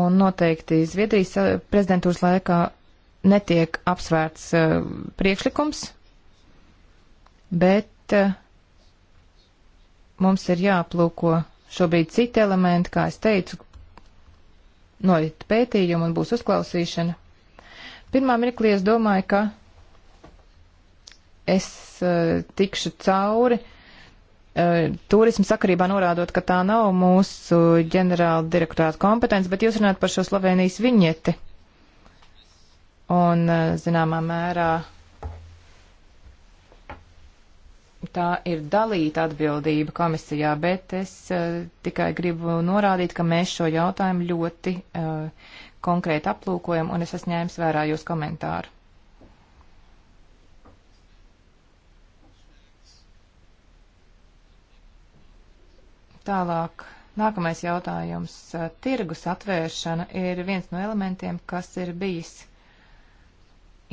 un noteikti Zviedrijas uh, prezidentūras laikā netiek apsvērts uh, priekšlikums, bet uh, mums ir jāplūko šobrīd citi elementi, kā es teicu, norit pētījumi un būs uzklausīšana. Pirmā mirklī es domāju, ka es uh, tikšu cauri uh, turismu sakarībā norādot, ka tā nav mūsu ģenerāla direktorāta kompetence, bet jūs runājat par šo Slovenijas viņeti. Un, uh, zināmā mērā, uh, tā ir dalīta atbildība komisijā, bet es uh, tikai gribu norādīt, ka mēs šo jautājumu ļoti uh, konkrēti aplūkojam, un es esmu ņēmis vērā jūs komentāru. Tālāk, nākamais jautājums. Tirgus atvēršana ir viens no elementiem, kas ir bijis uh,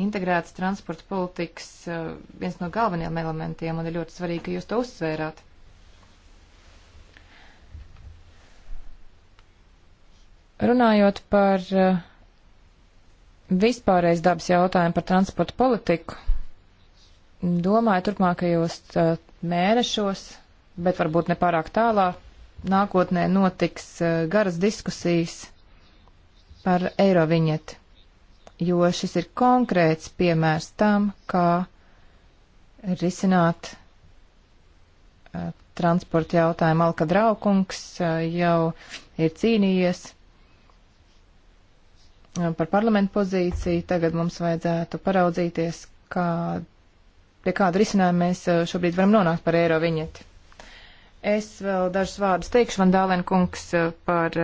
integrētas transporta politikas eh, viens no galvenajiem elementiem, un ir ļoti svarīgi, ka jūs to uzsvērāt. Runājot par eh, vispārreiz dabas jautājumu par transporta politiku, domāju turpmākajos eh, mēnešos, bet varbūt ne pārāk tālā, nākotnē notiks garas diskusijas par eiroviņeti jo šis ir konkrēts piemērs tam, kā risināt uh, transporta jautājumu. Alka Draukungs uh, jau ir cīnījies par parlamentu pozīciju. Tagad mums vajadzētu paraudzīties, kā, pie kāda risinājuma mēs šobrīd varam nonākt par eiro viņeti. Es vēl dažus vārdus teikšu, Vandālēn kungs, par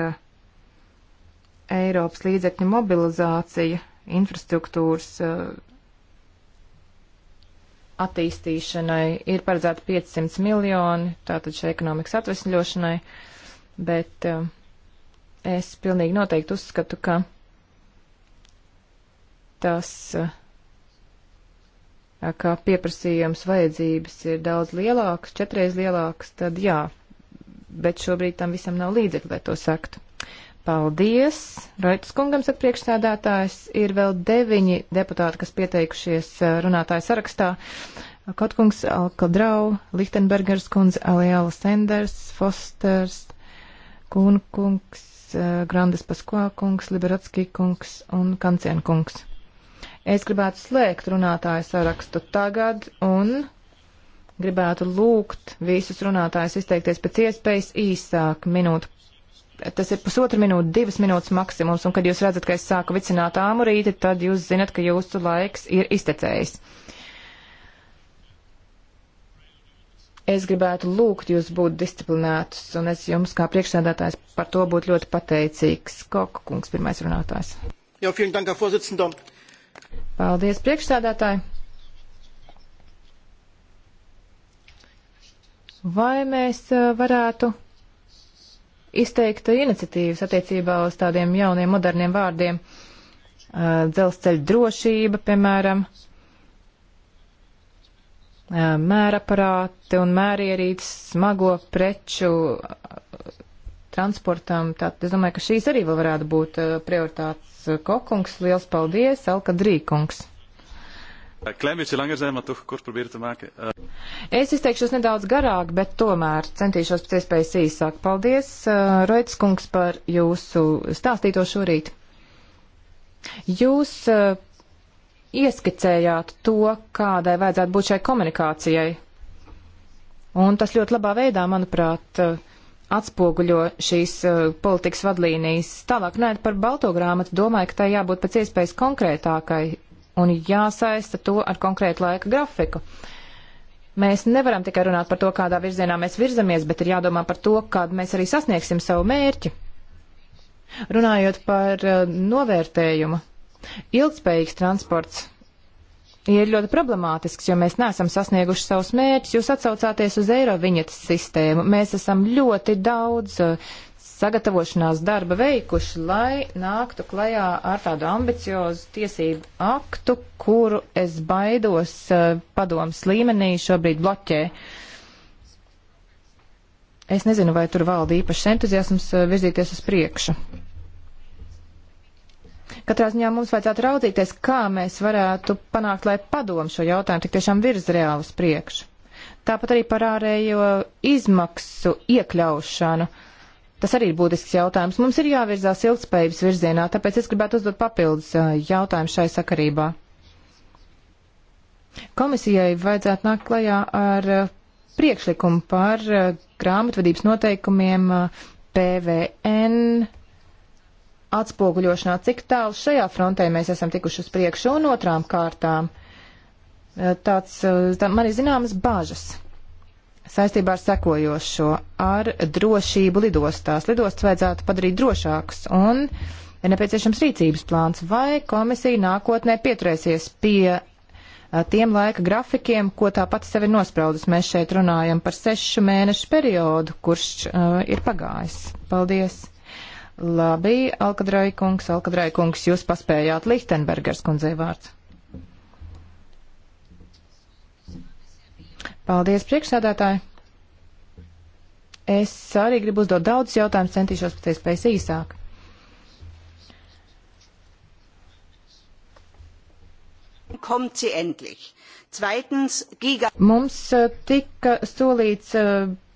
Eiropas līdzekļu mobilizāciju infrastruktūras uh, attīstīšanai ir paredzēta 500 miljoni, tātad šai ekonomikas atvesļošanai, bet uh, es pilnīgi noteikti uzskatu, ka tas, uh, ka pieprasījums vajadzības ir daudz lielāks, četreiz lielāks, tad jā, bet šobrīd tam visam nav līdzekļu, lai to saktu. Paldies! Roitas kungam saka priekšsēdētājs. Ir vēl deviņi deputāti, kas pieteikušies uh, runātāju sarakstā. Kotkungs, Alkadrau, Lichtenbergers kundze, Aliela Senders, Fosters, Kūnkungs, uh, Grandes Paskvā kungs, Liberatskī kungs un Kancien kungs. Es gribētu slēgt runātāju sarakstu tagad un gribētu lūgt visus runātājus izteikties pēc iespējas īsāk minūtu tas ir pusotra minūte, divas minūtes maksimums, un kad jūs redzat, ka es sāku vicināt āmurīti, tad jūs zinat, ka jūsu laiks ir iztecējis. Es gribētu lūgt jūs būt disciplinētus, un es jums kā priekšsēdētājs par to būtu ļoti pateicīgs. Koka kungs, pirmais runātājs. Jā, vielen dank, Herr Paldies, priekšsēdētāji. Vai mēs eh, varētu izteikta iniciatīvas attiecībā uz tādiem jauniem moderniem vārdiem - dzelzceļa drošība, piemēram, mēraparāti un mērierīts smago preču transportam. Tātad es domāju, ka šīs arī vēl varētu būt prioritātes kokungs. Liels paldies, Alka Drīkungs. Eh, es izteikšos nedaudz garāk, bet tomēr centīšos pēc iespējas īsāk. Paldies, uh, eh, Roits kungs, par jūsu stāstīto šorīt. Jūs uh, ieskicējāt to, kādai vajadzētu būt šai komunikācijai. Un tas ļoti labā veidā, manuprāt, uh, atspoguļo šīs politikas vadlīnijas. Tālāk, nē, par balto grāmatu domāju, ka tai jābūt pēc iespējas konkrētākai un jāsaista to ar konkrētu laika grafiku. Mēs nevaram tikai runāt par to, kādā virzienā mēs virzamies, bet ir jādomā par to, kad mēs arī sasniegsim savu mērķi. Runājot par eh, novērtējumu, ilgspējīgs transports ir ļoti problemātisks, jo mēs neesam sasnieguši savus mērķus. Jūs atsaucāties uz eiro viņetas sistēmu. Mēs esam ļoti daudz eh, sagatavošanās darba veikuši, lai nāktu klajā ar tādu ambiciozu tiesību aktu, kuru es baidos eh, padomas līmenī šobrīd bloķē. Es nezinu, vai tur valda īpašs entuziasms eh, virzīties uz priekšu. Katrā ziņā mums vajadzētu raudzīties, kā mēs varētu panākt, lai padomu šo jautājumu tik tiešām virz reāli uz priekšu. Tāpat arī par ārējo izmaksu iekļaušanu. Uh, Tas arī ir būtisks jautājums. Mums ir jāvirzās ilgspējības virzienā, tāpēc es gribētu uzdot papildus jautājumu šai sakarībā. Komisijai vajadzētu nākt klajā ar priekšlikumu par grāmatvedības noteikumiem PVN atspoguļošanā, cik tālu šajā frontē mēs esam tikuši uz priekšu un otrām kārtām. Tāds tā, man ir zināmas bažas saistībā ar sekojošo, ar drošību lidostās. Lidostas vajadzētu padarīt drošāks un ir nepieciešams rīcības plāns, vai komisija nākotnē pieturēsies pie tiem laika grafikiem, ko tā pati sevi nospraudus. Mēs šeit runājam par sešu mēnešu periodu, kurš uh, ir pagājis. Paldies! Labi, Alkadrai kungs, Alkadrai kungs, jūs paspējāt Lichtenbergers kundzei vārds. Paldies, priekšsēdētāji! Es arī gribu uzdot daudz jautājumus, centīšos pēc iespējas īsāk. kommt sie endlich. Zweitens, Giga. Mums eh, tika solīts eh,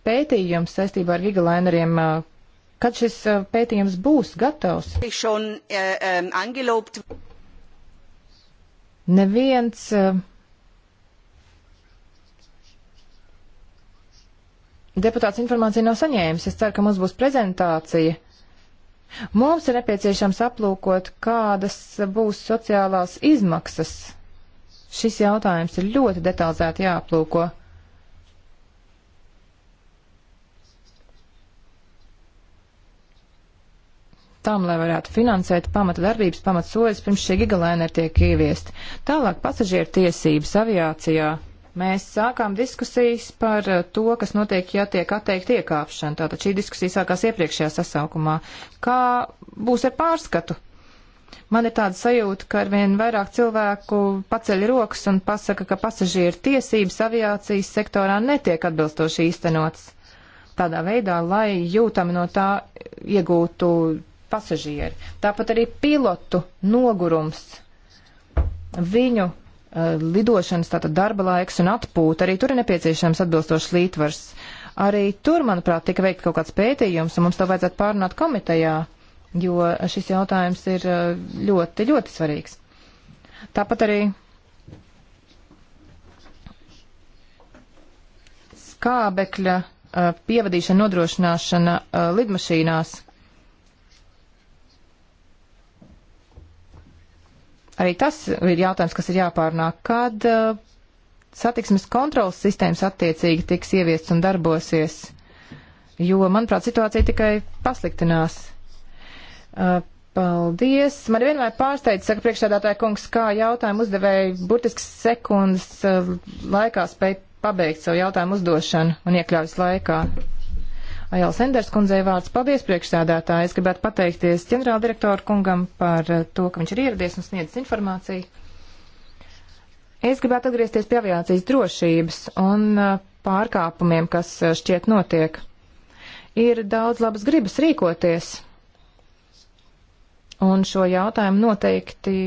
pētījums saistībā ar gigalaineriem. Eh, kad šis pētījums būs gatavs? Schon, uh, um, Neviens. Uh, deputāts informāciju nav saņēmis. Es ceru, ka mums būs prezentācija. Mums ir nepieciešams aplūkot, kādas būs sociālās izmaksas. Šis jautājums ir ļoti detalizēti jāaplūko. tam, lai varētu finansēt pamata darbības, pamata soļus, pirms šie gigalēneri tiek ieviesti. Tālāk pasažieru tiesības aviācijā. Mēs sākām diskusijas par eh, to, kas notiek, ja tiek atteikta iekāpšana. Tātad šī diskusija sākās iepriekšējā sasaukumā. Kā būs ar pārskatu? Man ir tāda sajūta, ka arvien vairāk cilvēku paceļ rokas un pasaka, ka pasažieru tiesības aviācijas sektorā netiek atbilstoši īstenotas tādā veidā, lai jūtami no tā iegūtu pasažieri. Tāpat arī pilotu nogurums viņu Eh, lidošanas, tātad darba laiks un atpūta. Arī tur ir nepieciešams atbilstošs līdzsvars. Arī tur, manuprāt, tika veikt kaut kāds pētījums, un mums to vajadzētu pārunāt komitejā, jo šis jautājums ir eh, ļoti, ļoti svarīgs. Tāpat arī skābekļa eh, pievadīšana nodrošināšana lidmašīnās Arī tas ir jautājums, kas ir jāpārnā. Kad uh, satiksmes kontrolas sistēmas attiecīgi tiks ieviests un darbosies? Jo, manuprāt, situācija tikai pasliktinās. Uh, Paldies! Man vienmēr pārsteidz, saka priekšstādātāja kungs, kā jautājumu uzdevēji burtiski sekundes uh, laikā spēj pabeigt savu jautājumu uzdošanu un iekļaujas laikā. Ajala Senders kundzei vārds. Paldies, priekšsēdētāji. Es gribētu pateikties ģenerāldirektoru kungam par eh, to, ka viņš ir ieradies un sniedzis informāciju. Es gribētu atgriezties pie aviācijas drošības un eh, pārkāpumiem, kas eh, šķiet notiek. Ir daudz labas gribas rīkoties, un šo jautājumu noteikti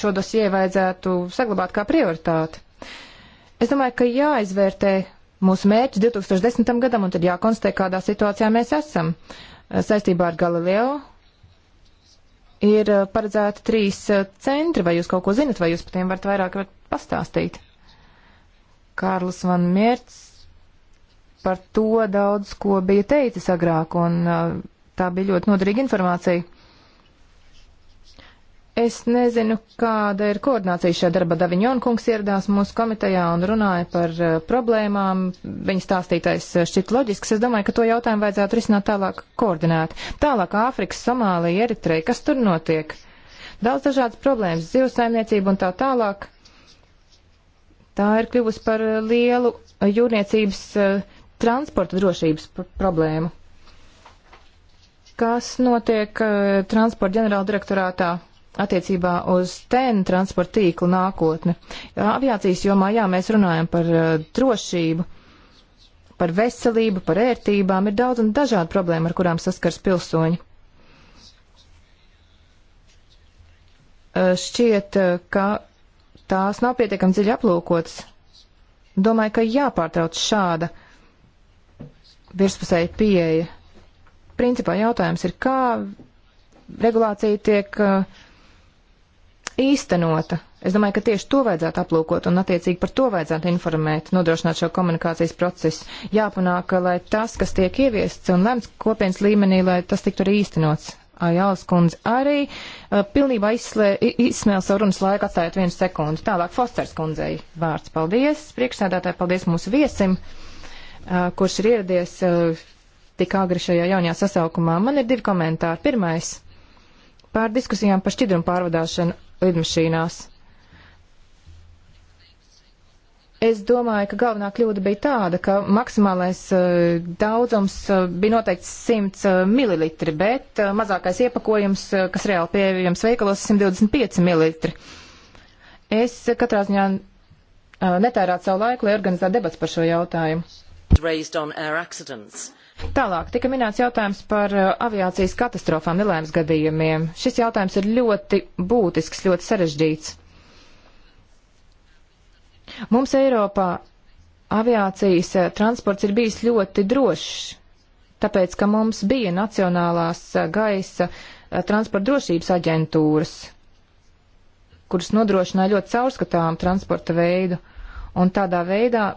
šo dosie vajadzētu saglabāt kā prioritāti. Es domāju, ka jāizvērtē mūsu mērķus 2010. gadam, un tad jākonstatē, kādā situācijā mēs esam. Eh, saistībā ar Galileo ir eh, paredzēti trīs eh, centri, vai jūs kaut ko zinat, vai jūs par tiem varat vairāk varat pastāstīt? Kārlis Van Mierts par to daudz ko bija teicis agrāk, un tā bija ļoti noderīga informācija. Es nezinu, kāda ir koordinācija šajā darbā. Daviņona kungs ieradās mūsu komitejā un runāja par uh, problēmām. Viņa stāstītais eh, šķiet loģisks. Es domāju, ka to jautājumu vajadzētu risināt tālāk koordinēt. Tālāk Āfrikas, Somālija, Eritreja. Kas tur notiek? Daudz dažādas problēmas, zivsaimniecība un tā tālāk. Tā ir kļuvusi par eh, lielu jūrniecības uh, transporta drošības pr problēmu. Kas notiek uh, transporta ģenerāldirektorātā? attiecībā uz ten transporta tīklu nākotni. Aviācijas jomā, jā, mēs runājam par uh, drošību, par veselību, par ērtībām, ir daudz un dažādi problēma, ar kurām saskars pilsoņi. Uh, šķiet, uh, ka tās nav pietiekami dziļi aplūkotas. Domāju, ka jāpārtrauc šāda virspusēja pieeja. Principā jautājums ir, kā regulācija tiek uh, īstenota. Es domāju, ka tieši to vajadzētu aplūkot un attiecīgi par to vajadzētu informēt, nodrošināt šo komunikācijas procesu. Jāpanāk, lai tas, kas tiek ieviests un lemts kopienas līmenī, lai tas tiktu arī īstenots. Ajāls kundze arī uh, pilnībā izslē, izsmēl savu runas laiku, atstājot vienu sekundi. Tālāk Fosters kundzei vārds. Paldies, priekšsēdētāji, paldies mūsu viesim, uh, kurš ir ieradies uh, tik agri šajā jaunajā sasaukumā. Man ir divi komentāri. Pirmais. Pār diskusijām par šķidrumu pārvadāšanu lidmašīnās. Es domāju, ka galvenā kļūda bija tāda, ka maksimālais uh, daudzums uh, bija noteikts 100 uh, eh, ml, bet uh, mazākais iepakojums, uh, kas reāli pieejams veikalos, 125 ml. Es uh, katrā ziņā uh, netērētu savu laiku, lai organizētu debats par šo jautājumu. Tālāk tika minēts jautājums par uh, aviācijas katastrofām, nelēmas gadījumiem. Šis jautājums ir ļoti būtisks, ļoti sarežģīts. Mums Eiropā aviācijas uh, transports ir bijis ļoti drošs, tāpēc, ka mums bija Nacionālās uh, gaisa transporta drošības aģentūras, kuras nodrošināja ļoti caurskatām transporta veidu, un tādā veidā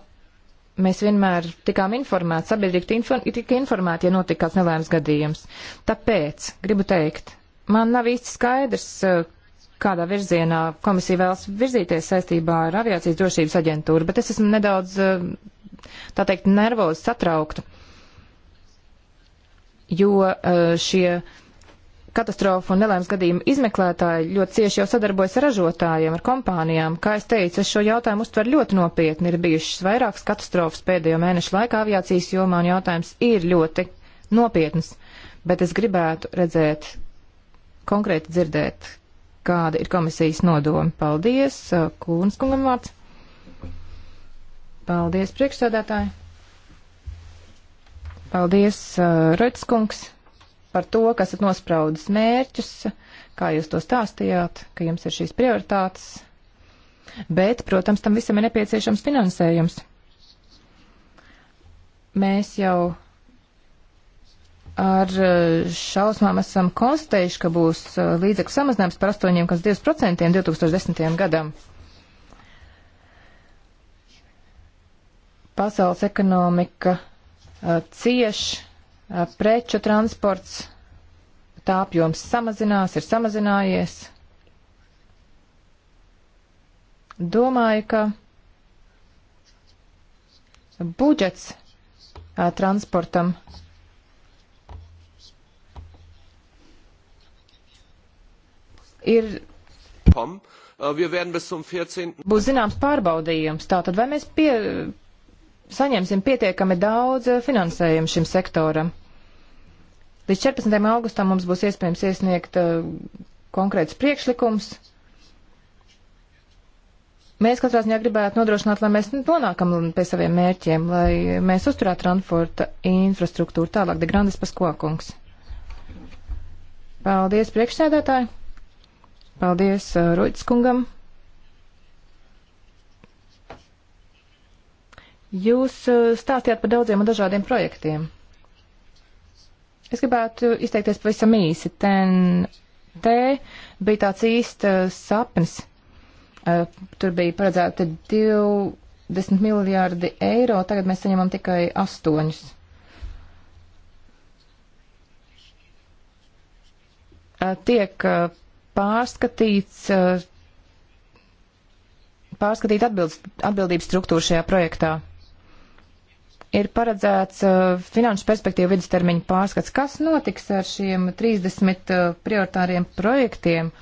mēs vienmēr tikām informēti, sabiedrība tika informēta, ja notika kāds nelēms gadījums. Tāpēc, gribu teikt, man nav īsti skaidrs, eh, kādā virzienā komisija vēlas virzīties saistībā ar aviācijas drošības aģentūru, bet es esmu nedaudz, eh, tā teikt, nervozi satraukta, jo eh, šie katastrofu un nelēmas gadījumu izmeklētāji ļoti cieši jau sadarbojas ar ražotājiem, ar kompānijām. Kā es teicu, es šo jautājumu uztveru ļoti nopietni. Ir bijušas vairākas katastrofas pēdējo mēnešu laikā aviācijas jomā, un jautājums ir ļoti nopietns. Bet es gribētu redzēt, konkrēti dzirdēt, kāda ir komisijas nodoma. Paldies, uh, Kūnas kungam vārds. Paldies, priekšsēdētāji. Paldies, uh, Roitskungs par to, ka esat nospraudis mērķus, kā jūs to stāstījāt, ka jums ir šīs prioritātes. Bet, protams, tam visam ir nepieciešams finansējums. Mēs jau ar eh, šausmām esam konstatējuši, ka būs eh, līdzekļu samazinājums par 8,2% 2010. gadam. Pasaules ekonomika eh, cieš Uh, preču transports, tā apjoms samazinās, ir samazinājies. Domāju, ka budžets uh, transportam ir. Pom. Uh, būs zināms pārbaudījums, tātad vai mēs pie, saņemsim pietiekami daudz eh, finansējumu šim sektoram. Līdz 14. augustam mums būs iespējams iesniegt uh, konkrēts priekšlikums. Mēs katrā ziņā gribētu nodrošināt, lai mēs nonākam pie saviem mērķiem, lai mēs uzturētu transporta infrastruktūru tālāk. De Grandes Paskokungs. Paldies priekšsēdētāji. Paldies uh, eh, Roģiskungam Jūs eh, stāstījāt par daudziem un dažādiem projektiem. Es gribētu izteikties pavisam īsi. TNT bija tāds īsts eh, sapnis. Eh, tur bija paredzēti 20 miljārdi eiro, tagad mēs saņemam tikai 8. Tiek pārskatīts, pārskatīt atbild, atbildības struktūru šajā projektā ir paredzēts uh, finanšu perspektīvu vidustermiņu pārskats. Kas notiks ar šiem 30 uh, prioritāriem projektiem?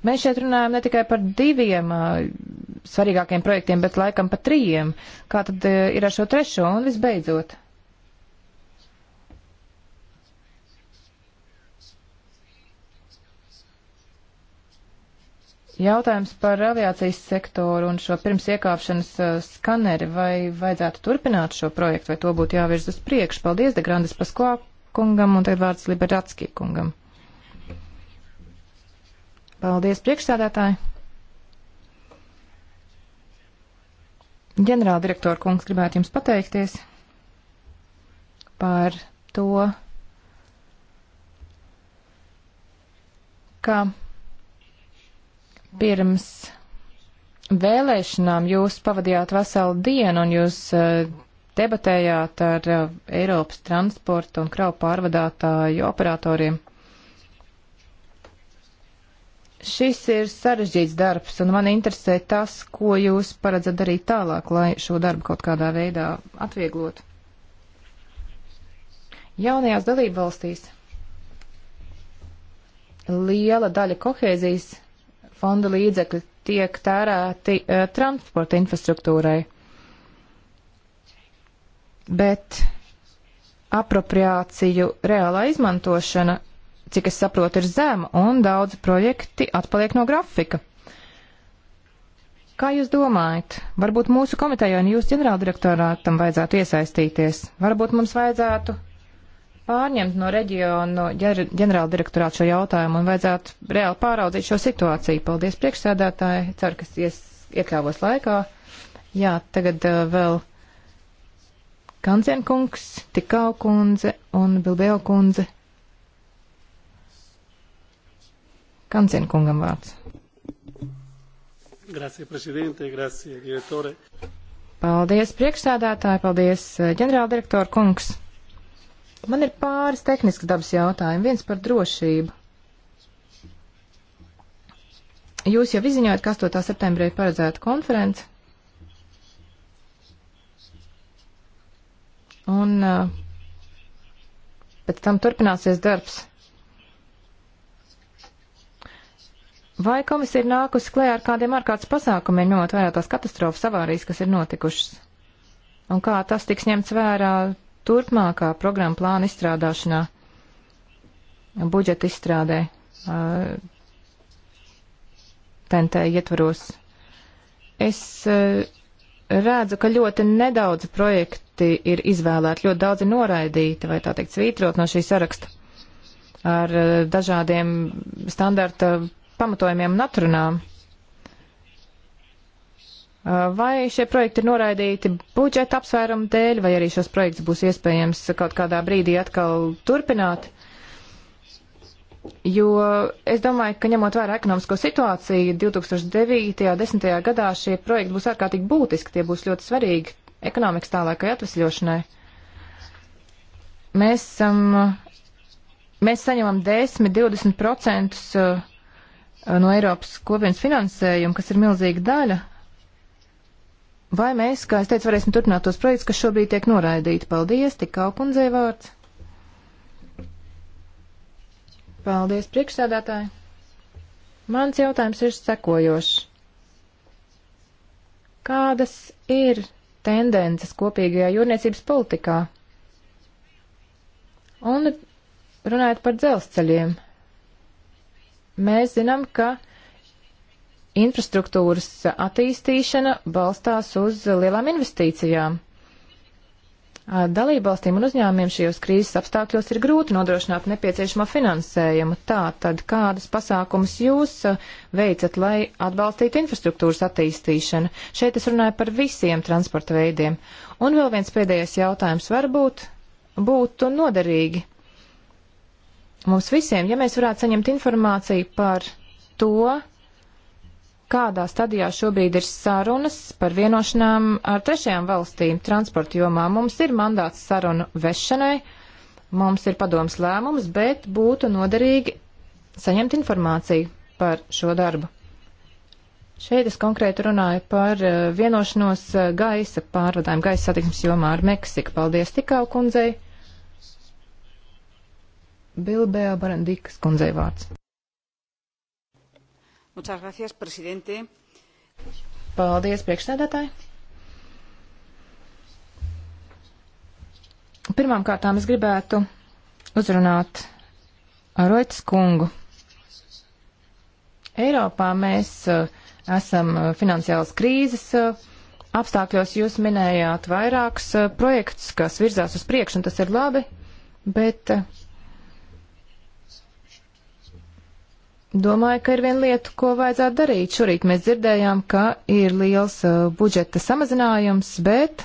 Mēs šeit runājam ne tikai par diviem uh, svarīgākiem projektiem, bet laikam par trījiem. Kā tad uh, ir ar šo trešo un visbeidzot? Uh, Jautājums par aviācijas sektoru un šo pirms iekāpšanas uh, skaneri, vai vajadzētu turpināt šo projektu, vai to būtu jāvirz uz priekšu. Paldies, De Grandes Pasko kungam un tagad vārds Liberatskī kungam. Paldies, priekšsādātāji. Ģenerāla direktora kungs gribētu jums pateikties par to, ka pirms vēlēšanām jūs pavadījāt veselu dienu un jūs eh, debatējāt ar eh, Eiropas transporta un kravu pārvadātāju operatoriem. Šis ir sarežģīts darbs, un man interesē tas, ko jūs paredzat darīt tālāk, lai šo darbu kaut kādā veidā atvieglotu. Jaunajās dalībvalstīs liela daļa kohēzijas fonda līdzekļi tiek tērēti uh, transporta infrastruktūrai. Bet apropriāciju reālā izmantošana, cik es saprotu, ir zema un daudzi projekti atpaliek no grafika. Kā jūs domājat, varbūt mūsu komitejai un jūsu ģenerāldirektorātam vajadzētu iesaistīties? Varbūt mums vajadzētu pārņemt no reģionu ģenerāla direktorāta šo jautājumu un vajadzētu reāli pāraudzīt šo situāciju. Paldies priekšsēdētāji, ceru, ka es iekļāvos laikā. Jā, tagad uh, vēl Kansienkungs, Tikau kundze un Bilbeo kundze. Kansienkungam vārds. Grazie, prezidente, grazie, direktore. Paldies, priekšsēdētāji, paldies, uh, ģenerāldirektora kungs. Man ir pāris tehniski dabas jautājumi. Viens par drošību. Jūs jau izziņojat, ka 8. septembrī ir paredzēta konference. Un uh, pēc tam turpināsies darbs. Vai komisija ir nākusi klējā ar kādiem ārkārtas pasākumiem, ņemot vērā tās katastrofas avārijas, kas ir notikušas? Un kā tas tiks ņemts vērā turpmākā programma plāna izstrādāšanā, budžeta izstrādē, tentē ietvaros. Es redzu, ka ļoti nedaudz projekti ir izvēlēti, ļoti daudzi noraidīti, vai tā teikt, svītrot no šī saraksta ar dažādiem standarta pamatojumiem un atrunām. Vai šie projekti ir noraidīti budžeta apsvērumu dēļ, vai arī šos projektus būs iespējams kaut kādā brīdī atkal turpināt? Jo es domāju, ka ņemot vērā ekonomisko situāciju, 2009. un 10. gadā šie projekti būs ārkārtīgi būtiski, tie būs ļoti svarīgi ekonomikas tālākai atvesļošanai. Mēs, um, mēs saņemam 10-20% uh, no Eiropas kopienas finansējuma, kas ir milzīga daļa vai mēs, kā es teicu, varēsim turpināt tos projekts, kas šobrīd tiek noraidīti. Paldies, tikā kundzei vārds. Paldies, priekšsēdētāji. Mans jautājums ir sekojošs. Kādas ir tendences kopīgajā jūrniecības politikā? Un runājot par dzelzceļiem, mēs zinām, ka infrastruktūras attīstīšana balstās uz lielām investīcijām. Dalībvalstīm un uzņēmumiem šajos krīzes apstākļos ir grūti nodrošināt nepieciešamo finansējumu. Tā tad kādus pasākumus jūs veicat, lai atbalstītu infrastruktūras attīstīšanu? Šeit es runāju par visiem transporta veidiem. Un vēl viens pēdējais jautājums varbūt būtu noderīgi mums visiem, ja mēs varētu saņemt informāciju par to, kādā stadijā šobrīd ir sarunas par vienošanām ar trešajām valstīm transporta jomā. Mums ir mandāts sarunu vešanai, mums ir padoms lēmums, bet būtu noderīgi saņemt informāciju par šo darbu. Šeit es konkrēti runāju par eh, vienošanos eh, gaisa pārvadājumu, gaisa satiksmes jomā ar Meksiku. Paldies tikau kundzei. Bilbēo Barandikas kundzei vārds. Gracias, presidente. Paldies, priekšsēdētāji. Pirmām kārtām es gribētu uzrunāt Roitas kungu. Eiropā mēs uh, esam uh, finansiālas krīzes uh, apstākļos. Jūs minējāt vairākus uh, projektus, kas virzās uz priekšu, un tas ir labi, bet uh, Domāju, ka ir viena lieta, ko vajadzētu darīt. Šorīt mēs dzirdējām, ka ir liels uh, budžeta samazinājums, bet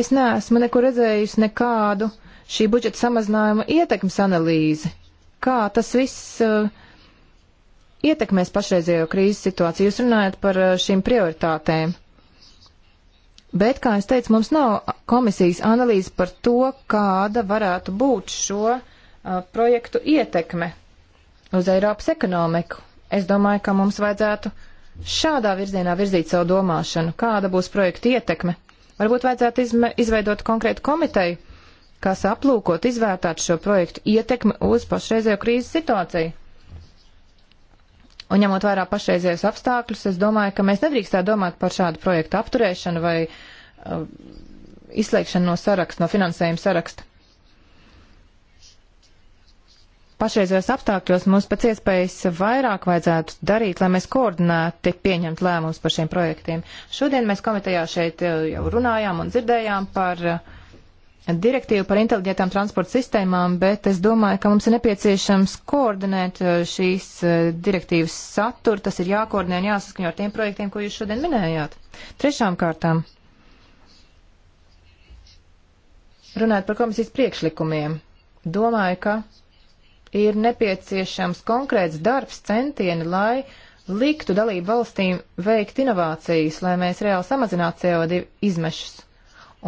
es neesmu neko redzējusi nekādu šī budžeta samazinājuma ietekmes analīzi. Kā tas viss uh, ietekmēs pašreizējo krīzes situāciju? Jūs runājat par uh, šīm prioritātēm. Bet, kā es teicu, mums nav komisijas analīze par to, kāda varētu būt šo Uh, projektu ietekme uz Eiropas ekonomiku. Es domāju, ka mums vajadzētu šādā virzienā virzīt savu domāšanu, kāda būs projekta ietekme. Varbūt vajadzētu izme, izveidot konkrētu komiteju, kas aplūkot, izvērtāt šo projektu ietekmi uz pašreizējo krīzes situāciju. Un ņemot vērā pašreizējos apstākļus, es domāju, ka mēs nedrīkstētu domāt par šādu projektu apturēšanu vai uh, izslēgšanu no saraksta, no finansējuma saraksta. pašreizējos apstākļos mums pēc iespējas vairāk vajadzētu darīt, lai mēs koordinēti pieņemtu lēmumus par šiem projektiem. Šodien mēs komitejā šeit eh, jau runājām un dzirdējām par eh, direktīvu par inteliģentām transporta sistēmām, bet es domāju, ka mums ir nepieciešams koordinēt eh, šīs direktīvas saturu. Tas ir jākoordinē un jāsaskaņo ar tiem projektiem, ko jūs šodien minējāt. Trešām kārtām. Runājot par komisijas priekšlikumiem, domāju, ka ir nepieciešams konkrēts darbs, centieni, lai liktu dalību valstīm veikt inovācijas, lai mēs reāli samazinātu CO2 izmešus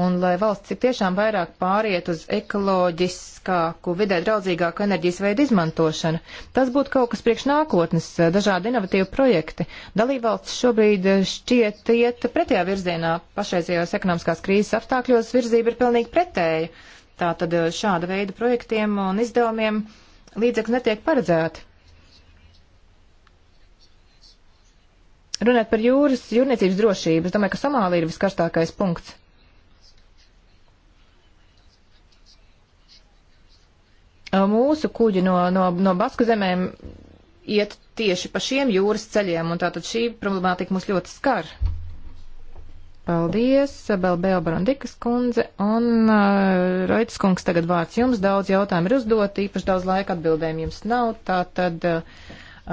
un lai valsts cik tiešām vairāk pāriet uz ekoloģiskāku, vidē draudzīgāku enerģijas veidu izmantošanu. Tas būtu kaut kas priekš nākotnes, dažādi inovatīvi projekti. Dalībvalsts šobrīd šķiet iet pretējā virzienā, pašreizējos ekonomiskās krīzes apstākļos virzība ir pilnīgi pretēja. Tātad šāda veida projektiem un izdevumiem uh, līdzekļi netiek paredzēti. Runāt par jūras jūrniecības drošību, es domāju, ka Somālija ir viskarstākais punkts. Mūsu kuģi no, no, no Basku zemēm iet tieši pa šiem jūras ceļiem, un tātad šī problemātika mūs ļoti skar. Paldies, Belbēl Brandikas kundze un uh, Roitas kungs tagad vārds jums. Daudz jautājumu ir uzdot, īpaši daudz laika atbildēm jums nav, tā tad uh,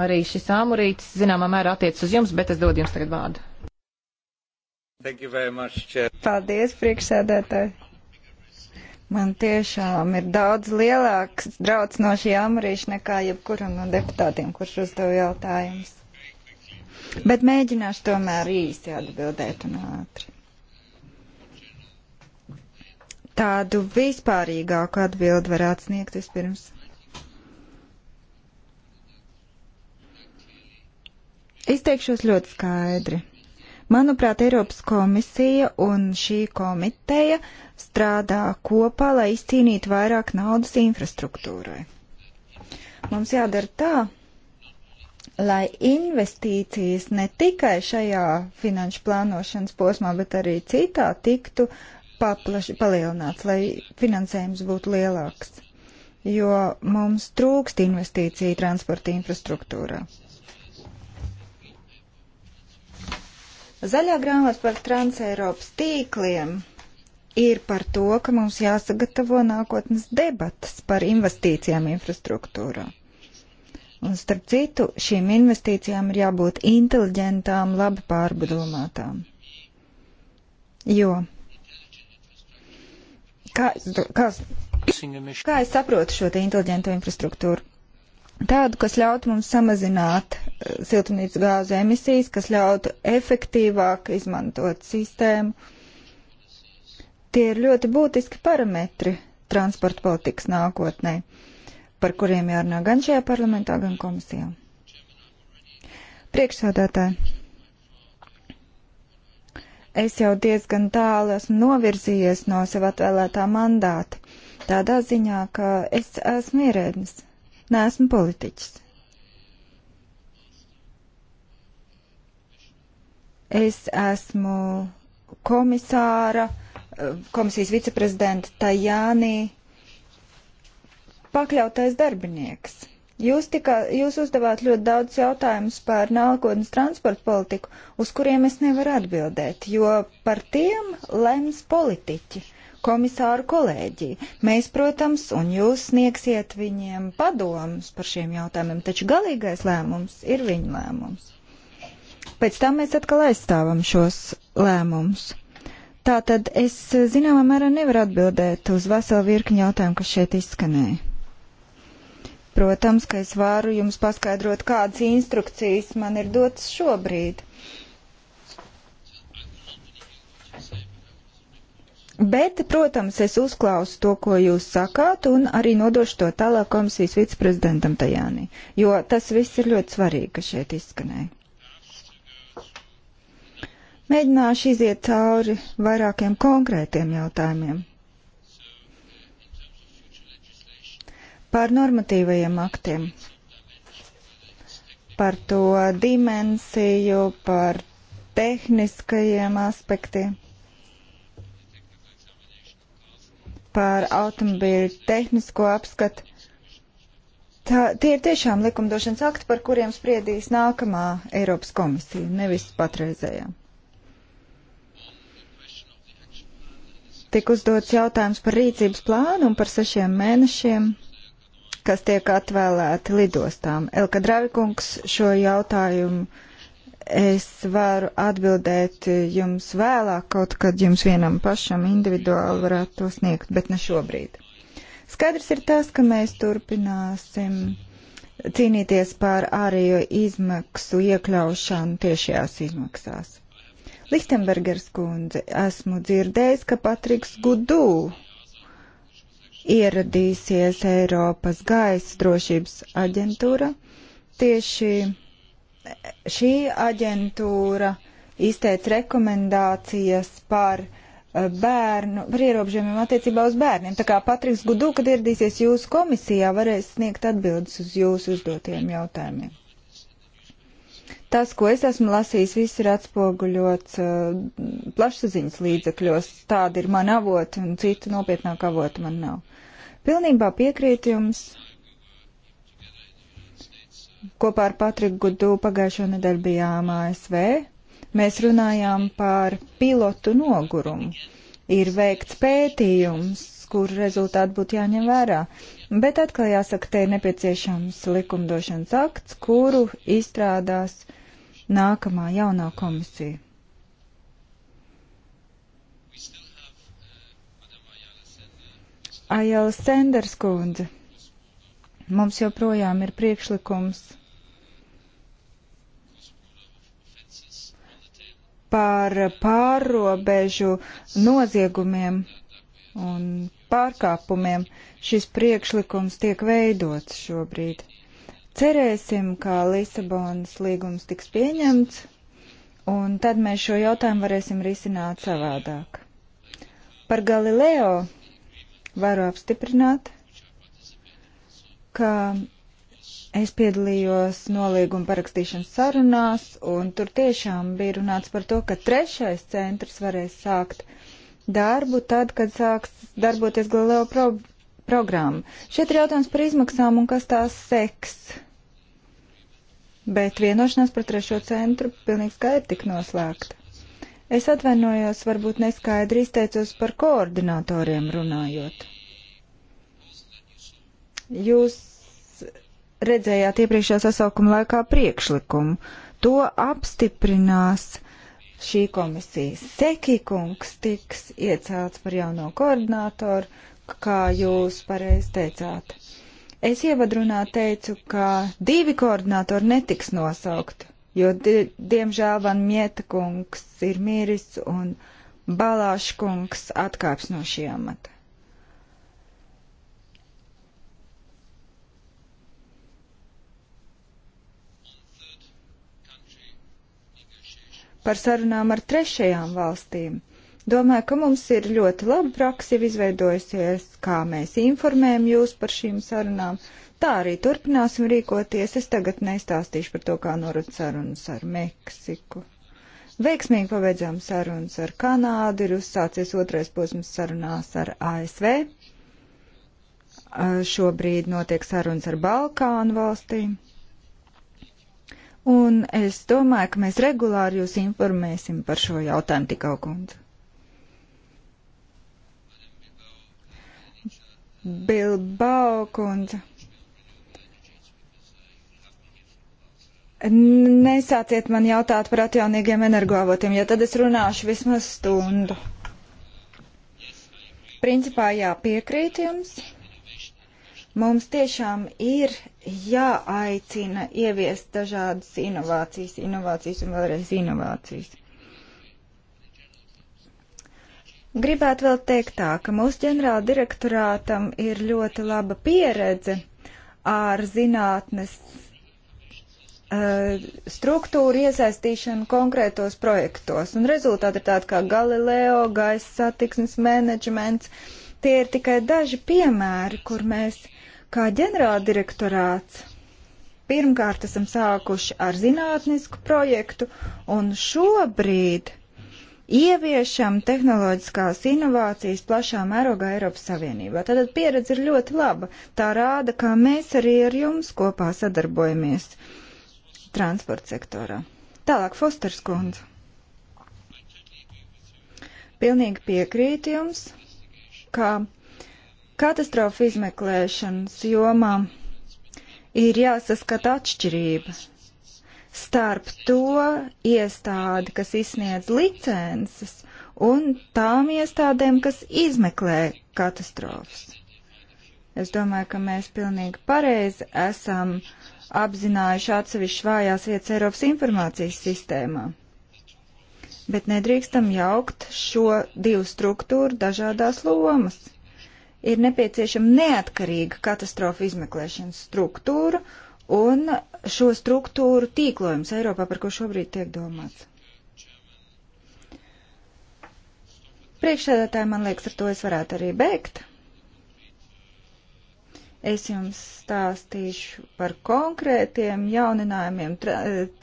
arī šis āmurītis zināmā mērā attiec uz jums, bet es dodu jums tagad vārdu. Much, Paldies, priekšsēdētāji. Man tiešām ir daudz lielāks draudz no šī āmurīša nekā jebkuram no deputātiem, kurš uzdeva jautājumus. Bet mēģināšu tomēr īsti atbildēt un ātri. Tādu vispārīgāku atbildi varētu sniegt vispirms. Izteikšos ļoti skaidri. Manuprāt, Eiropas komisija un šī komiteja strādā kopā, lai izcīnītu vairāk naudas infrastruktūrai. Mums jādara tā, lai investīcijas ne tikai šajā finanšu plānošanas posmā, bet arī citā tiktu paplaši, palielināts, lai finansējums būtu lielāks, jo mums trūkst investīciju transporta infrastruktūrā. Zaļā grāmata par transeiropas tīkliem ir par to, ka mums jāsagatavo nākotnes debatas par investīcijām infrastruktūrā. Un starp citu, šīm investīcijām ir jābūt inteliģentām, labi pārdomātām. Jo, kā, kā, kā es saprotu šo te inteliģento infrastruktūru? Tādu, kas ļautu mums samazināt eh, siltumnīcas gāzu emisijas, kas ļautu efektīvāk izmantot sistēmu. Tie ir ļoti būtiski parametri transporta politikas nākotnē. Uh, par kuriem jārunā gan šajā parlamentā, gan komisijā. Priekšsādātāji, es jau diezgan tālu esmu novirzījies no sev atvēlētā mandāta, tādā ziņā, ka es esmu ierēdnis, neesmu politiķis. Es esmu komisāra, eh, komisijas viceprezidenta Tajānī pakļautais darbinieks. Jūs, tikā, jūs uzdevāt ļoti daudz jautājumus par nākotnes transporta politiku, uz kuriem es nevaru atbildēt, jo par tiem lems politiķi, komisāru kolēģi. Mēs, protams, un jūs sniegsiet viņiem padomus par šiem jautājumiem, taču galīgais lēmums ir viņa lēmums. Pēc tam mēs atkal aizstāvam šos lēmumus. Tātad es zināmā mērā nevaru atbildēt uz veselu virkni jautājumu, kas šeit izskanēja. Protams, ka es varu jums paskaidrot, kādas instrukcijas man ir dotas šobrīd. Bet, protams, es uzklausu to, ko jūs sakāt, un arī nodošu to tālāk komisijas viceprezidentam Tajānī, jo tas viss ir ļoti svarīgi, ka šeit izskanēja. Mēģināšu iziet cauri vairākiem konkrētiem jautājumiem. Par normatīvajiem aktiem, par to dimensiju, par tehniskajiem aspektiem, par automobīļu tehnisko apskatu. Tā, tie ir tiešām likumdošanas akti, par kuriem spriedīs nākamā Eiropas komisija, nevis patreizējā. Tik uzdots jautājums par rīcības plānu un par sešiem mēnešiem kas tiek atvēlēti lidostām. Elka Dravikungs šo jautājumu es varu atbildēt jums vēlāk, kaut kad jums vienam pašam individuāli varētu to sniegt, bet ne šobrīd. Skaidrs ir tas, ka mēs turpināsim cīnīties par ārējo izmaksu iekļaušanu tiešajās izmaksās. Lichtenbergers kundze, esmu dzirdējis, ka Patriks Gudū ieradīsies Eiropas gaisa drošības aģentūra. Tieši šī aģentūra izteica rekomendācijas par eh, bērnu, par ierobežojumiem attiecībā uz bērniem. Tā kā Patriks Gudu, kad ieradīsies jūsu komisijā, varēs sniegt atbildes uz jūsu uzdotiem jautājumiem. Tas, ko es esmu lasījis, viss ir atspoguļots uh, plašsaziņas līdzekļos. Tāda ir mana avota, un citu nopietnāku avotu man nav. Pilnībā piekrītu jums. Kopā ar Patriku Gudu pagājušo nedēļu bijām ASV. Mēs runājām par pilotu nogurumu. Ir veikts pētījums, kur rezultāti būtu jāņem vērā. Bet atkal jāsaka, te ir nepieciešams likumdošanas akts, kuru izstrādās uh, nākamā jaunā komisija. Ajala Senders kundze, mums joprojām ir priekšlikums par pārrobežu noziegumiem un pārkāpumiem. Šis priekšlikums tiek veidots šobrīd. Cerēsim, ka Lisabonas līgums tiks pieņemts, un tad mēs šo jautājumu varēsim risināt savādāk. Par Galileo varu apstiprināt, ka Es piedalījos nolīguma parakstīšanas sarunās, un tur tiešām bija runāts par to, ka trešais centrs varēs sākt darbu tad, kad sāks darboties Galileo pro programmu. Šeit ir jautājums par izmaksām un kas tās seks. Bet vienošanās par trešo centru pilnīgi skaidri tik noslēgta. Es atvainojos, varbūt neskaidri izteicos par koordinatoriem runājot. Jūs redzējāt iepriekšējā sasaukuma laikā priekšlikumu. To apstiprinās šī komisija. Sekikungs tiks iecelts par jauno koordinatoru kā jūs pareizi teicāt. Es ievadrunā teicu, ka divi koordinātori netiks nosaukti, jo, di diemžēl, Van Mieta kungs ir miris un Balāš kungs atkāps no šī amata. Par sarunām ar trešajām valstīm Domāju, ka mums ir ļoti laba praksa jau izveidojusies, kā mēs informējam jūs par šīm sarunām. Tā arī turpināsim rīkoties. Es tagad nestāstīšu par to, kā norad sarunas ar Meksiku. Veiksmīgi pabeidzām sarunas ar Kanādu, ir uzsācies otrais posms sarunās ar ASV. Šobrīd notiek sarunas ar Balkānu valstīm. Un es domāju, ka mēs regulāri jūs informēsim par šo jautājumu tik augundzi. Bilbao kundze. Nesāciet man jautāt par atjaunīgiem energoavotiem, jo tad es runāšu vismaz stundu. Principā jā, piekrīt jums. Mums tiešām ir jāaicina ieviest dažādas inovācijas, inovācijas un vēlreiz inovācijas. Gribētu vēl teikt tā, ka mūsu ģenerāla direktorātam ir ļoti laba pieredze ar zinātnes e, struktūru iesaistīšanu konkrētos projektos. Un rezultāti ir tādi kā Galileo, gaisa satiksmes menedžments. Tie ir tikai daži piemēri, kur mēs kā ģenerāldirektorāts pirmkārt esam sākuši ar zinātnisku projektu un šobrīd ieviešam tehnoloģiskās inovācijas plašā mērogā Eiropas Savienībā. Tātad pieredze ir ļoti laba. Tā rāda, kā mēs arī ar jums kopā sadarbojamies transporta sektorā. Tālāk, Fosters kundze. Pilnīgi piekrītu jums, ka katastrofu izmeklēšanas jomā ir jāsaskata atšķirības starp to iestādi, kas izsniedz licences, un tām iestādēm, kas izmeklē katastrofas. Es domāju, ka mēs pilnīgi pareizi esam apzinājuši atsevišķi vājās vietas Eiropas informācijas sistēmā. Bet nedrīkstam jaukt šo divu struktūru dažādās lomas. Ir nepieciešama neatkarīga katastrofa izmeklēšanas struktūra un šo struktūru tīklojums Eiropā, par ko šobrīd tiek domāts. Priekšsēdētāji, man liekas, ar to es varētu arī beigt. Es jums stāstīšu par konkrētiem jauninājumiem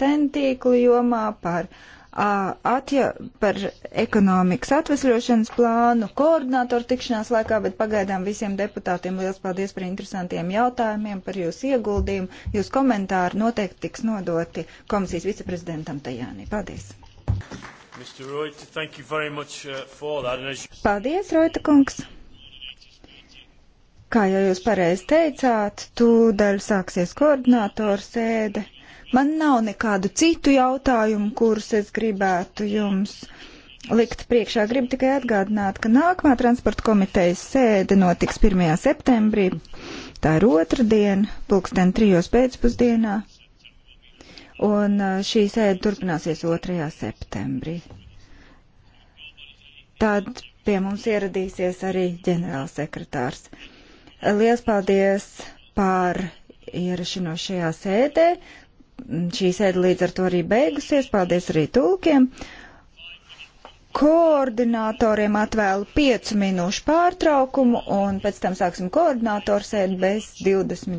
ten tīklu jomā, par uh, atja par ekonomikas atvesļošanas plānu koordinātoru tikšanās laikā, bet pagaidām visiem deputātiem liels paldies par interesantiem jautājumiem, par jūsu ieguldījumu. Jūs komentāri noteikti tiks nodoti komisijas viceprezidentam Tajānī. Paldies! Uh, paldies, Roita kungs! Kā jau jūs pareizi teicāt, tūdaļ sāksies koordinātoru sēde. Man nav nekādu citu jautājumu, kurus es gribētu jums likt priekšā. Gribu tikai atgādināt, ka nākamā transporta komitejas sēde notiks 1. septembrī. Tā ir otra diena, pulksten trijos pēcpusdienā. Un uh, šī sēde turpināsies 2. septembrī. Tad pie mums ieradīsies arī ģenerālsekretārs. Lielas paldies par ierašanos šajā sēdē šī sēde līdz ar to arī beigusies. Paldies arī tulkiem. Koordinatoriem atvēlu 5 minūšu pārtraukumu un pēc tam sāksim koordinatoru sēdi bez 20.